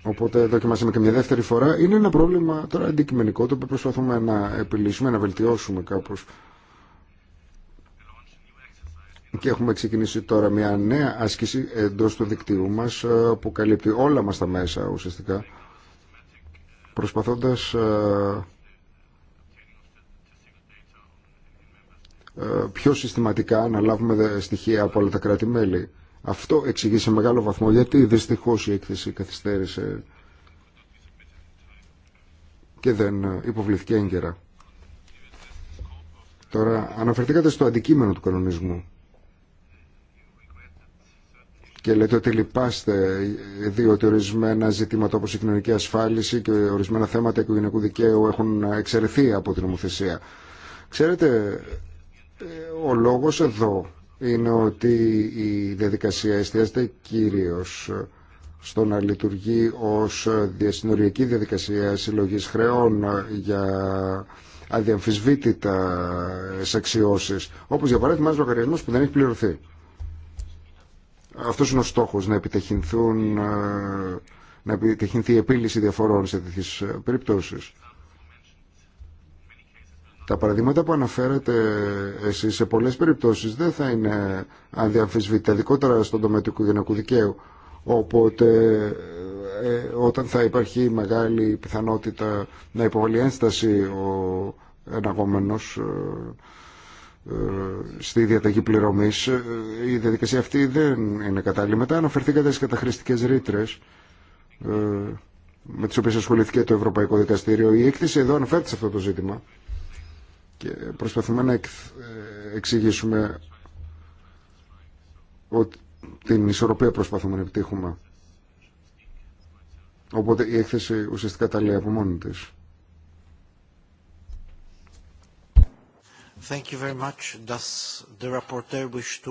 S2: Οπότε δοκιμάσαμε και μια δεύτερη φορά. Είναι ένα πρόβλημα τώρα αντικειμενικό το οποίο προσπαθούμε να επιλύσουμε, να βελτιώσουμε κάπω. Και έχουμε ξεκινήσει τώρα μια νέα άσκηση εντό του δικτύου μας ε, που καλύπτει όλα μα τα μέσα ουσιαστικά προσπαθώντα ε, ε, πιο συστηματικά να λάβουμε στοιχεία από όλα τα κράτη-μέλη. Αυτό εξηγεί σε μεγάλο βαθμό γιατί δυστυχώς η έκθεση καθυστέρησε και δεν υποβληθηκε έγκαιρα. Τώρα αναφερθήκατε στο αντικείμενο του κανονισμού και λέτε ότι λυπάστε διότι ορισμένα ζητήματα όπως η κοινωνική ασφάλιση και ορισμένα θέματα οικογενειακού δικαίου έχουν εξαιρεθεί από την νομοθεσία. Ξέρετε, ε, ο λόγος εδώ είναι ότι η διαδικασία εστιάζεται κυρίως στο να λειτουργεί ως διασυνοριακή διαδικασία συλλογής χρεών για αδιαμφισβήτητα αξιώσει, όπως για παράδειγμα ένας λογαριασμός που δεν έχει πληρωθεί. Αυτός είναι ο στόχος, να επιτεχυνθούν να επιτεχυνθεί η επίλυση διαφορών σε τέτοιες περιπτώσεις. Τα παραδείγματα που αναφέρατε εσείς σε πολλέ περιπτώσει δεν θα είναι αδιαμφισβήτητα, ειδικότερα στον τομέα του οικογενειακού δικαίου. Οπότε ε, όταν θα υπάρχει μεγάλη πιθανότητα να υποβάλει ένσταση ο εναγόμενος ε, ε, στη διαταγή πληρωμής, ε, η διαδικασία αυτή δεν είναι κατάλληλη. Μετά αναφερθήκατε στις ρήτρε, ρήτρες ε, με τις οποίες ασχολήθηκε το Ευρωπαϊκό Δικαστήριο. Η έκθεση εδώ αναφέρεται σε αυτό το ζήτημα και προσπαθούμε να εξηγήσουμε ότι την ισορροπία προσπαθούμε να επιτύχουμε. Οπότε η έκθεση ουσιαστικά τα λέει από μόνη της.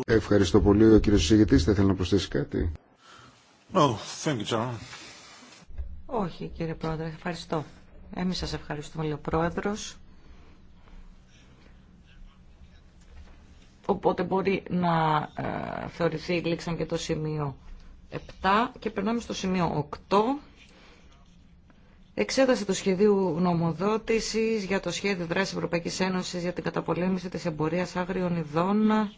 S2: Ευχαριστώ πολύ. Ο κύριος συζητητής θα ήθελε να προσθέσει κάτι.
S1: No, thank you,
S4: Όχι κύριε Πρόεδρε, ευχαριστώ. Εμείς σας ευχαριστούμε λέει ο Πρόεδρος. Οπότε μπορεί να ε, θεωρηθεί λήξαν και το σημείο 7 και περνάμε στο σημείο 8. Εξέταση του σχεδίου γνωμοδότησης για το σχέδιο δράσης Ευρωπαϊκής Ένωσης για την καταπολέμηση της εμπορίας άγριων ειδών.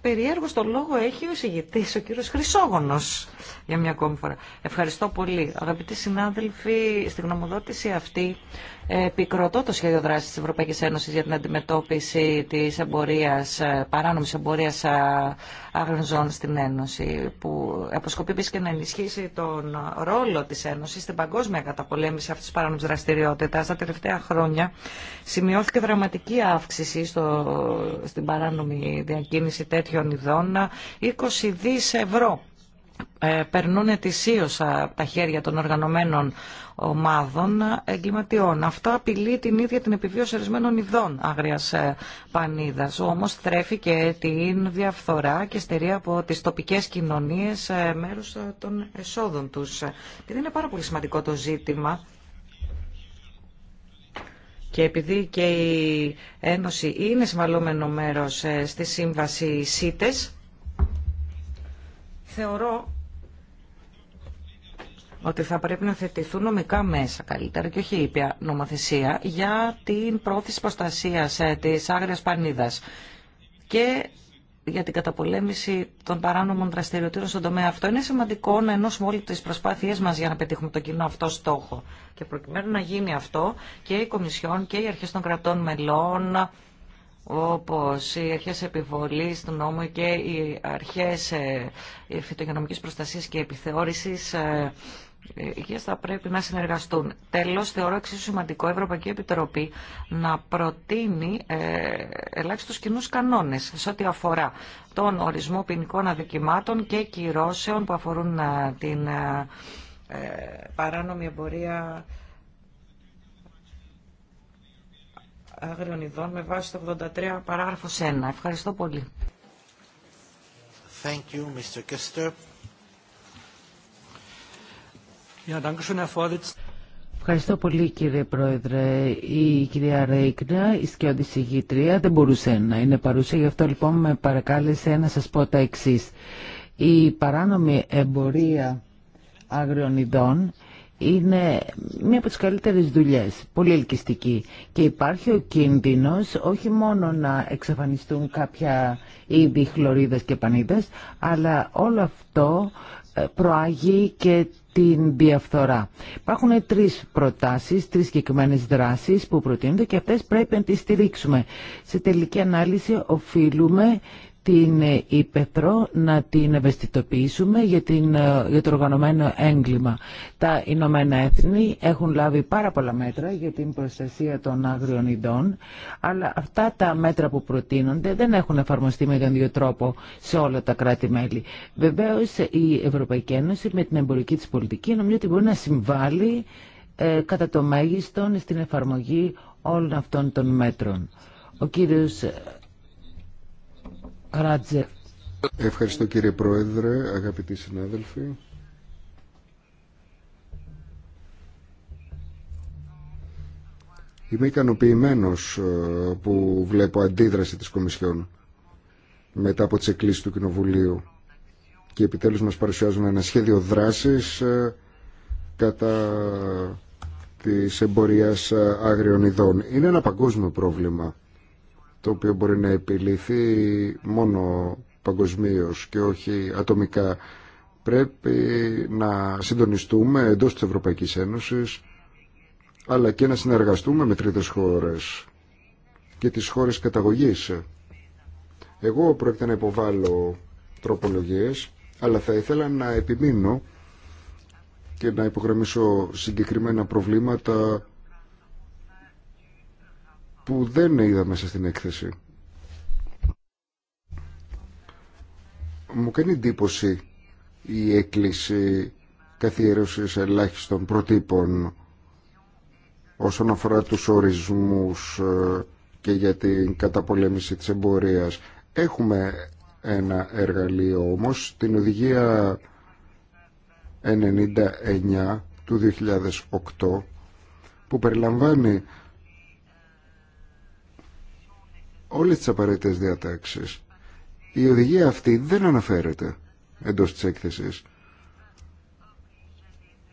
S4: Περιέργως το λόγο έχει ο συγητή, ο κύριος Χρυσόγονος, για μια ακόμη φορά. Ευχαριστώ πολύ. Αγαπητοί συνάδελφοι, στη γνωμοδότηση αυτή επικροτώ το σχέδιο δράσης της Ευρωπαϊκής Ένωσης για την αντιμετώπιση της εμπορίας, ε, παράνομης εμπορίας ε, ζών στην Ένωση, που αποσκοπεί επίσης και να ενισχύσει τον ρόλο της Ένωσης στην παγκόσμια καταπολέμηση αυτής της παράνομης δραστηριότητας. Τα τελευταία χρόνια σημειώθηκε δραματική αύξηση στο, στην παράνομη διακίνηση τέτοιων ειδών, 20 δις ευρώ ε, περνούν ετησίως από τα χέρια των οργανωμένων ομάδων εγκληματιών. Αυτό απειλεί την ίδια την επιβίωση ορισμένων ειδών άγρια ε, πανίδα. Όμως θρέφει και την διαφθορά και στερεί από τις τοπικές κοινωνίες ε, μέρους ε, των εσόδων τους. Επειδή είναι πάρα πολύ σημαντικό το ζήτημα, και επειδή και η Ένωση είναι συμβαλόμενο μέρος στη σύμβαση ΣΥΤΕΣ, θεωρώ ότι θα πρέπει να θετηθούν νομικά μέσα καλύτερα και όχι ήπια νομοθεσία για την πρόθεση προστασία ε, τη άγρια πανίδα. και για την καταπολέμηση των παράνομων δραστηριοτήτων στον τομέα αυτό. Είναι σημαντικό να ενώσουμε όλε τι προσπάθειέ μα για να πετύχουμε τον κοινό αυτό στόχο. Και προκειμένου να γίνει αυτό και οι Κομισιόν και οι αρχέ των κρατών μελών, όπω οι αρχέ επιβολή του νόμου και οι αρχέ ε, φυτογενομικής προστασία και επιθεώρηση, ε, υγείας θα πρέπει να συνεργαστούν. Τέλος, θεωρώ εξίσου σημαντικό η Ευρωπαϊκή Επιτροπή να προτείνει ε, ελάχιστους κοινού κανόνες σε ό,τι αφορά τον ορισμό ποινικών αδικημάτων και κυρώσεων που αφορούν ε, την ε, ε, παράνομη εμπορία άγριων ειδών με βάση το 83 παράγραφος 1. Ευχαριστώ πολύ.
S1: Thank you, Mr.
S3: Ευχαριστώ πολύ κύριε Πρόεδρε. Η κυρία Ρέικνα, η σκιώδη συγγήτρια, δεν μπορούσε να είναι παρούσα, γι' αυτό λοιπόν με παρακάλεσε να σας πω τα εξής. Η παράνομη εμπορία άγριων είναι μία από τις καλύτερες δουλειές, πολύ ελκυστική. Και υπάρχει ο κίνδυνος όχι μόνο να εξαφανιστούν κάποια είδη χλωρίδας και πανίδες, αλλά όλο αυτό ε, προάγει και την διαφθορά. Υπάρχουν τρει προτάσει, τρει συγκεκριμένε δράσει που προτείνονται και αυτέ πρέπει να τι στηρίξουμε. Σε τελική ανάλυση οφείλουμε την Ήπεθρο να την ευαισθητοποιήσουμε για, την, ε, για το οργανωμένο έγκλημα. Τα Ηνωμένα Έθνη έχουν λάβει πάρα πολλά μέτρα για την προστασία των άγριων ειδών, αλλά αυτά τα μέτρα που προτείνονται δεν έχουν εφαρμοστεί με τον ίδιο τρόπο σε όλα τα κράτη-μέλη. Βεβαίω η Ευρωπαϊκή Ένωση με την εμπορική της πολιτική νομίζω ότι μπορεί να συμβάλλει ε, κατά το μέγιστον στην εφαρμογή όλων αυτών των μέτρων. Ο κύριος Ράτζε.
S2: Ευχαριστώ κύριε Πρόεδρε, αγαπητοί συνάδελφοι. Είμαι ικανοποιημένο ε, που βλέπω αντίδραση της Κομισιόν μετά από τις εκκλήσεις του Κοινοβουλίου και επιτέλους μας παρουσιάζουν ένα σχέδιο δράσης ε, κατά της εμπορίας ε, άγριων ειδών. Είναι ένα παγκόσμιο πρόβλημα το οποίο μπορεί να επιλυθεί μόνο παγκοσμίω και όχι ατομικά. Πρέπει να συντονιστούμε εντός της Ευρωπαϊκής Ένωσης αλλά και να συνεργαστούμε με τρίτες χώρες και τις χώρες καταγωγής. Εγώ πρόκειται να υποβάλω τροπολογίες, αλλά θα ήθελα να επιμείνω και να υπογραμμίσω συγκεκριμένα προβλήματα που δεν είδα μέσα στην έκθεση. Μου κάνει εντύπωση η έκκληση καθιέρωσης ελάχιστων προτύπων όσον αφορά τους ορισμούς ε, και για την καταπολέμηση της εμπορίας. Έχουμε ένα εργαλείο όμως, την οδηγία 99 του 2008 που περιλαμβάνει όλες τις απαραίτητες διατάξεις. Η οδηγία αυτή δεν αναφέρεται εντός της έκθεσης.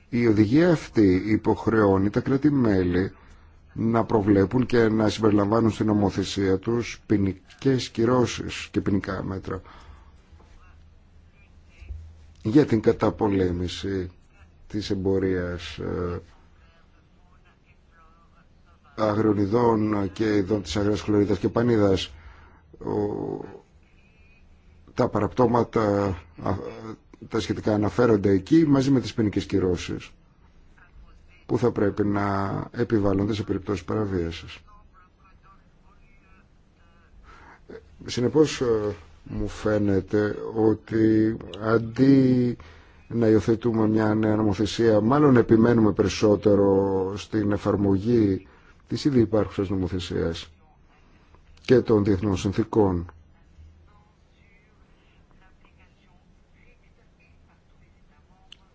S2: Η οδηγία αυτή υποχρεώνει τα κράτη-μέλη να προβλέπουν και να συμπεριλαμβάνουν στην ομοθεσία τους ποινικέ κυρώσεις και ποινικά μέτρα για την καταπολέμηση της εμπορίας ε, αγριονιδών και ειδών της αγριάς χλωρίδας και πανίδας τα παραπτώματα τα σχετικά αναφέρονται εκεί μαζί με τις ποινικέ κυρώσεις που θα πρέπει να επιβάλλονται σε περιπτώσεις παραβίασης. Συνεπώς ε, μου φαίνεται ότι αντί να υιοθετούμε μια νέα νομοθεσία μάλλον επιμένουμε περισσότερο στην εφαρμογή Τη ήδη υπάρχουσα νομοθεσία και των διεθνών συνθήκων.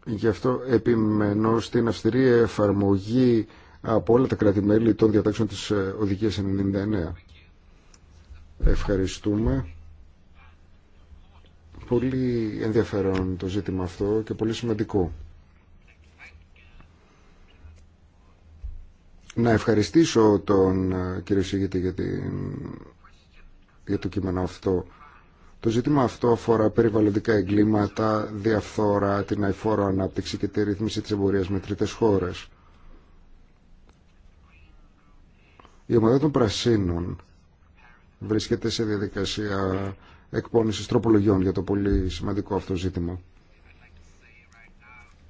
S2: Γι' αυτό επιμένω στην αυστηρή εφαρμογή από όλα τα κράτη-μέλη των διατάξεων της ε, Οδηγίας 99. Ευχαριστούμε. Πολύ ενδιαφέρον το ζήτημα αυτό και πολύ σημαντικό. Να ευχαριστήσω τον ε, κύριο Σίγητη για, το κείμενο αυτό. Το ζήτημα αυτό αφορά περιβαλλοντικά εγκλήματα, διαφθόρα, την αηφόρο ανάπτυξη και τη ρύθμιση της εμπορίας με τρίτες χώρες. Η ομάδα των Πρασίνων βρίσκεται σε διαδικασία εκπόνησης τροπολογιών για το πολύ σημαντικό αυτό ζήτημα.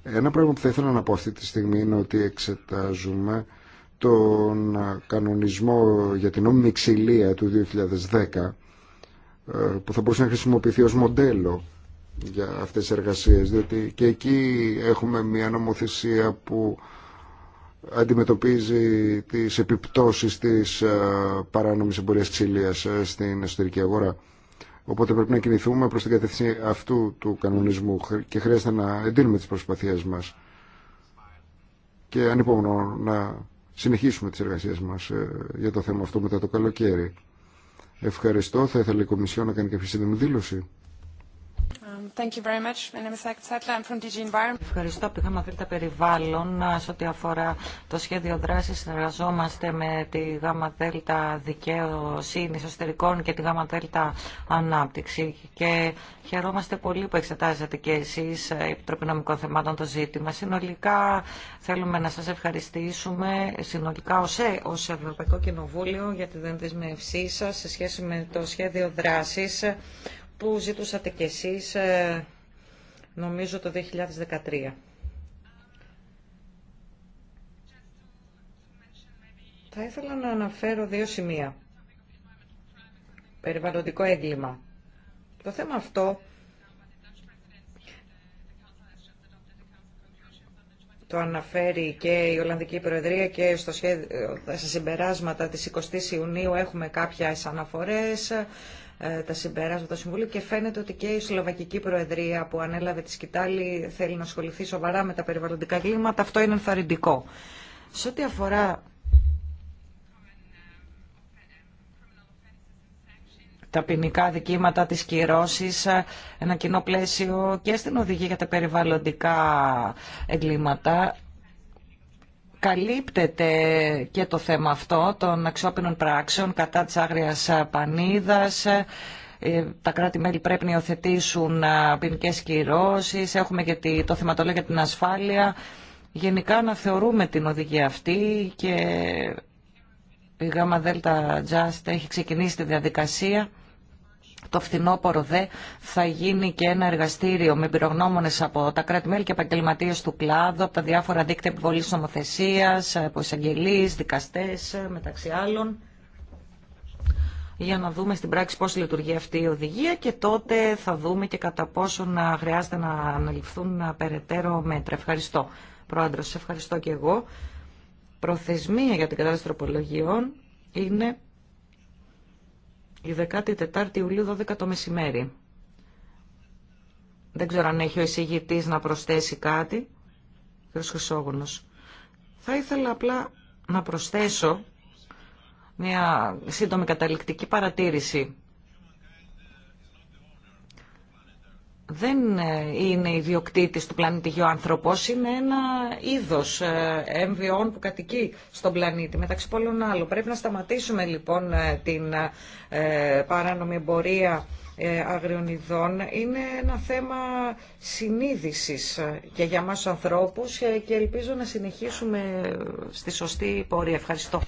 S2: Ένα πράγμα που θα ήθελα να πω αυτή τη στιγμή είναι ότι εξετάζουμε τον κανονισμό για την νόμιμη ξυλία του 2010 ε, που θα μπορούσε να χρησιμοποιηθεί ως μοντέλο για αυτές τις εργασίες διότι και εκεί έχουμε μια νομοθεσία που αντιμετωπίζει τις επιπτώσεις της ε, παράνομης εμπορίας ξυλίας ε, στην εσωτερική αγορά. Οπότε πρέπει να κινηθούμε προς την κατεύθυνση αυτού του κανονισμού και χρειάζεται να εντείνουμε τις προσπαθίες μας και ανυπομονώ να συνεχίσουμε τις εργασίες μας ε, για το θέμα αυτό μετά το καλοκαίρι. Ευχαριστώ. Θα ήθελε η Κομισιό να κάνει κάποια σύντομη δήλωση.
S4: Thank you very much. My name is DG Environment. Ευχαριστώ που είχαμε Περιβάλλον. Σε ό,τι αφορά το σχέδιο δράση, συνεργαζόμαστε με τη Γάμα Δέλτα Δικαιοσύνη Εσωτερικών και τη Γάμα Δέλτα Ανάπτυξη. Και χαιρόμαστε πολύ που εξετάζετε και εσεί, ε, η Επιτροπή Νομικών Θεμάτων, το ζήτημα. Συνολικά θέλουμε να σα ευχαριστήσουμε, συνολικά ω ε, Ευρωπαϊκό Κοινοβούλιο, για τη δεσμευσή σα σε σχέση με το σχέδιο δράση που ζητούσατε κι εσείς ε, νομίζω το 2013. Θα ήθελα να αναφέρω δύο σημεία. Περιβαλλοντικό έγκλημα. Το θέμα αυτό το αναφέρει και η Ολλανδική Προεδρία και στο σχέδιο, στα συμπεράσματα της 20 Ιουνίου έχουμε κάποιες αναφορές ε, τα συμπεράσματα του Συμβουλίου και φαίνεται ότι και η Σλοβακική Προεδρία που ανέλαβε τη σκητάλη θέλει να ασχοληθεί σοβαρά με τα περιβαλλοντικά κλίματα. Αυτό είναι ενθαρρυντικό. Σε ό,τι αφορά τα ποινικά δικήματα, της κυρώσεις, ε, ένα κοινό πλαίσιο και στην οδηγία για τα περιβαλλοντικά εγκλήματα καλύπτεται και το θέμα αυτό των αξιόπινων πράξεων κατά της άγριας πανίδας. Ε, τα κράτη-μέλη πρέπει να υιοθετήσουν ποινικέ κυρώσει. Έχουμε και το θεματολόγιο για την ασφάλεια. Γενικά να θεωρούμε την οδηγία αυτή και η ΓΑΜΑ έχει ξεκινήσει τη διαδικασία το φθινόπωρο δε θα γίνει και ένα εργαστήριο με πυρογνώμονε από τα κράτη-μέλη και επαγγελματίε του κλάδου, από τα διάφορα δίκτυα επιβολή νομοθεσία, από εισαγγελεί, δικαστέ, μεταξύ άλλων για να δούμε στην πράξη πώς λειτουργεί αυτή η οδηγία και τότε θα δούμε και κατά πόσο να χρειάζεται να αναλυφθούν περαιτέρω μέτρα. Ευχαριστώ, Πρόεδρος. ευχαριστώ και εγώ. Προθεσμία για την κατάσταση τροπολογιών είναι η 14η Ιουλίου 12 το μεσημέρι. Δεν ξέρω αν έχει ο εισηγητής να προσθέσει κάτι. κύριος Θα ήθελα απλά να προσθέσω μια σύντομη καταληκτική παρατήρηση δεν ε, είναι ιδιοκτήτης του πλανήτη Γη άνθρωπος, είναι ένα είδος εμβιών που κατοικεί στον πλανήτη, μεταξύ πολλών άλλων. Πρέπει να σταματήσουμε λοιπόν ε, την ε, παράνομη εμπορία αγριών Είναι ένα θέμα συνείδησης και για μας τους ανθρώπους και ελπίζω να συνεχίσουμε
S1: στη σωστή πορεία. Ευχαριστώ.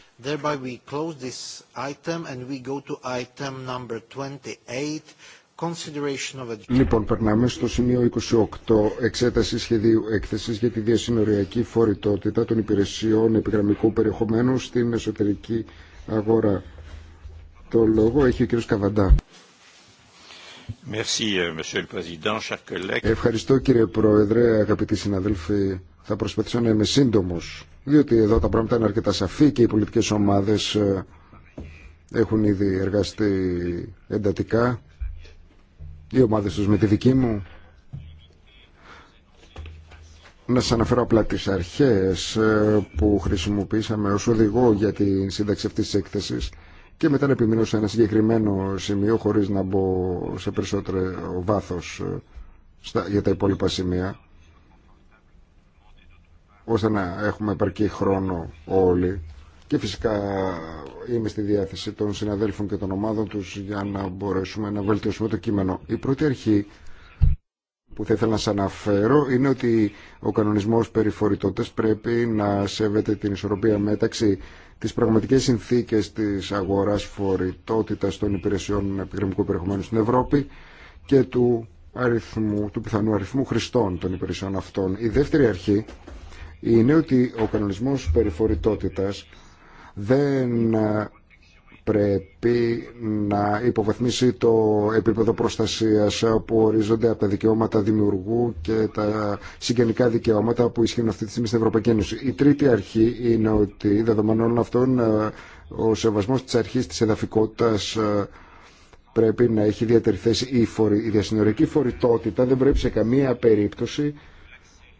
S2: Λοιπόν, περνάμε στο σημείο 28, εξέταση σχεδίου έκθεσης για τη διασυνοριακή φορητότητα των υπηρεσιών επιγραμμικού περιεχομένου στην εσωτερική αγορά. Το λόγο έχει ο κ. Καβαντά.
S1: Euh,
S2: Ευχαριστώ κύριε Πρόεδρε, αγαπητοί συναδέλφοι. Θα προσπαθήσω να είμαι σύντομο, διότι εδώ τα πράγματα είναι αρκετά σαφή και οι πολιτικές ομάδες ε, έχουν ήδη εργαστεί εντατικά οι ομάδε του με τη δική μου. Να σας αναφέρω απλά τις αρχές ε, που χρησιμοποίησαμε ως οδηγό για την σύνταξη αυτής της έκθεσης και μετά να επιμείνω σε ένα συγκεκριμένο σημείο χωρίς να μπω σε περισσότερο βάθος ε, για τα υπόλοιπα σημεία ώστε να έχουμε επαρκή χρόνο όλοι και φυσικά είμαι στη διάθεση των συναδέλφων και των ομάδων τους για να μπορέσουμε να βελτιώσουμε το κείμενο. Η πρώτη αρχή που θα ήθελα να σας αναφέρω είναι ότι ο κανονισμός περιφορητότητας πρέπει να σέβεται την ισορροπία μεταξύ της πραγματικής συνθήκες της αγοράς φορητότητας των υπηρεσιών επιγραμμικού περιεχομένου στην Ευρώπη και του, αριθμού, του πιθανού αριθμού χρηστών των υπηρεσιών αυτών. Η δεύτερη αρχή είναι ότι ο κανονισμός περιφορητότητας δεν ε, πρέπει να υποβαθμίσει το επίπεδο προστασίας που ορίζονται από τα δικαιώματα δημιουργού και τα συγγενικά δικαιώματα που ισχύουν αυτή τη στιγμή στην Ευρωπαϊκή Ένωση. Η τρίτη αρχή είναι ότι δεδομένων αυτών ε, ο σεβασμός της αρχής της εδαφικότητας ε, πρέπει να έχει ιδιαίτερη θέση η, φορη, η διασυνορική φορητότητα δεν πρέπει σε καμία περίπτωση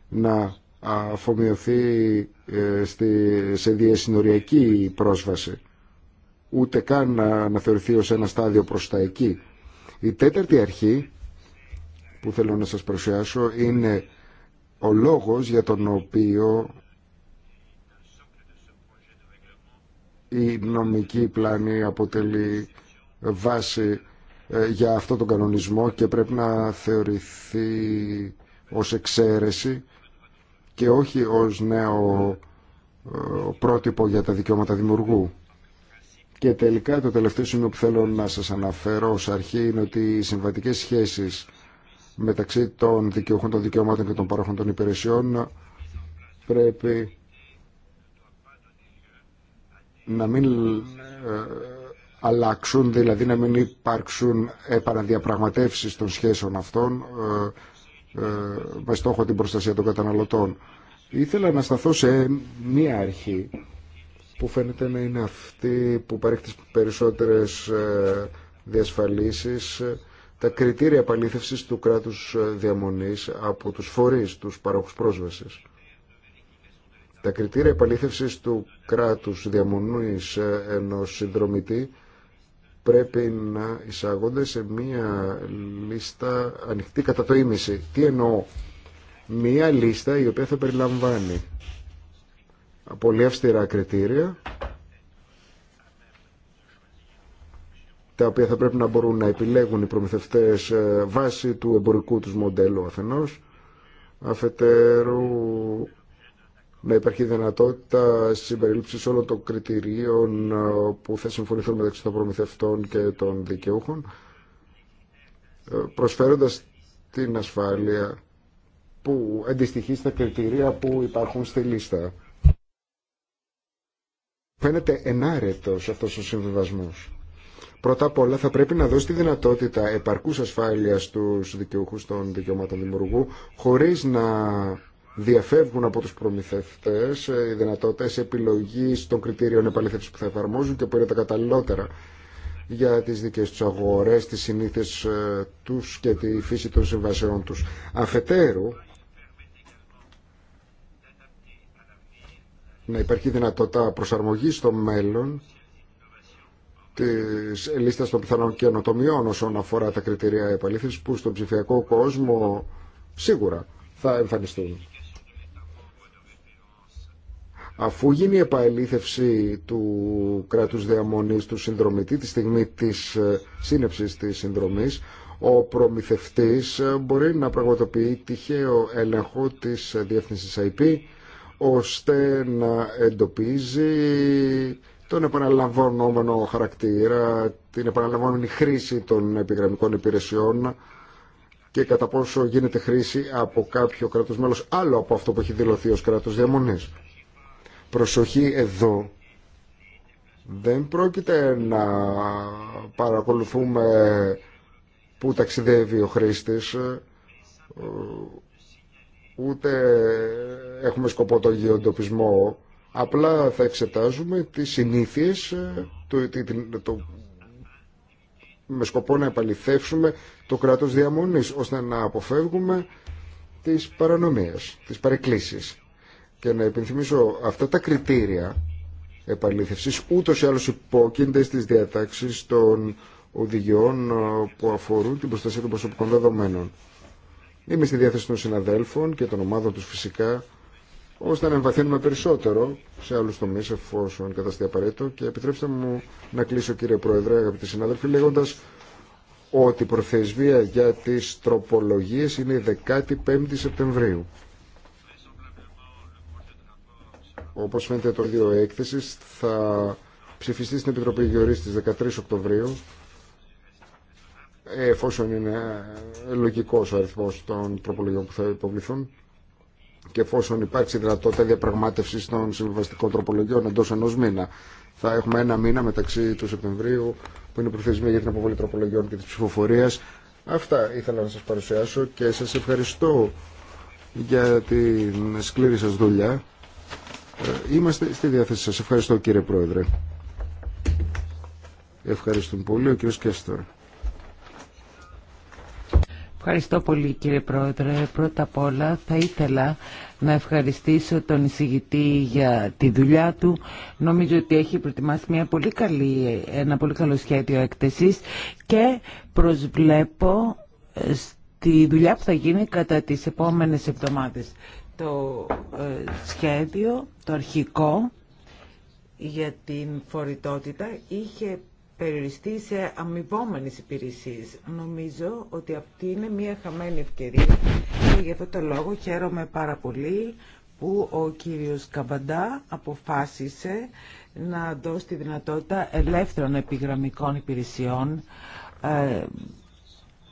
S2: να αφομοιωθεί ε, σε διασυνοριακή πρόσβαση ούτε καν να, θεωρηθεί ως ένα στάδιο προς τα εκεί. Η τέταρτη αρχή που θέλω να σας παρουσιάσω είναι ο λόγος για τον οποίο η νομική πλάνη αποτελεί βάση ε, για αυτό τον κανονισμό και πρέπει να θεωρηθεί ως εξαίρεση και όχι ως νέο ε, πρότυπο για τα δικαιώματα δημιουργού. Και τελικά το τελευταίο σημείο που θέλω να σας αναφέρω ως αρχή είναι ότι οι συμβατικές σχέσεις μεταξύ των δικαιούχων των δικαιωμάτων και των παρόχων των υπηρεσιών πρέπει να μην ε, αλλάξουν, δηλαδή να μην υπάρξουν επαναδιαπραγματεύσεις των σχέσεων αυτών ε, ε, με στόχο την προστασία των καταναλωτών. Ήθελα να σταθώ σε μία αρχή που φαίνεται να είναι αυτή που παρέχει τις περισσότερες ε, διασφαλίσεις τα κριτήρια επαλήθευσης του κράτους ε, διαμονής από τους φορείς, τους παρόχους πρόσβασης. Τα κριτήρια επαλήθευσης του κράτους διαμονής ενός συνδρομητή πρέπει να εισάγονται σε μία λίστα ανοιχτή κατά το ίμιση. Τι εννοώ. Μία λίστα η οποία θα περιλαμβάνει πολύ αυστηρά κριτήρια τα οποία θα πρέπει να μπορούν να επιλέγουν οι προμηθευτές ε, βάσει του εμπορικού τους μοντέλου αφενός αφετέρου να υπάρχει δυνατότητα συμπερίληψη όλων των κριτηρίων ε, που θα συμφωνηθούν μεταξύ των προμηθευτών και των δικαιούχων, ε, προσφέροντας την ασφάλεια που αντιστοιχεί στα κριτήρια που υπάρχουν στη λίστα. Φαίνεται ενάρετος αυτός ο συμβιβασμός. Πρώτα απ' όλα θα πρέπει να δώσει τη δυνατότητα επαρκούς ασφάλειας στους δικαιούχους των δικαιωμάτων δημιουργού χωρίς να διαφεύγουν από τους προμηθευτές ε, οι δυνατότητες επιλογής των κριτήριων επαλήθευσης που θα εφαρμόζουν και που είναι τα καταλληλότερα για τις δικές τους αγορές, τις συνήθειες ε, τους και τη φύση των συμβασιών τους. Αφετέρου, να υπάρχει δυνατότητα προσαρμογής στο μέλλον της λίστας των πιθανών καινοτομιών όσον αφορά τα κριτήρια επαλήθευσης που στον ψηφιακό κόσμο σίγουρα θα εμφανιστούν. Αφού γίνει η επαελήθευση του κράτους διαμονής του συνδρομητή τη στιγμή της ε, σύνεψης της συνδρομής, ο προμηθευτής ε, μπορεί να πραγματοποιεί τυχαίο έλεγχο της διεύθυνσης IP ώστε να εντοπίζει τον επαναλαμβανόμενο χαρακτήρα, την επαναλαμβανόμενη χρήση των επιγραμμικών υπηρεσιών και κατά πόσο γίνεται χρήση από κάποιο κράτος μέλος άλλο από αυτό που έχει δηλωθεί ως κράτος διαμονής. Προσοχή εδώ. Δεν πρόκειται να παρακολουθούμε πού ταξιδεύει ο χρήστης, ούτε έχουμε σκοπό το γεωντοπισμό, απλά θα εξετάζουμε τις συνήθειες το, το, με σκοπό να επαληθεύσουμε το κράτος διαμονής, ώστε να αποφεύγουμε τις παρανομίες, τις παρεκκλήσεις. Και να υπενθυμίσω αυτά τα κριτήρια επαλήθευσης ούτως ή άλλως υπόκεινται στις διατάξεις των οδηγιών ε, που αφορούν την προστασία των προσωπικών δεδομένων. Είμαι στη διάθεση των συναδέλφων και των ομάδων τους φυσικά ώστε να εμβαθύνουμε περισσότερο σε άλλους τομείς εφόσον καταστεί απαραίτητο και επιτρέψτε μου να κλείσω κύριε Πρόεδρε αγαπητοί συνάδελφοι λέγοντας ότι η προθεσμία για τις τροπολογίες είναι η 15η Σεπτεμβρίου. Όπω φαίνεται το δύο Έκθεση. θα ψηφιστεί στην Επιτροπή Γεωρής στις 13 Οκτωβρίου εφόσον είναι λογικό ο αριθμό των τροπολογιών που θα υποβληθούν και εφόσον υπάρξει δυνατότητα διαπραγμάτευση των συμβιβαστικών τροπολογιών εντό ενό μήνα. Θα έχουμε ένα μήνα μεταξύ του Σεπτεμβρίου, που είναι προθεσμία για την αποβολή τροπολογιών και τη ψηφοφορία. Αυτά ήθελα να σα παρουσιάσω και σα ευχαριστώ για την σκλήρη σα δουλειά. Ε, είμαστε στη διάθεση σας. Ευχαριστώ κύριε Πρόεδρε. Ευχαριστούμε πολύ. Ο κύριος Κέστορ.
S3: Ευχαριστώ πολύ κύριε Πρόεδρε. Πρώτα απ' όλα θα ήθελα να ευχαριστήσω τον εισηγητή για τη δουλειά του. Νομίζω ότι έχει προετοιμάσει μια πολύ καλή, ένα πολύ καλό σχέδιο και προσβλέπω τη δουλειά που θα γίνει κατά τις επόμενες εβδομάδες το ε, σχέδιο, το αρχικό για την φορητότητα είχε περιοριστεί σε αμοιβόμενες υπηρεσίες. Νομίζω ότι αυτή είναι μια χαμένη ευκαιρία και γι' αυτό το λόγο χαίρομαι πάρα πολύ που ο κύριος Καβαντά αποφάσισε να δώσει τη δυνατότητα ελεύθερων επιγραμμικών υπηρεσιών. Ε,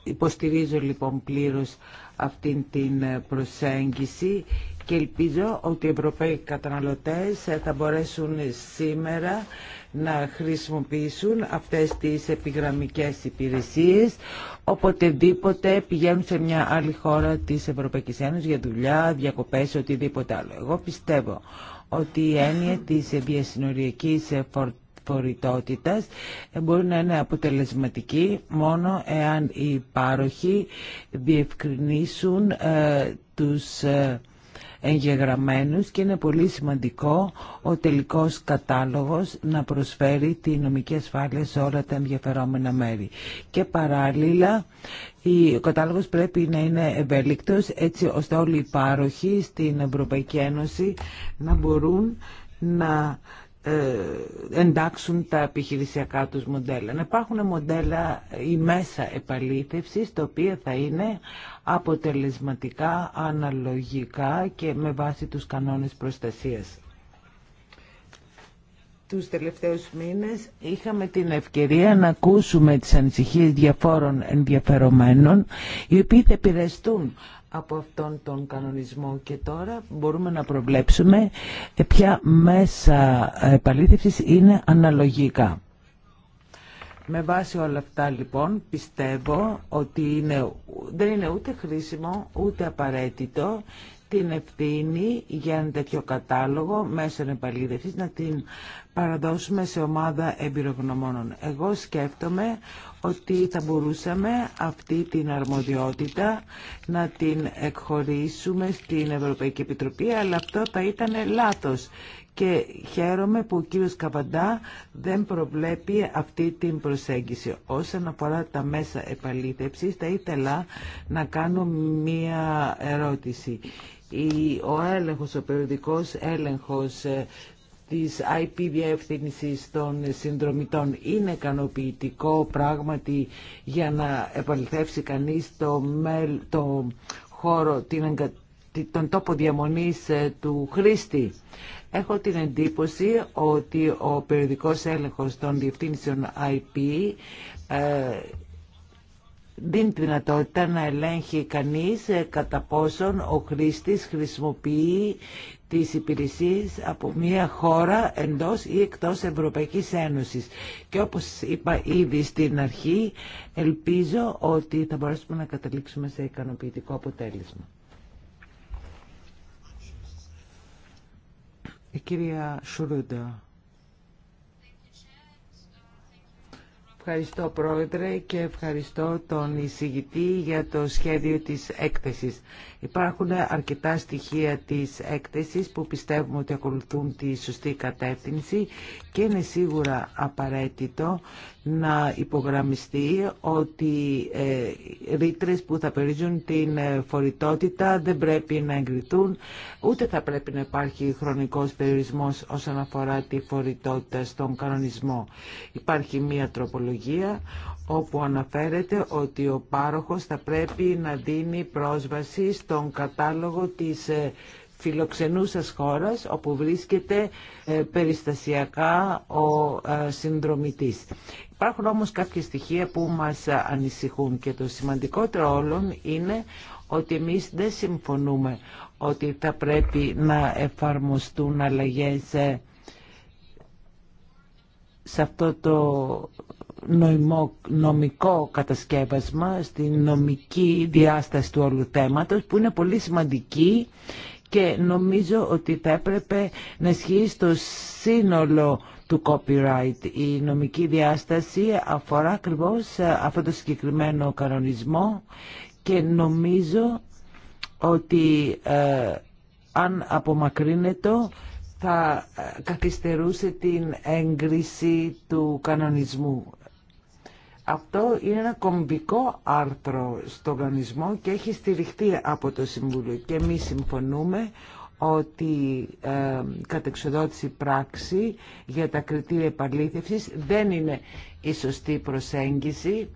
S3: υποστηρίζω λοιπόν πλήρως αυτήν την ε, προσέγγιση και ελπίζω ότι οι Ευρωπαίοι καταναλωτές ε, θα μπορέσουν σήμερα να χρησιμοποιήσουν αυτές τις επιγραμμικές υπηρεσίες οποτεδήποτε πηγαίνουν σε μια άλλη χώρα της Ευρωπαϊκής Ένωσης για δουλειά, διακοπές, οτιδήποτε άλλο. Εγώ πιστεύω ότι η έννοια της διασυνοριακής φορτώσης φορητότητας ε, μπορεί να είναι αποτελεσματική μόνο εάν οι πάροχοι διευκρινίσουν ε, τους ε, εγγεγραμμένους και είναι πολύ σημαντικό ο τελικός κατάλογος να προσφέρει τη νομική ασφάλεια σε όλα τα ενδιαφερόμενα μέρη. Και παράλληλα ο κατάλογος πρέπει να είναι ευέλικτος έτσι ώστε όλοι οι πάροχοι στην Ευρωπαϊκή Ένωση να μπορούν να ε, εντάξουν τα επιχειρησιακά τους μοντέλα. Να υπάρχουν μοντέλα ή μέσα επαλήθευσης, τα οποία θα είναι αποτελεσματικά, αναλογικά και με βάση τους κανόνες προστασίας. Τους τελευταίους μήνες είχαμε την ευκαιρία να ακούσουμε τις ανησυχίες διαφόρων ενδιαφερομένων, οι οποίοι θα επηρεαστούν από αυτόν τον κανονισμό και τώρα μπορούμε να προβλέψουμε ε, ποια μέσα επαλήθευσης είναι αναλογικά. Με βάση όλα αυτά λοιπόν πιστεύω ότι είναι, δεν είναι ούτε χρήσιμο ούτε απαραίτητο την ευθύνη για ένα τέτοιο κατάλογο μέσων επαλήθευσης να την παραδώσουμε σε ομάδα εμπειρογνωμόνων. Εγώ σκέφτομαι ότι θα μπορούσαμε αυτή την αρμοδιότητα να την εκχωρήσουμε στην Ευρωπαϊκή Επιτροπή, αλλά αυτό θα ήταν λάθος. Και χαίρομαι που ο κύριος Καβαντά δεν προβλέπει αυτή την προσέγγιση. Όσον αφορά τα μέσα επαλήθευσης, θα ήθελα να κάνω μία ερώτηση ο έλεγχος, ο περιοδικός έλεγχος ε, της IP διεύθυνσης των συνδρομητών είναι ικανοποιητικό πράγματι για να επαληθεύσει κανείς το, μελ, το χώρο, την, τον τόπο διαμονής ε, του χρήστη. Έχω την εντύπωση ότι ο περιοδικός έλεγχος των διευθύνσεων IP ε, δίνει τη δυνατότητα να ελέγχει κανείς ε, κατά πόσον ο χρήστης χρησιμοποιεί τις υπηρεσίες από μια χώρα εντός ή εκτός Ευρωπαϊκής Ένωσης. Και όπως είπα ήδη στην αρχή, ελπίζω ότι θα μπορέσουμε να καταλήξουμε σε ικανοποιητικό αποτέλεσμα. Η κυρία Σουρούντα. Ευχαριστώ πρόεδρε και ευχαριστώ τον εισηγητή για το σχέδιο της έκθεσης. Υπάρχουν αρκετά στοιχεία της έκθεσης που πιστεύουμε ότι ακολουθούν τη σωστή κατεύθυνση και είναι σίγουρα απαραίτητο να υπογραμμιστεί ότι ε, ρήτρε που θα περιορίζουν την ε, φορητότητα δεν πρέπει να εγκριθούν, ούτε θα πρέπει να υπάρχει χρονικός περιορισμός όσον αφορά τη φορητότητα στον κανονισμό. Υπάρχει μία τροπολογία όπου αναφέρεται ότι ο πάροχος θα πρέπει να δίνει πρόσβαση τον κατάλογο της ε, φιλοξενούσας χώρας όπου βρίσκεται ε, περιστασιακά ο ε, συνδρομητής. Υπάρχουν όμως κάποια στοιχεία που μας ανησυχούν και το σημαντικότερο όλων είναι ότι εμείς δεν συμφωνούμε ότι θα πρέπει να εφαρμοστούν αλλαγές σε αυτό το νομικό κατασκεύασμα, στην νομική διάσταση του όλου θέματος που είναι πολύ σημαντική και νομίζω ότι θα έπρεπε να ισχύει στο σύνολο του copyright. Η νομική διάσταση αφορά ακριβώ ε, αυτό το συγκεκριμένο κανονισμό και νομίζω ότι ε, αν απομακρύνεται θα ε, καθυστερούσε την έγκριση του κανονισμού. Αυτό είναι ένα κομβικό άρθρο στον οργανισμό και έχει στηριχτεί από το Συμβούλιο και εμεί συμφωνούμε ότι ε, κατεξοδότηση πράξη για τα κριτήρια επαλήθευσης δεν είναι η σωστή προσέγγιση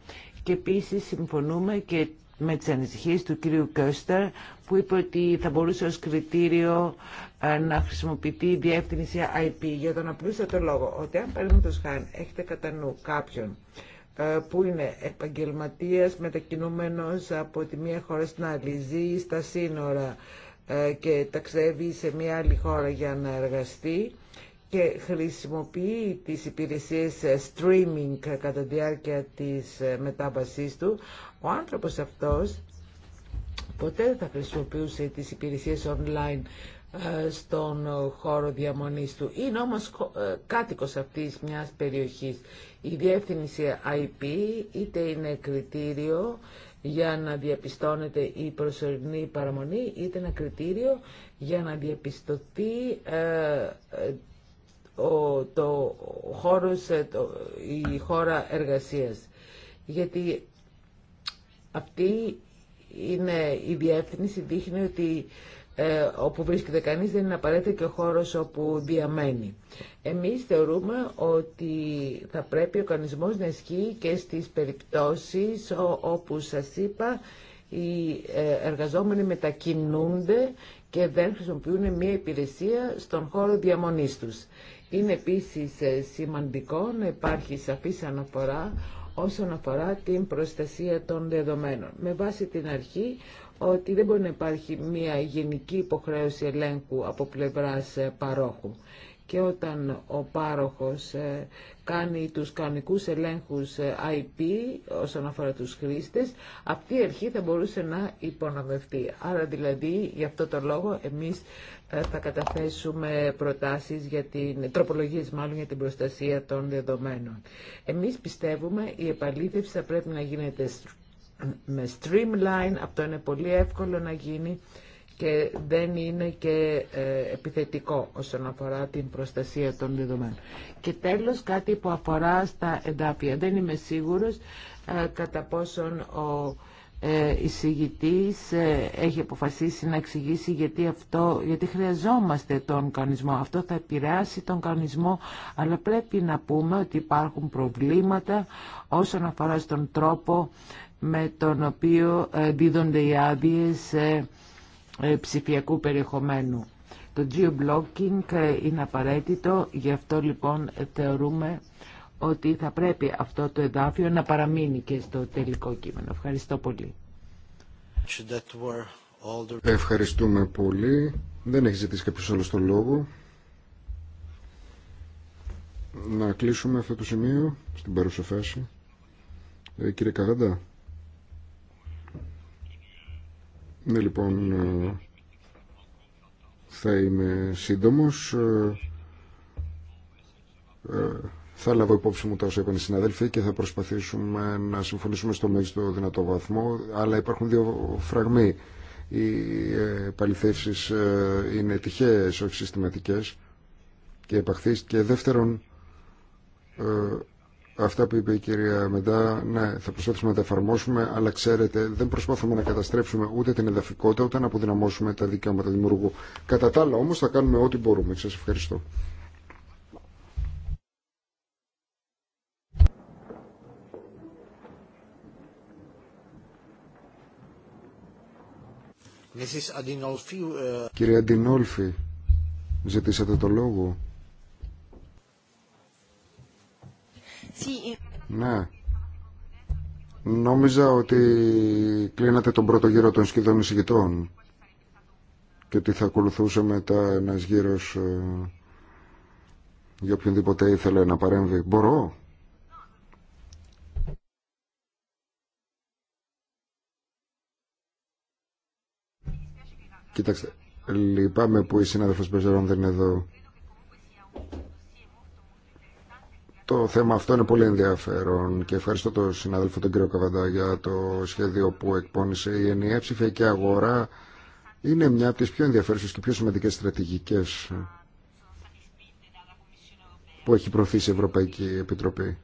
S3: και επίσης συμφωνούμε και με τις ανησυχίες του κυρίου Κέστερ που είπε ότι θα μπορούσε ως κριτήριο ε, να χρησιμοποιηθεί η διεύθυνση IP για τον απλούστατο λόγο ότι αν το χάρη έχετε κατά νου κάποιον ε, που είναι επαγγελματίας μετακινούμενος από τη μία χώρα στην άλλη, ζει στα σύνορα ε, και ταξιδεύει σε μία άλλη χώρα για να εργαστεί και χρησιμοποιεί τις υπηρεσίες ε, streaming κατά τη διάρκεια της μετάβασής του, ο άνθρωπος αυτός ποτέ δεν θα χρησιμοποιούσε τις υπηρεσίες online ε, στον χώρο διαμονής του. Είναι όμως ε, κάτοικος αυτής μιας περιοχής. Η διεύθυνση IP είτε είναι κριτήριο για να διαπιστώνεται η προσωρινή παραμονή, είτε ένα κριτήριο για να διαπιστωθεί ε, το χώρος, η χώρα εργασίας. Γιατί αυτή είναι η διεύθυνση, δείχνει ότι ε, όπου βρίσκεται κανείς δεν είναι απαραίτητα και ο χώρος όπου διαμένει. Εμείς θεωρούμε ότι θα πρέπει ο κανονισμός να ισχύει και στις περιπτώσεις όπου σας είπα οι ε, εργαζόμενοι μετακινούνται και δεν χρησιμοποιούν μια υπηρεσία στον χώρο διαμονής τους. Είναι επίσης ε, σημαντικό να υπάρχει σαφής αναφορά όσον αφορά την προστασία των δεδομένων. Με βάση την αρχή ότι δεν μπορεί να υπάρχει μια γενική υποχρέωση ελέγχου από πλευράς ε, παρόχου. Και όταν ο πάροχος ε, κάνει τους κανονικούς ελέγχους IP ε, όσον αφορά τους χρήστες, αυτή η αρχή θα μπορούσε να υπονομευτεί. Άρα δηλαδή γι' αυτό το λόγο εμείς θα καταθέσουμε προτάσεις για την, τροπολογίες μάλλον για την προστασία των δεδομένων. Εμείς πιστεύουμε η επαλήθευση θα πρέπει να γίνεται με streamline, αυτό είναι πολύ εύκολο να γίνει και δεν είναι και ε, επιθετικό όσον αφορά την προστασία των δεδομένων. Και τέλος κάτι που αφορά στα εντάφια. Δεν είμαι σίγουρος ε, κατά πόσον ο ε, εισηγητής έχει αποφασίσει να εξηγήσει γιατί, αυτό, γιατί χρειαζόμαστε τον κανονισμό. Αυτό θα επηρεάσει τον κανονισμό, αλλά πρέπει να πούμε ότι υπάρχουν προβλήματα όσον αφορά στον τρόπο με τον οποίο δίδονται οι άδειε ε, ε, ψηφιακού περιεχομένου. Το geo-blocking ε, είναι απαραίτητο, γι' αυτό λοιπόν θεωρούμε ότι θα πρέπει αυτό το εδάφιο να παραμείνει και στο τελικό κείμενο. Ευχαριστώ πολύ.
S2: Ευχαριστούμε πολύ. Δεν έχει ζητήσει κάποιος τον λόγο. Να κλείσουμε αυτό το σημείο στην παρουσιαφάση. Ε, κύριε Καγαντά. Ναι, λοιπόν, ε, θα είμαι σύντομος. Ε, ε, θα λάβω υπόψη μου τα όσα είπαν οι συναδέλφοι και θα προσπαθήσουμε να συμφωνήσουμε στο μέγιστο δυνατό βαθμό. Αλλά υπάρχουν δύο φραγμοί. Οι παληθεύσεις είναι τυχαίες, όχι συστηματικές και επαχθείς. Και δεύτερον, Αυτά που είπε η κυρία Μεντά, ναι, θα προσπαθήσουμε να τα εφαρμόσουμε, αλλά ξέρετε, δεν προσπαθούμε να καταστρέψουμε ούτε την εδαφικότητα, ούτε να αποδυναμώσουμε τα δικαιώματα δημιουργού. Κατά τα άλλα, όμως θα κάνουμε ό,τι μπορούμε. σας ευχαριστώ.
S1: Uh, κυρία
S2: Αντινόλφη, ζητήσατε το λόγο. Ναι. Νόμιζα ότι κλείνατε τον πρώτο γύρο των σχεδόν εισηγητών και ότι θα ακολουθούσε μετά ένας γύρος ε, για οποιονδήποτε ήθελε να παρέμβει. Μπορώ. Κοίταξτε, λυπάμαι που η συνάδελφος Μπεζερόν δεν είναι εδώ. Το θέμα αυτό είναι πολύ ενδιαφέρον και ευχαριστώ τον συνάδελφο τον κύριο Καβαντά για το σχέδιο που εκπώνησε. Η ενιαία ψηφιακή αγορά είναι μια από τις πιο ενδιαφέρουσες και πιο σημαντικές στρατηγικές που έχει προωθήσει η Ευρωπαϊκή Επιτροπή.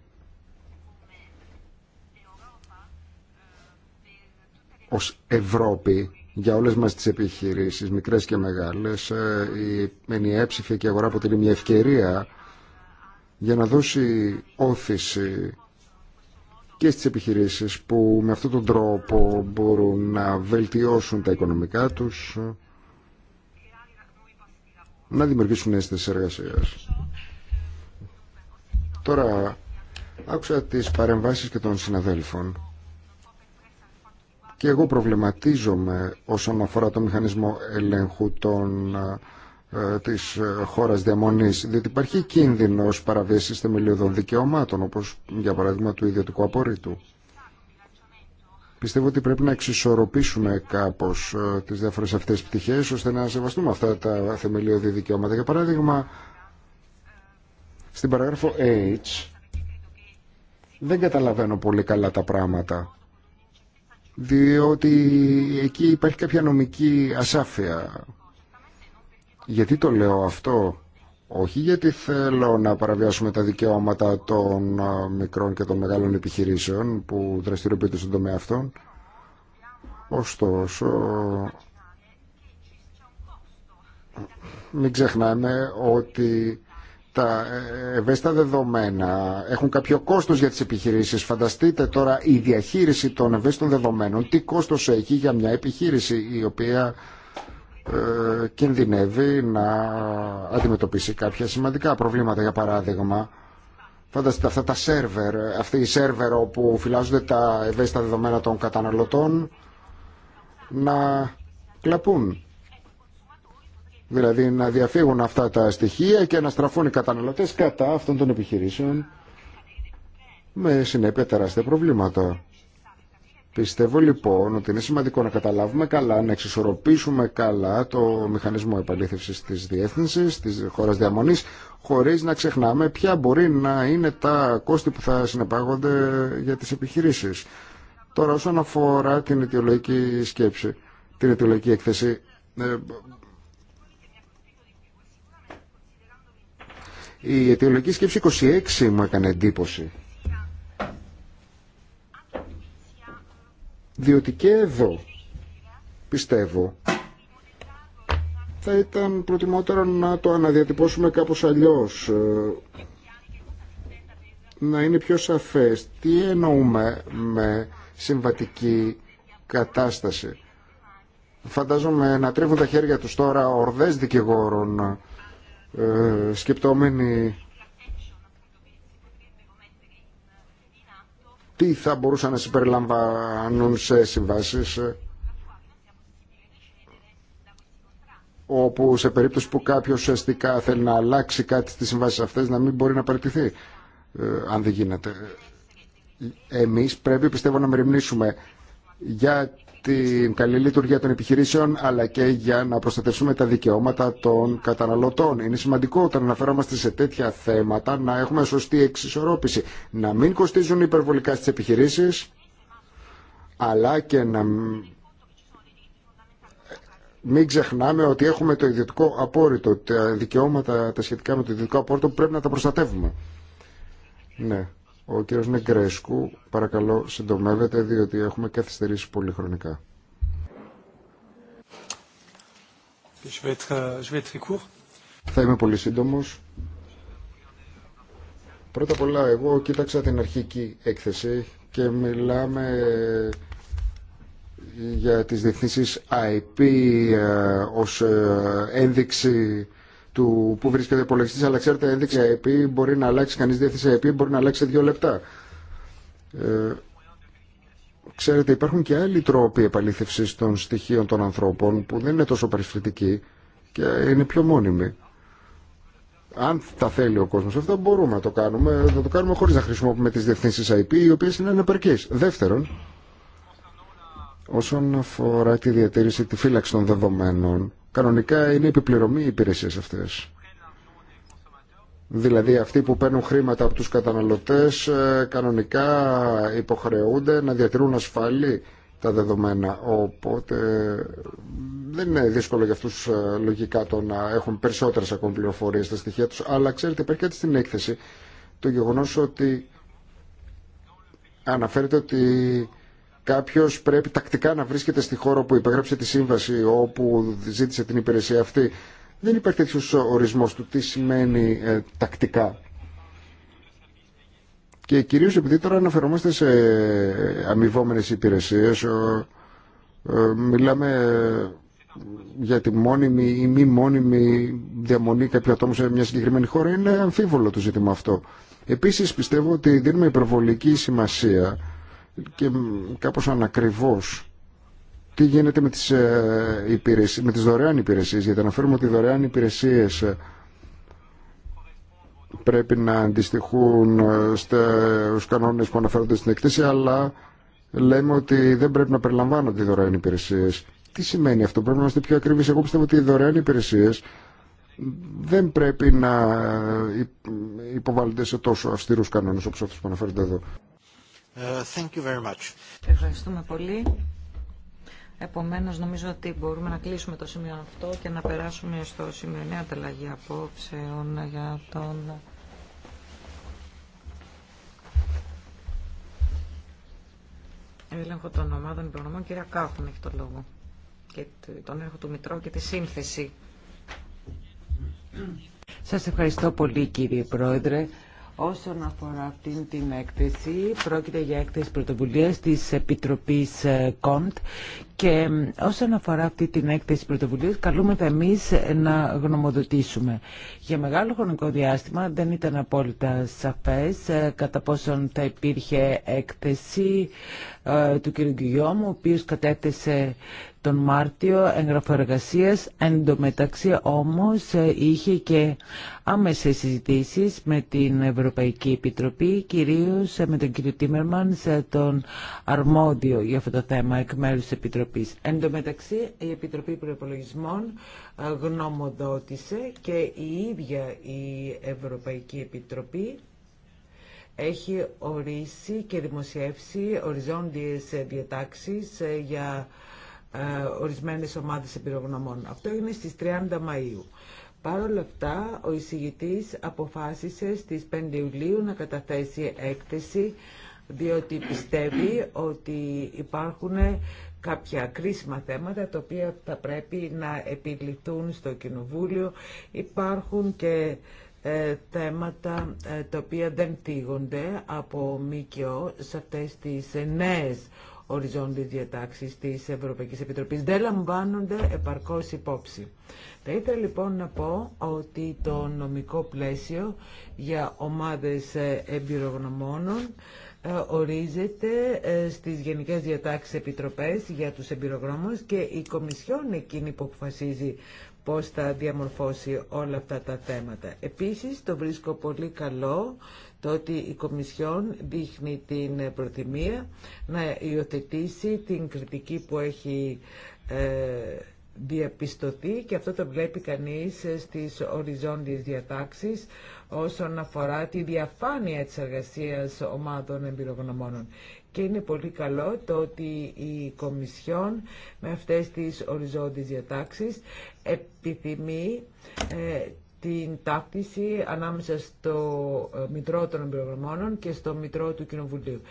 S2: Ως Ευρώπη, για όλες μας τις επιχειρήσεις, μικρές και μεγάλες, ε, η ενιαία ψηφιακή αγορά αποτελεί μια ευκαιρία για να δώσει όθηση και στις επιχειρήσεις που με αυτόν τον τρόπο μπορούν να βελτιώσουν τα οικονομικά τους, να δημιουργήσουν αίσθηση εργασίας. Τώρα, άκουσα τις παρεμβάσεις και των συναδέλφων και εγώ προβληματίζομαι όσον αφορά το μηχανισμό ελέγχου των ε, της ε, χώρας διαμονής διότι υπάρχει κίνδυνος παραβίασης θεμελιωδών δικαιωμάτων όπως για παράδειγμα του ιδιωτικού απορρίτου. Πιστεύω ότι πρέπει να εξισορροπήσουμε κάπως ε, τις διάφορες αυτές πτυχές ώστε να σεβαστούμε αυτά τα θεμελιώδη δικαιώματα. Για παράδειγμα, στην παράγραφο H δεν καταλαβαίνω πολύ καλά τα πράγματα διότι εκεί υπάρχει κάποια νομική ασάφεια γιατί το λέω αυτό. Όχι γιατί θέλω να παραβιάσουμε τα δικαιώματα των μικρών και των μεγάλων επιχειρήσεων που δραστηριοποιούνται στον τομέα αυτών. Ωστόσο, μην ξεχνάμε ότι τα ευαίσθητα δεδομένα έχουν κάποιο κόστος για τις επιχειρήσεις. Φανταστείτε τώρα η διαχείριση των ευαίσθητων δεδομένων, τι κόστος έχει για μια επιχείρηση η οποία ε, κινδυνεύει να αντιμετωπίσει κάποια σημαντικά προβλήματα. Για παράδειγμα, φανταστείτε αυτά τα σερβερ, αυτοί οι σερβερ όπου φυλάζονται τα ευαίσθητα δεδομένα των καταναλωτών να κλαπούν. Δηλαδή να διαφύγουν αυτά τα στοιχεία και να στραφούν οι καταναλωτές κατά αυτών των επιχειρήσεων με συνέπεια τεράστια προβλήματα. Πιστεύω λοιπόν ότι είναι σημαντικό να καταλάβουμε καλά, να εξισορροπήσουμε καλά το μηχανισμό επαλήθευσης της διεύθυνση, της χώρας διαμονής, χωρίς να ξεχνάμε ποια μπορεί να είναι τα κόστη που θα συνεπάγονται για τις επιχειρήσεις. Τώρα όσον αφορά την αιτιολογική σκέψη, την αιτιολογική έκθεση, ε, η αιτιολογική σκέψη 26 μου έκανε εντύπωση. Διότι και εδώ πιστεύω θα ήταν προτιμότερο να το αναδιατυπώσουμε κάπως αλλιώς ε, να είναι πιο σαφές τι εννοούμε με συμβατική κατάσταση. Φαντάζομαι να τρίβουν τα χέρια τους τώρα ορδές δικηγόρων ε, σκεπτόμενοι τι θα μπορούσαν να συμπεριλαμβάνουν σε συμβάσεις όπου σε περίπτωση που κάποιο ουσιαστικά θέλει να αλλάξει κάτι στις συμβάσεις αυτές να μην μπορεί να παραιτηθεί ε, αν δεν γίνεται. Εμείς πρέπει πιστεύω να μεριμνήσουμε για την καλή λειτουργία των επιχειρήσεων αλλά και για να προστατεύσουμε τα δικαιώματα των καταναλωτών. Είναι σημαντικό όταν αναφέρομαστε σε τέτοια θέματα να έχουμε σωστή εξισορρόπηση. Να μην κοστίζουν υπερβολικά στις επιχειρήσεις αλλά και να μην ξεχνάμε ότι έχουμε το ιδιωτικό απόρριτο, τα δικαιώματα τα σχετικά με το ιδιωτικό απόρριτο πρέπει να τα προστατεύουμε. Ναι. Ο κύριος Νεγκρέσκου, παρακαλώ συντομεύετε διότι έχουμε καθυστερήσει πολύ χρονικά. Euh, Θα είμαι πολύ σύντομος. Πρώτα απ' όλα, εγώ κοίταξα την αρχική έκθεση και μιλάμε για τις διεθνήσεις IP ε, ως ε, ένδειξη του που βρίσκεται ο υπολογιστή, αλλά ξέρετε, ένδειξη IP, μπορεί να αλλάξει κανεί διεύθυνση IP, μπορεί να αλλάξει σε δύο λεπτά. Ε, ξέρετε, υπάρχουν και άλλοι τρόποι επαλήθευση των στοιχείων των ανθρώπων που δεν είναι τόσο παρισφρητικοί και είναι πιο μόνιμοι. Αν τα θέλει ο κόσμο αυτό, μπορούμε να το κάνουμε. Να το κάνουμε χωρί να χρησιμοποιούμε τι διευθύνσει IP, οι οποίε είναι ανεπαρκεί. Δεύτερον, όσον αφορά τη διατήρηση, τη φύλαξη των δεδομένων, Κανονικά είναι επιπληρωμή οι υπηρεσίες αυτές. Δηλαδή αυτοί που παίρνουν χρήματα από τους καταναλωτές ε, κανονικά υποχρεούνται να διατηρούν ασφαλή τα δεδομένα. Οπότε δεν είναι δύσκολο για αυτούς ε, λογικά το να έχουν περισσότερες ακόμη πληροφορίες στα στοιχεία τους. Αλλά ξέρετε υπάρχει κάτι στην έκθεση το γεγονός ότι αναφέρεται ότι κάποιο πρέπει τακτικά να βρίσκεται στη χώρα που υπέγραψε τη σύμβαση, όπου ζήτησε την υπηρεσία αυτή. Δεν υπάρχει τέτοιο ορισμό του τι σημαίνει ε, τακτικά. Και κυρίως επειδή τώρα αναφερόμαστε σε ε, αμοιβόμενες υπηρεσίες, ε, μιλάμε για τη μόνιμη ή μη μόνιμη διαμονή κάποιου ατόμου σε μια συγκεκριμένη χώρα, είναι αμφίβολο το ζήτημα αυτό. Επίσης πιστεύω ότι δίνουμε υπερβολική σημασία και κάπως ανακριβώς τι γίνεται με τις, ε, υπηρεσίες, με τις δωρεάν υπηρεσίες, γιατί αναφέρουμε ότι οι δωρεάν υπηρεσίες ε, πρέπει να αντιστοιχούν ε, στους κανόνες που αναφέρονται στην εκτίση, αλλά λέμε ότι δεν πρέπει να περιλαμβάνονται οι δωρεάν υπηρεσίες. Τι σημαίνει αυτό, πρέπει να είμαστε πιο ακριβείς. Εγώ πιστεύω ότι οι δωρεάν υπηρεσίες δεν πρέπει να υποβάλλονται σε τόσο αυστηρούς κανόνες όπως αυτούς που αναφέρονται εδώ.
S1: Ε,
S4: Ευχαριστούμε πολύ. Επομένως, νομίζω ότι μπορούμε να κλείσουμε το σημείο αυτό και να περάσουμε στο σημείο νέα ανταλλαγή απόψεων για τον... έλεγχο των ομάδων υπονομών. Κυρία Κάφουν έχει το λόγο. Και τον έλεγχο του Μητρώου και τη σύνθεση.
S3: Σας ευχαριστώ πολύ κύριε Πρόεδρε. Όσον αφορά αυτή την έκθεση, πρόκειται για έκθεση πρωτοβουλίας της Επιτροπής ε, Κοντ και όσον αφορά αυτή την έκθεση πρωτοβουλίας, καλούμεθα εμείς ε, να γνωμοδοτήσουμε. Για μεγάλο χρονικό διάστημα δεν ήταν απόλυτα σαφές ε, κατά πόσον θα υπήρχε έκθεση του κ. Γκυγιώμου, ο οποίος κατέθεσε τον Μάρτιο έγγραφο εργασία. Εν όμως ε, είχε και άμεσες συζητήσεις με την Ευρωπαϊκή Επιτροπή, κυρίως ε, με τον κύριο Τίμερμαν, ε, τον αρμόδιο για αυτό το θέμα εκ μέρους της Επιτροπής. Εν τω μεταξύ η Επιτροπή Προπολογισμών γνωμοδότησε και η ίδια η Ευρωπαϊκή Επιτροπή έχει ορίσει και δημοσιεύσει οριζόντιες διατάξεις για ε, ορισμένες ομάδες εμπειρογνωμών. Αυτό έγινε στις 30 Μαΐου. Παρ' όλα αυτά, ο εισηγητής αποφάσισε στις 5 Ιουλίου να καταθέσει έκθεση, διότι πιστεύει ότι υπάρχουν κάποια κρίσιμα θέματα τα οποία θα πρέπει να επιληθούν στο Κοινοβούλιο. Υπάρχουν και ε, θέματα ε, τα οποία δεν τίγονται από ΜΚΟ σε αυτές τις νέες οριζόντιες διατάξεις της Ευρωπαϊκής Επιτροπής δεν λαμβάνονται επαρκώς υπόψη. Θα ήθελα λοιπόν να πω ότι το νομικό πλαίσιο για ομάδες ε, εμπειρογνωμόνων ε, ορίζεται ε, στις Γενικές Διατάξεις Επιτροπές για τους εμπειρογνώμους και η Κομισιόν εκείνη που αποφασίζει πώς θα διαμορφώσει όλα αυτά τα θέματα. Επίσης το βρίσκω πολύ καλό το ότι η Κομισιόν δείχνει την προθυμία να υιοθετήσει την κριτική που έχει ε, διαπιστωθεί και αυτό το βλέπει κανείς στις οριζόντιες διατάξεις όσον αφορά τη διαφάνεια της εργασίας ομάδων εμπειρογνωμόνων. Και είναι πολύ καλό το ότι η Κομισιόν με αυτές τις οριζόντιες διατάξεις επιθυμεί ε, την ταύτιση ανάμεσα στο ε, Μητρό των Εμπειρογνωμόνων και στο Μητρό του Κοινοβουλίου.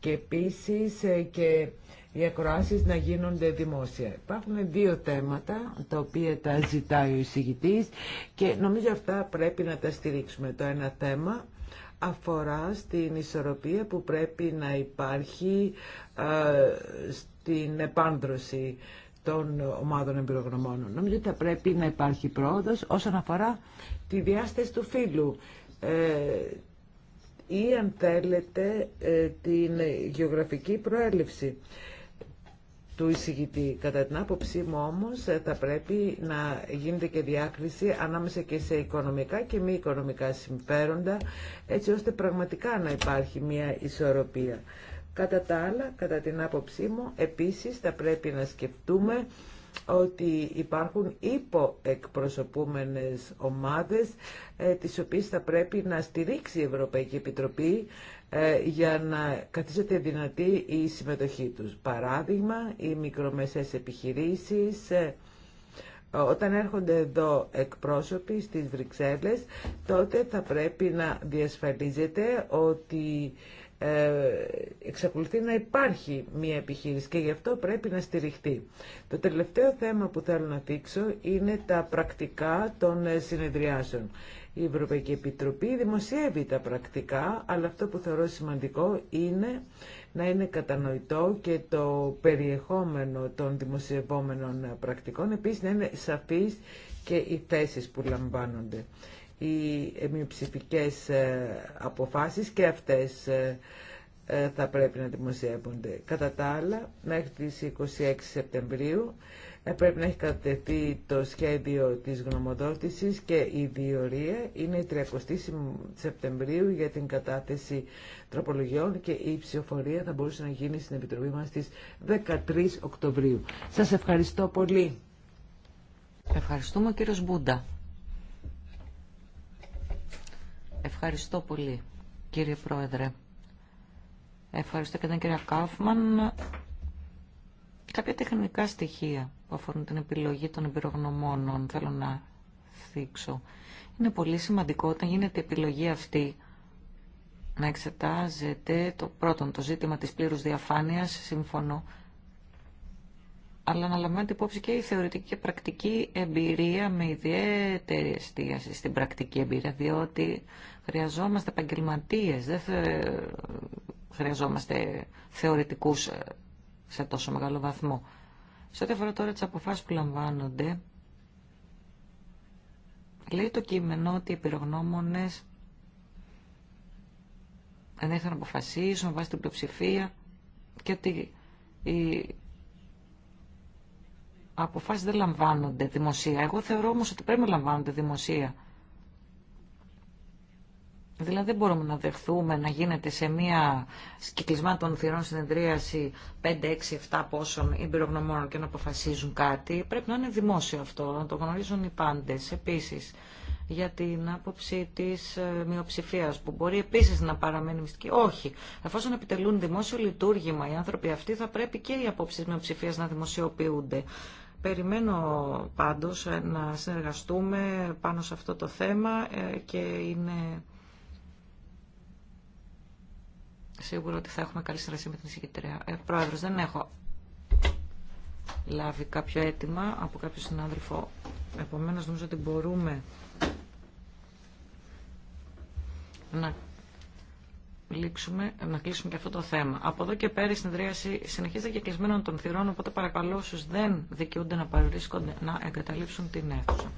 S3: Και επίσης ε, και οι ακροάσεις να γίνονται δημόσια. Υπάρχουν δύο θέματα τα οποία τα ζητάει ο εισηγητής και νομίζω αυτά πρέπει να τα στηρίξουμε. Το ένα θέμα αφορά στην ισορροπία που πρέπει να υπάρχει ε, στην επάνδρωση των ομάδων εμπειρογνωμων, Νομίζω ότι θα πρέπει να υπάρχει πρόοδος όσον αφορά τη διάσταση του φύλου ε, ή αν θέλετε ε, την γεωγραφική προέλευση του εισηγητή. Κατά την άποψή μου όμως ε, θα πρέπει να γίνεται και διάκριση ανάμεσα και σε οικονομικά και μη οικονομικά συμφέροντα έτσι ώστε πραγματικά να υπάρχει μια ισορροπία. Κατά τα άλλα, κατά την άποψή μου, επίσης θα πρέπει να σκεφτούμε ότι υπάρχουν υποεκπροσωπούμενες ομάδες ε, τις οποίες θα πρέπει να στηρίξει η Ευρωπαϊκή Επιτροπή ε, για να καθίσεται δυνατή η συμμετοχή τους. Παράδειγμα, οι μικρομεσαίες επιχειρήσεις, ε, όταν έρχονται εδώ εκπρόσωποι στις Βρυξέλλες, τότε θα πρέπει να διασφαλίζεται ότι ε, εξακολουθεί να υπάρχει μια επιχείρηση και γι' αυτό πρέπει να στηριχτεί. Το τελευταίο θέμα που θέλω να δείξω είναι τα πρακτικά των ε, συνεδριάσεων. Η Ευρωπαϊκή Επιτροπή δημοσιεύει τα πρακτικά, αλλά αυτό που θεωρώ σημαντικό είναι να είναι κατανοητό και το περιεχόμενο των δημοσιευόμενων πρακτικών, επίσης να είναι σαφής και οι θέσεις που λαμβάνονται οι μειοψηφικές ε, αποφάσεις και αυτές ε, ε, θα πρέπει να δημοσιεύονται. Κατά τα άλλα, μέχρι τις 26 Σεπτεμβρίου πρέπει να έχει κατατεθεί το σχέδιο της γνωμοδότησης και η διορία είναι η 30 Σεπτεμβρίου για την κατάθεση τροπολογιών και η ψηφοφορία θα μπορούσε να γίνει στην Επιτροπή μας στις 13 Οκτωβρίου. Σας ευχαριστώ πολύ. Ευχαριστούμε κύριος Μπούντα.
S4: Ευχαριστώ πολύ, κύριε Πρόεδρε. Ευχαριστώ και τον κύριο Κάφμαν. Κάποια τεχνικά στοιχεία που αφορούν την επιλογή των εμπειρογνωμόνων θέλω να θίξω. Είναι πολύ σημαντικό όταν γίνεται η επιλογή αυτή να εξετάζεται το πρώτον το ζήτημα της πλήρους διαφάνειας, συμφωνώ, αλλά να λαμβάνεται υπόψη και η θεωρητική και πρακτική εμπειρία με ιδιαίτερη εστίαση στην πρακτική εμπειρία, διότι Χρειαζόμαστε επαγγελματίε, δεν χρειαζόμαστε θεωρητικούς ε, σε τόσο μεγάλο βαθμό. Σε ό,τι αφορά τώρα τι αποφάσεις που λαμβάνονται, λέει το κείμενο ότι οι δεν ήθελαν να αποφασίσουν βάσει την πλειοψηφία και ότι οι αποφάσεις δεν λαμβάνονται δημοσία. Εγώ θεωρώ όμω ότι πρέπει να λαμβάνονται δημοσία Δηλαδή δεν μπορούμε να δεχθούμε να γίνεται σε μια κυκλισμά των θυρών συνεδρίαση 5, 6, 7 πόσων εμπειρογνωμόνων και να αποφασίζουν κάτι. Πρέπει να είναι δημόσιο αυτό, να το γνωρίζουν οι πάντες. Επίσης, για την άποψη της ε, μειοψηφία που μπορεί επίσης να παραμένει μυστική. Όχι. Εφόσον επιτελούν δημόσιο λειτουργήμα οι άνθρωποι αυτοί θα πρέπει και οι απόψει της μειοψηφίας να δημοσιοποιούνται. Περιμένω πάντως ε, να συνεργαστούμε πάνω σε αυτό το θέμα ε, και είναι σίγουρο ότι θα έχουμε καλή συνεργασία με την εισηγητρία. Ε, πρόεδρος, δεν έχω λάβει κάποιο αίτημα από κάποιο συνάδελφο. Επομένως, νομίζω ότι μπορούμε να λήξουμε, να κλείσουμε και αυτό το θέμα. Από εδώ και πέρα η συνδρίαση συνεχίζεται και κλεισμένων των θυρών, οπότε παρακαλώ όσους δεν δικαιούνται να παρουρίσκονται να εγκαταλείψουν την αίθουσα.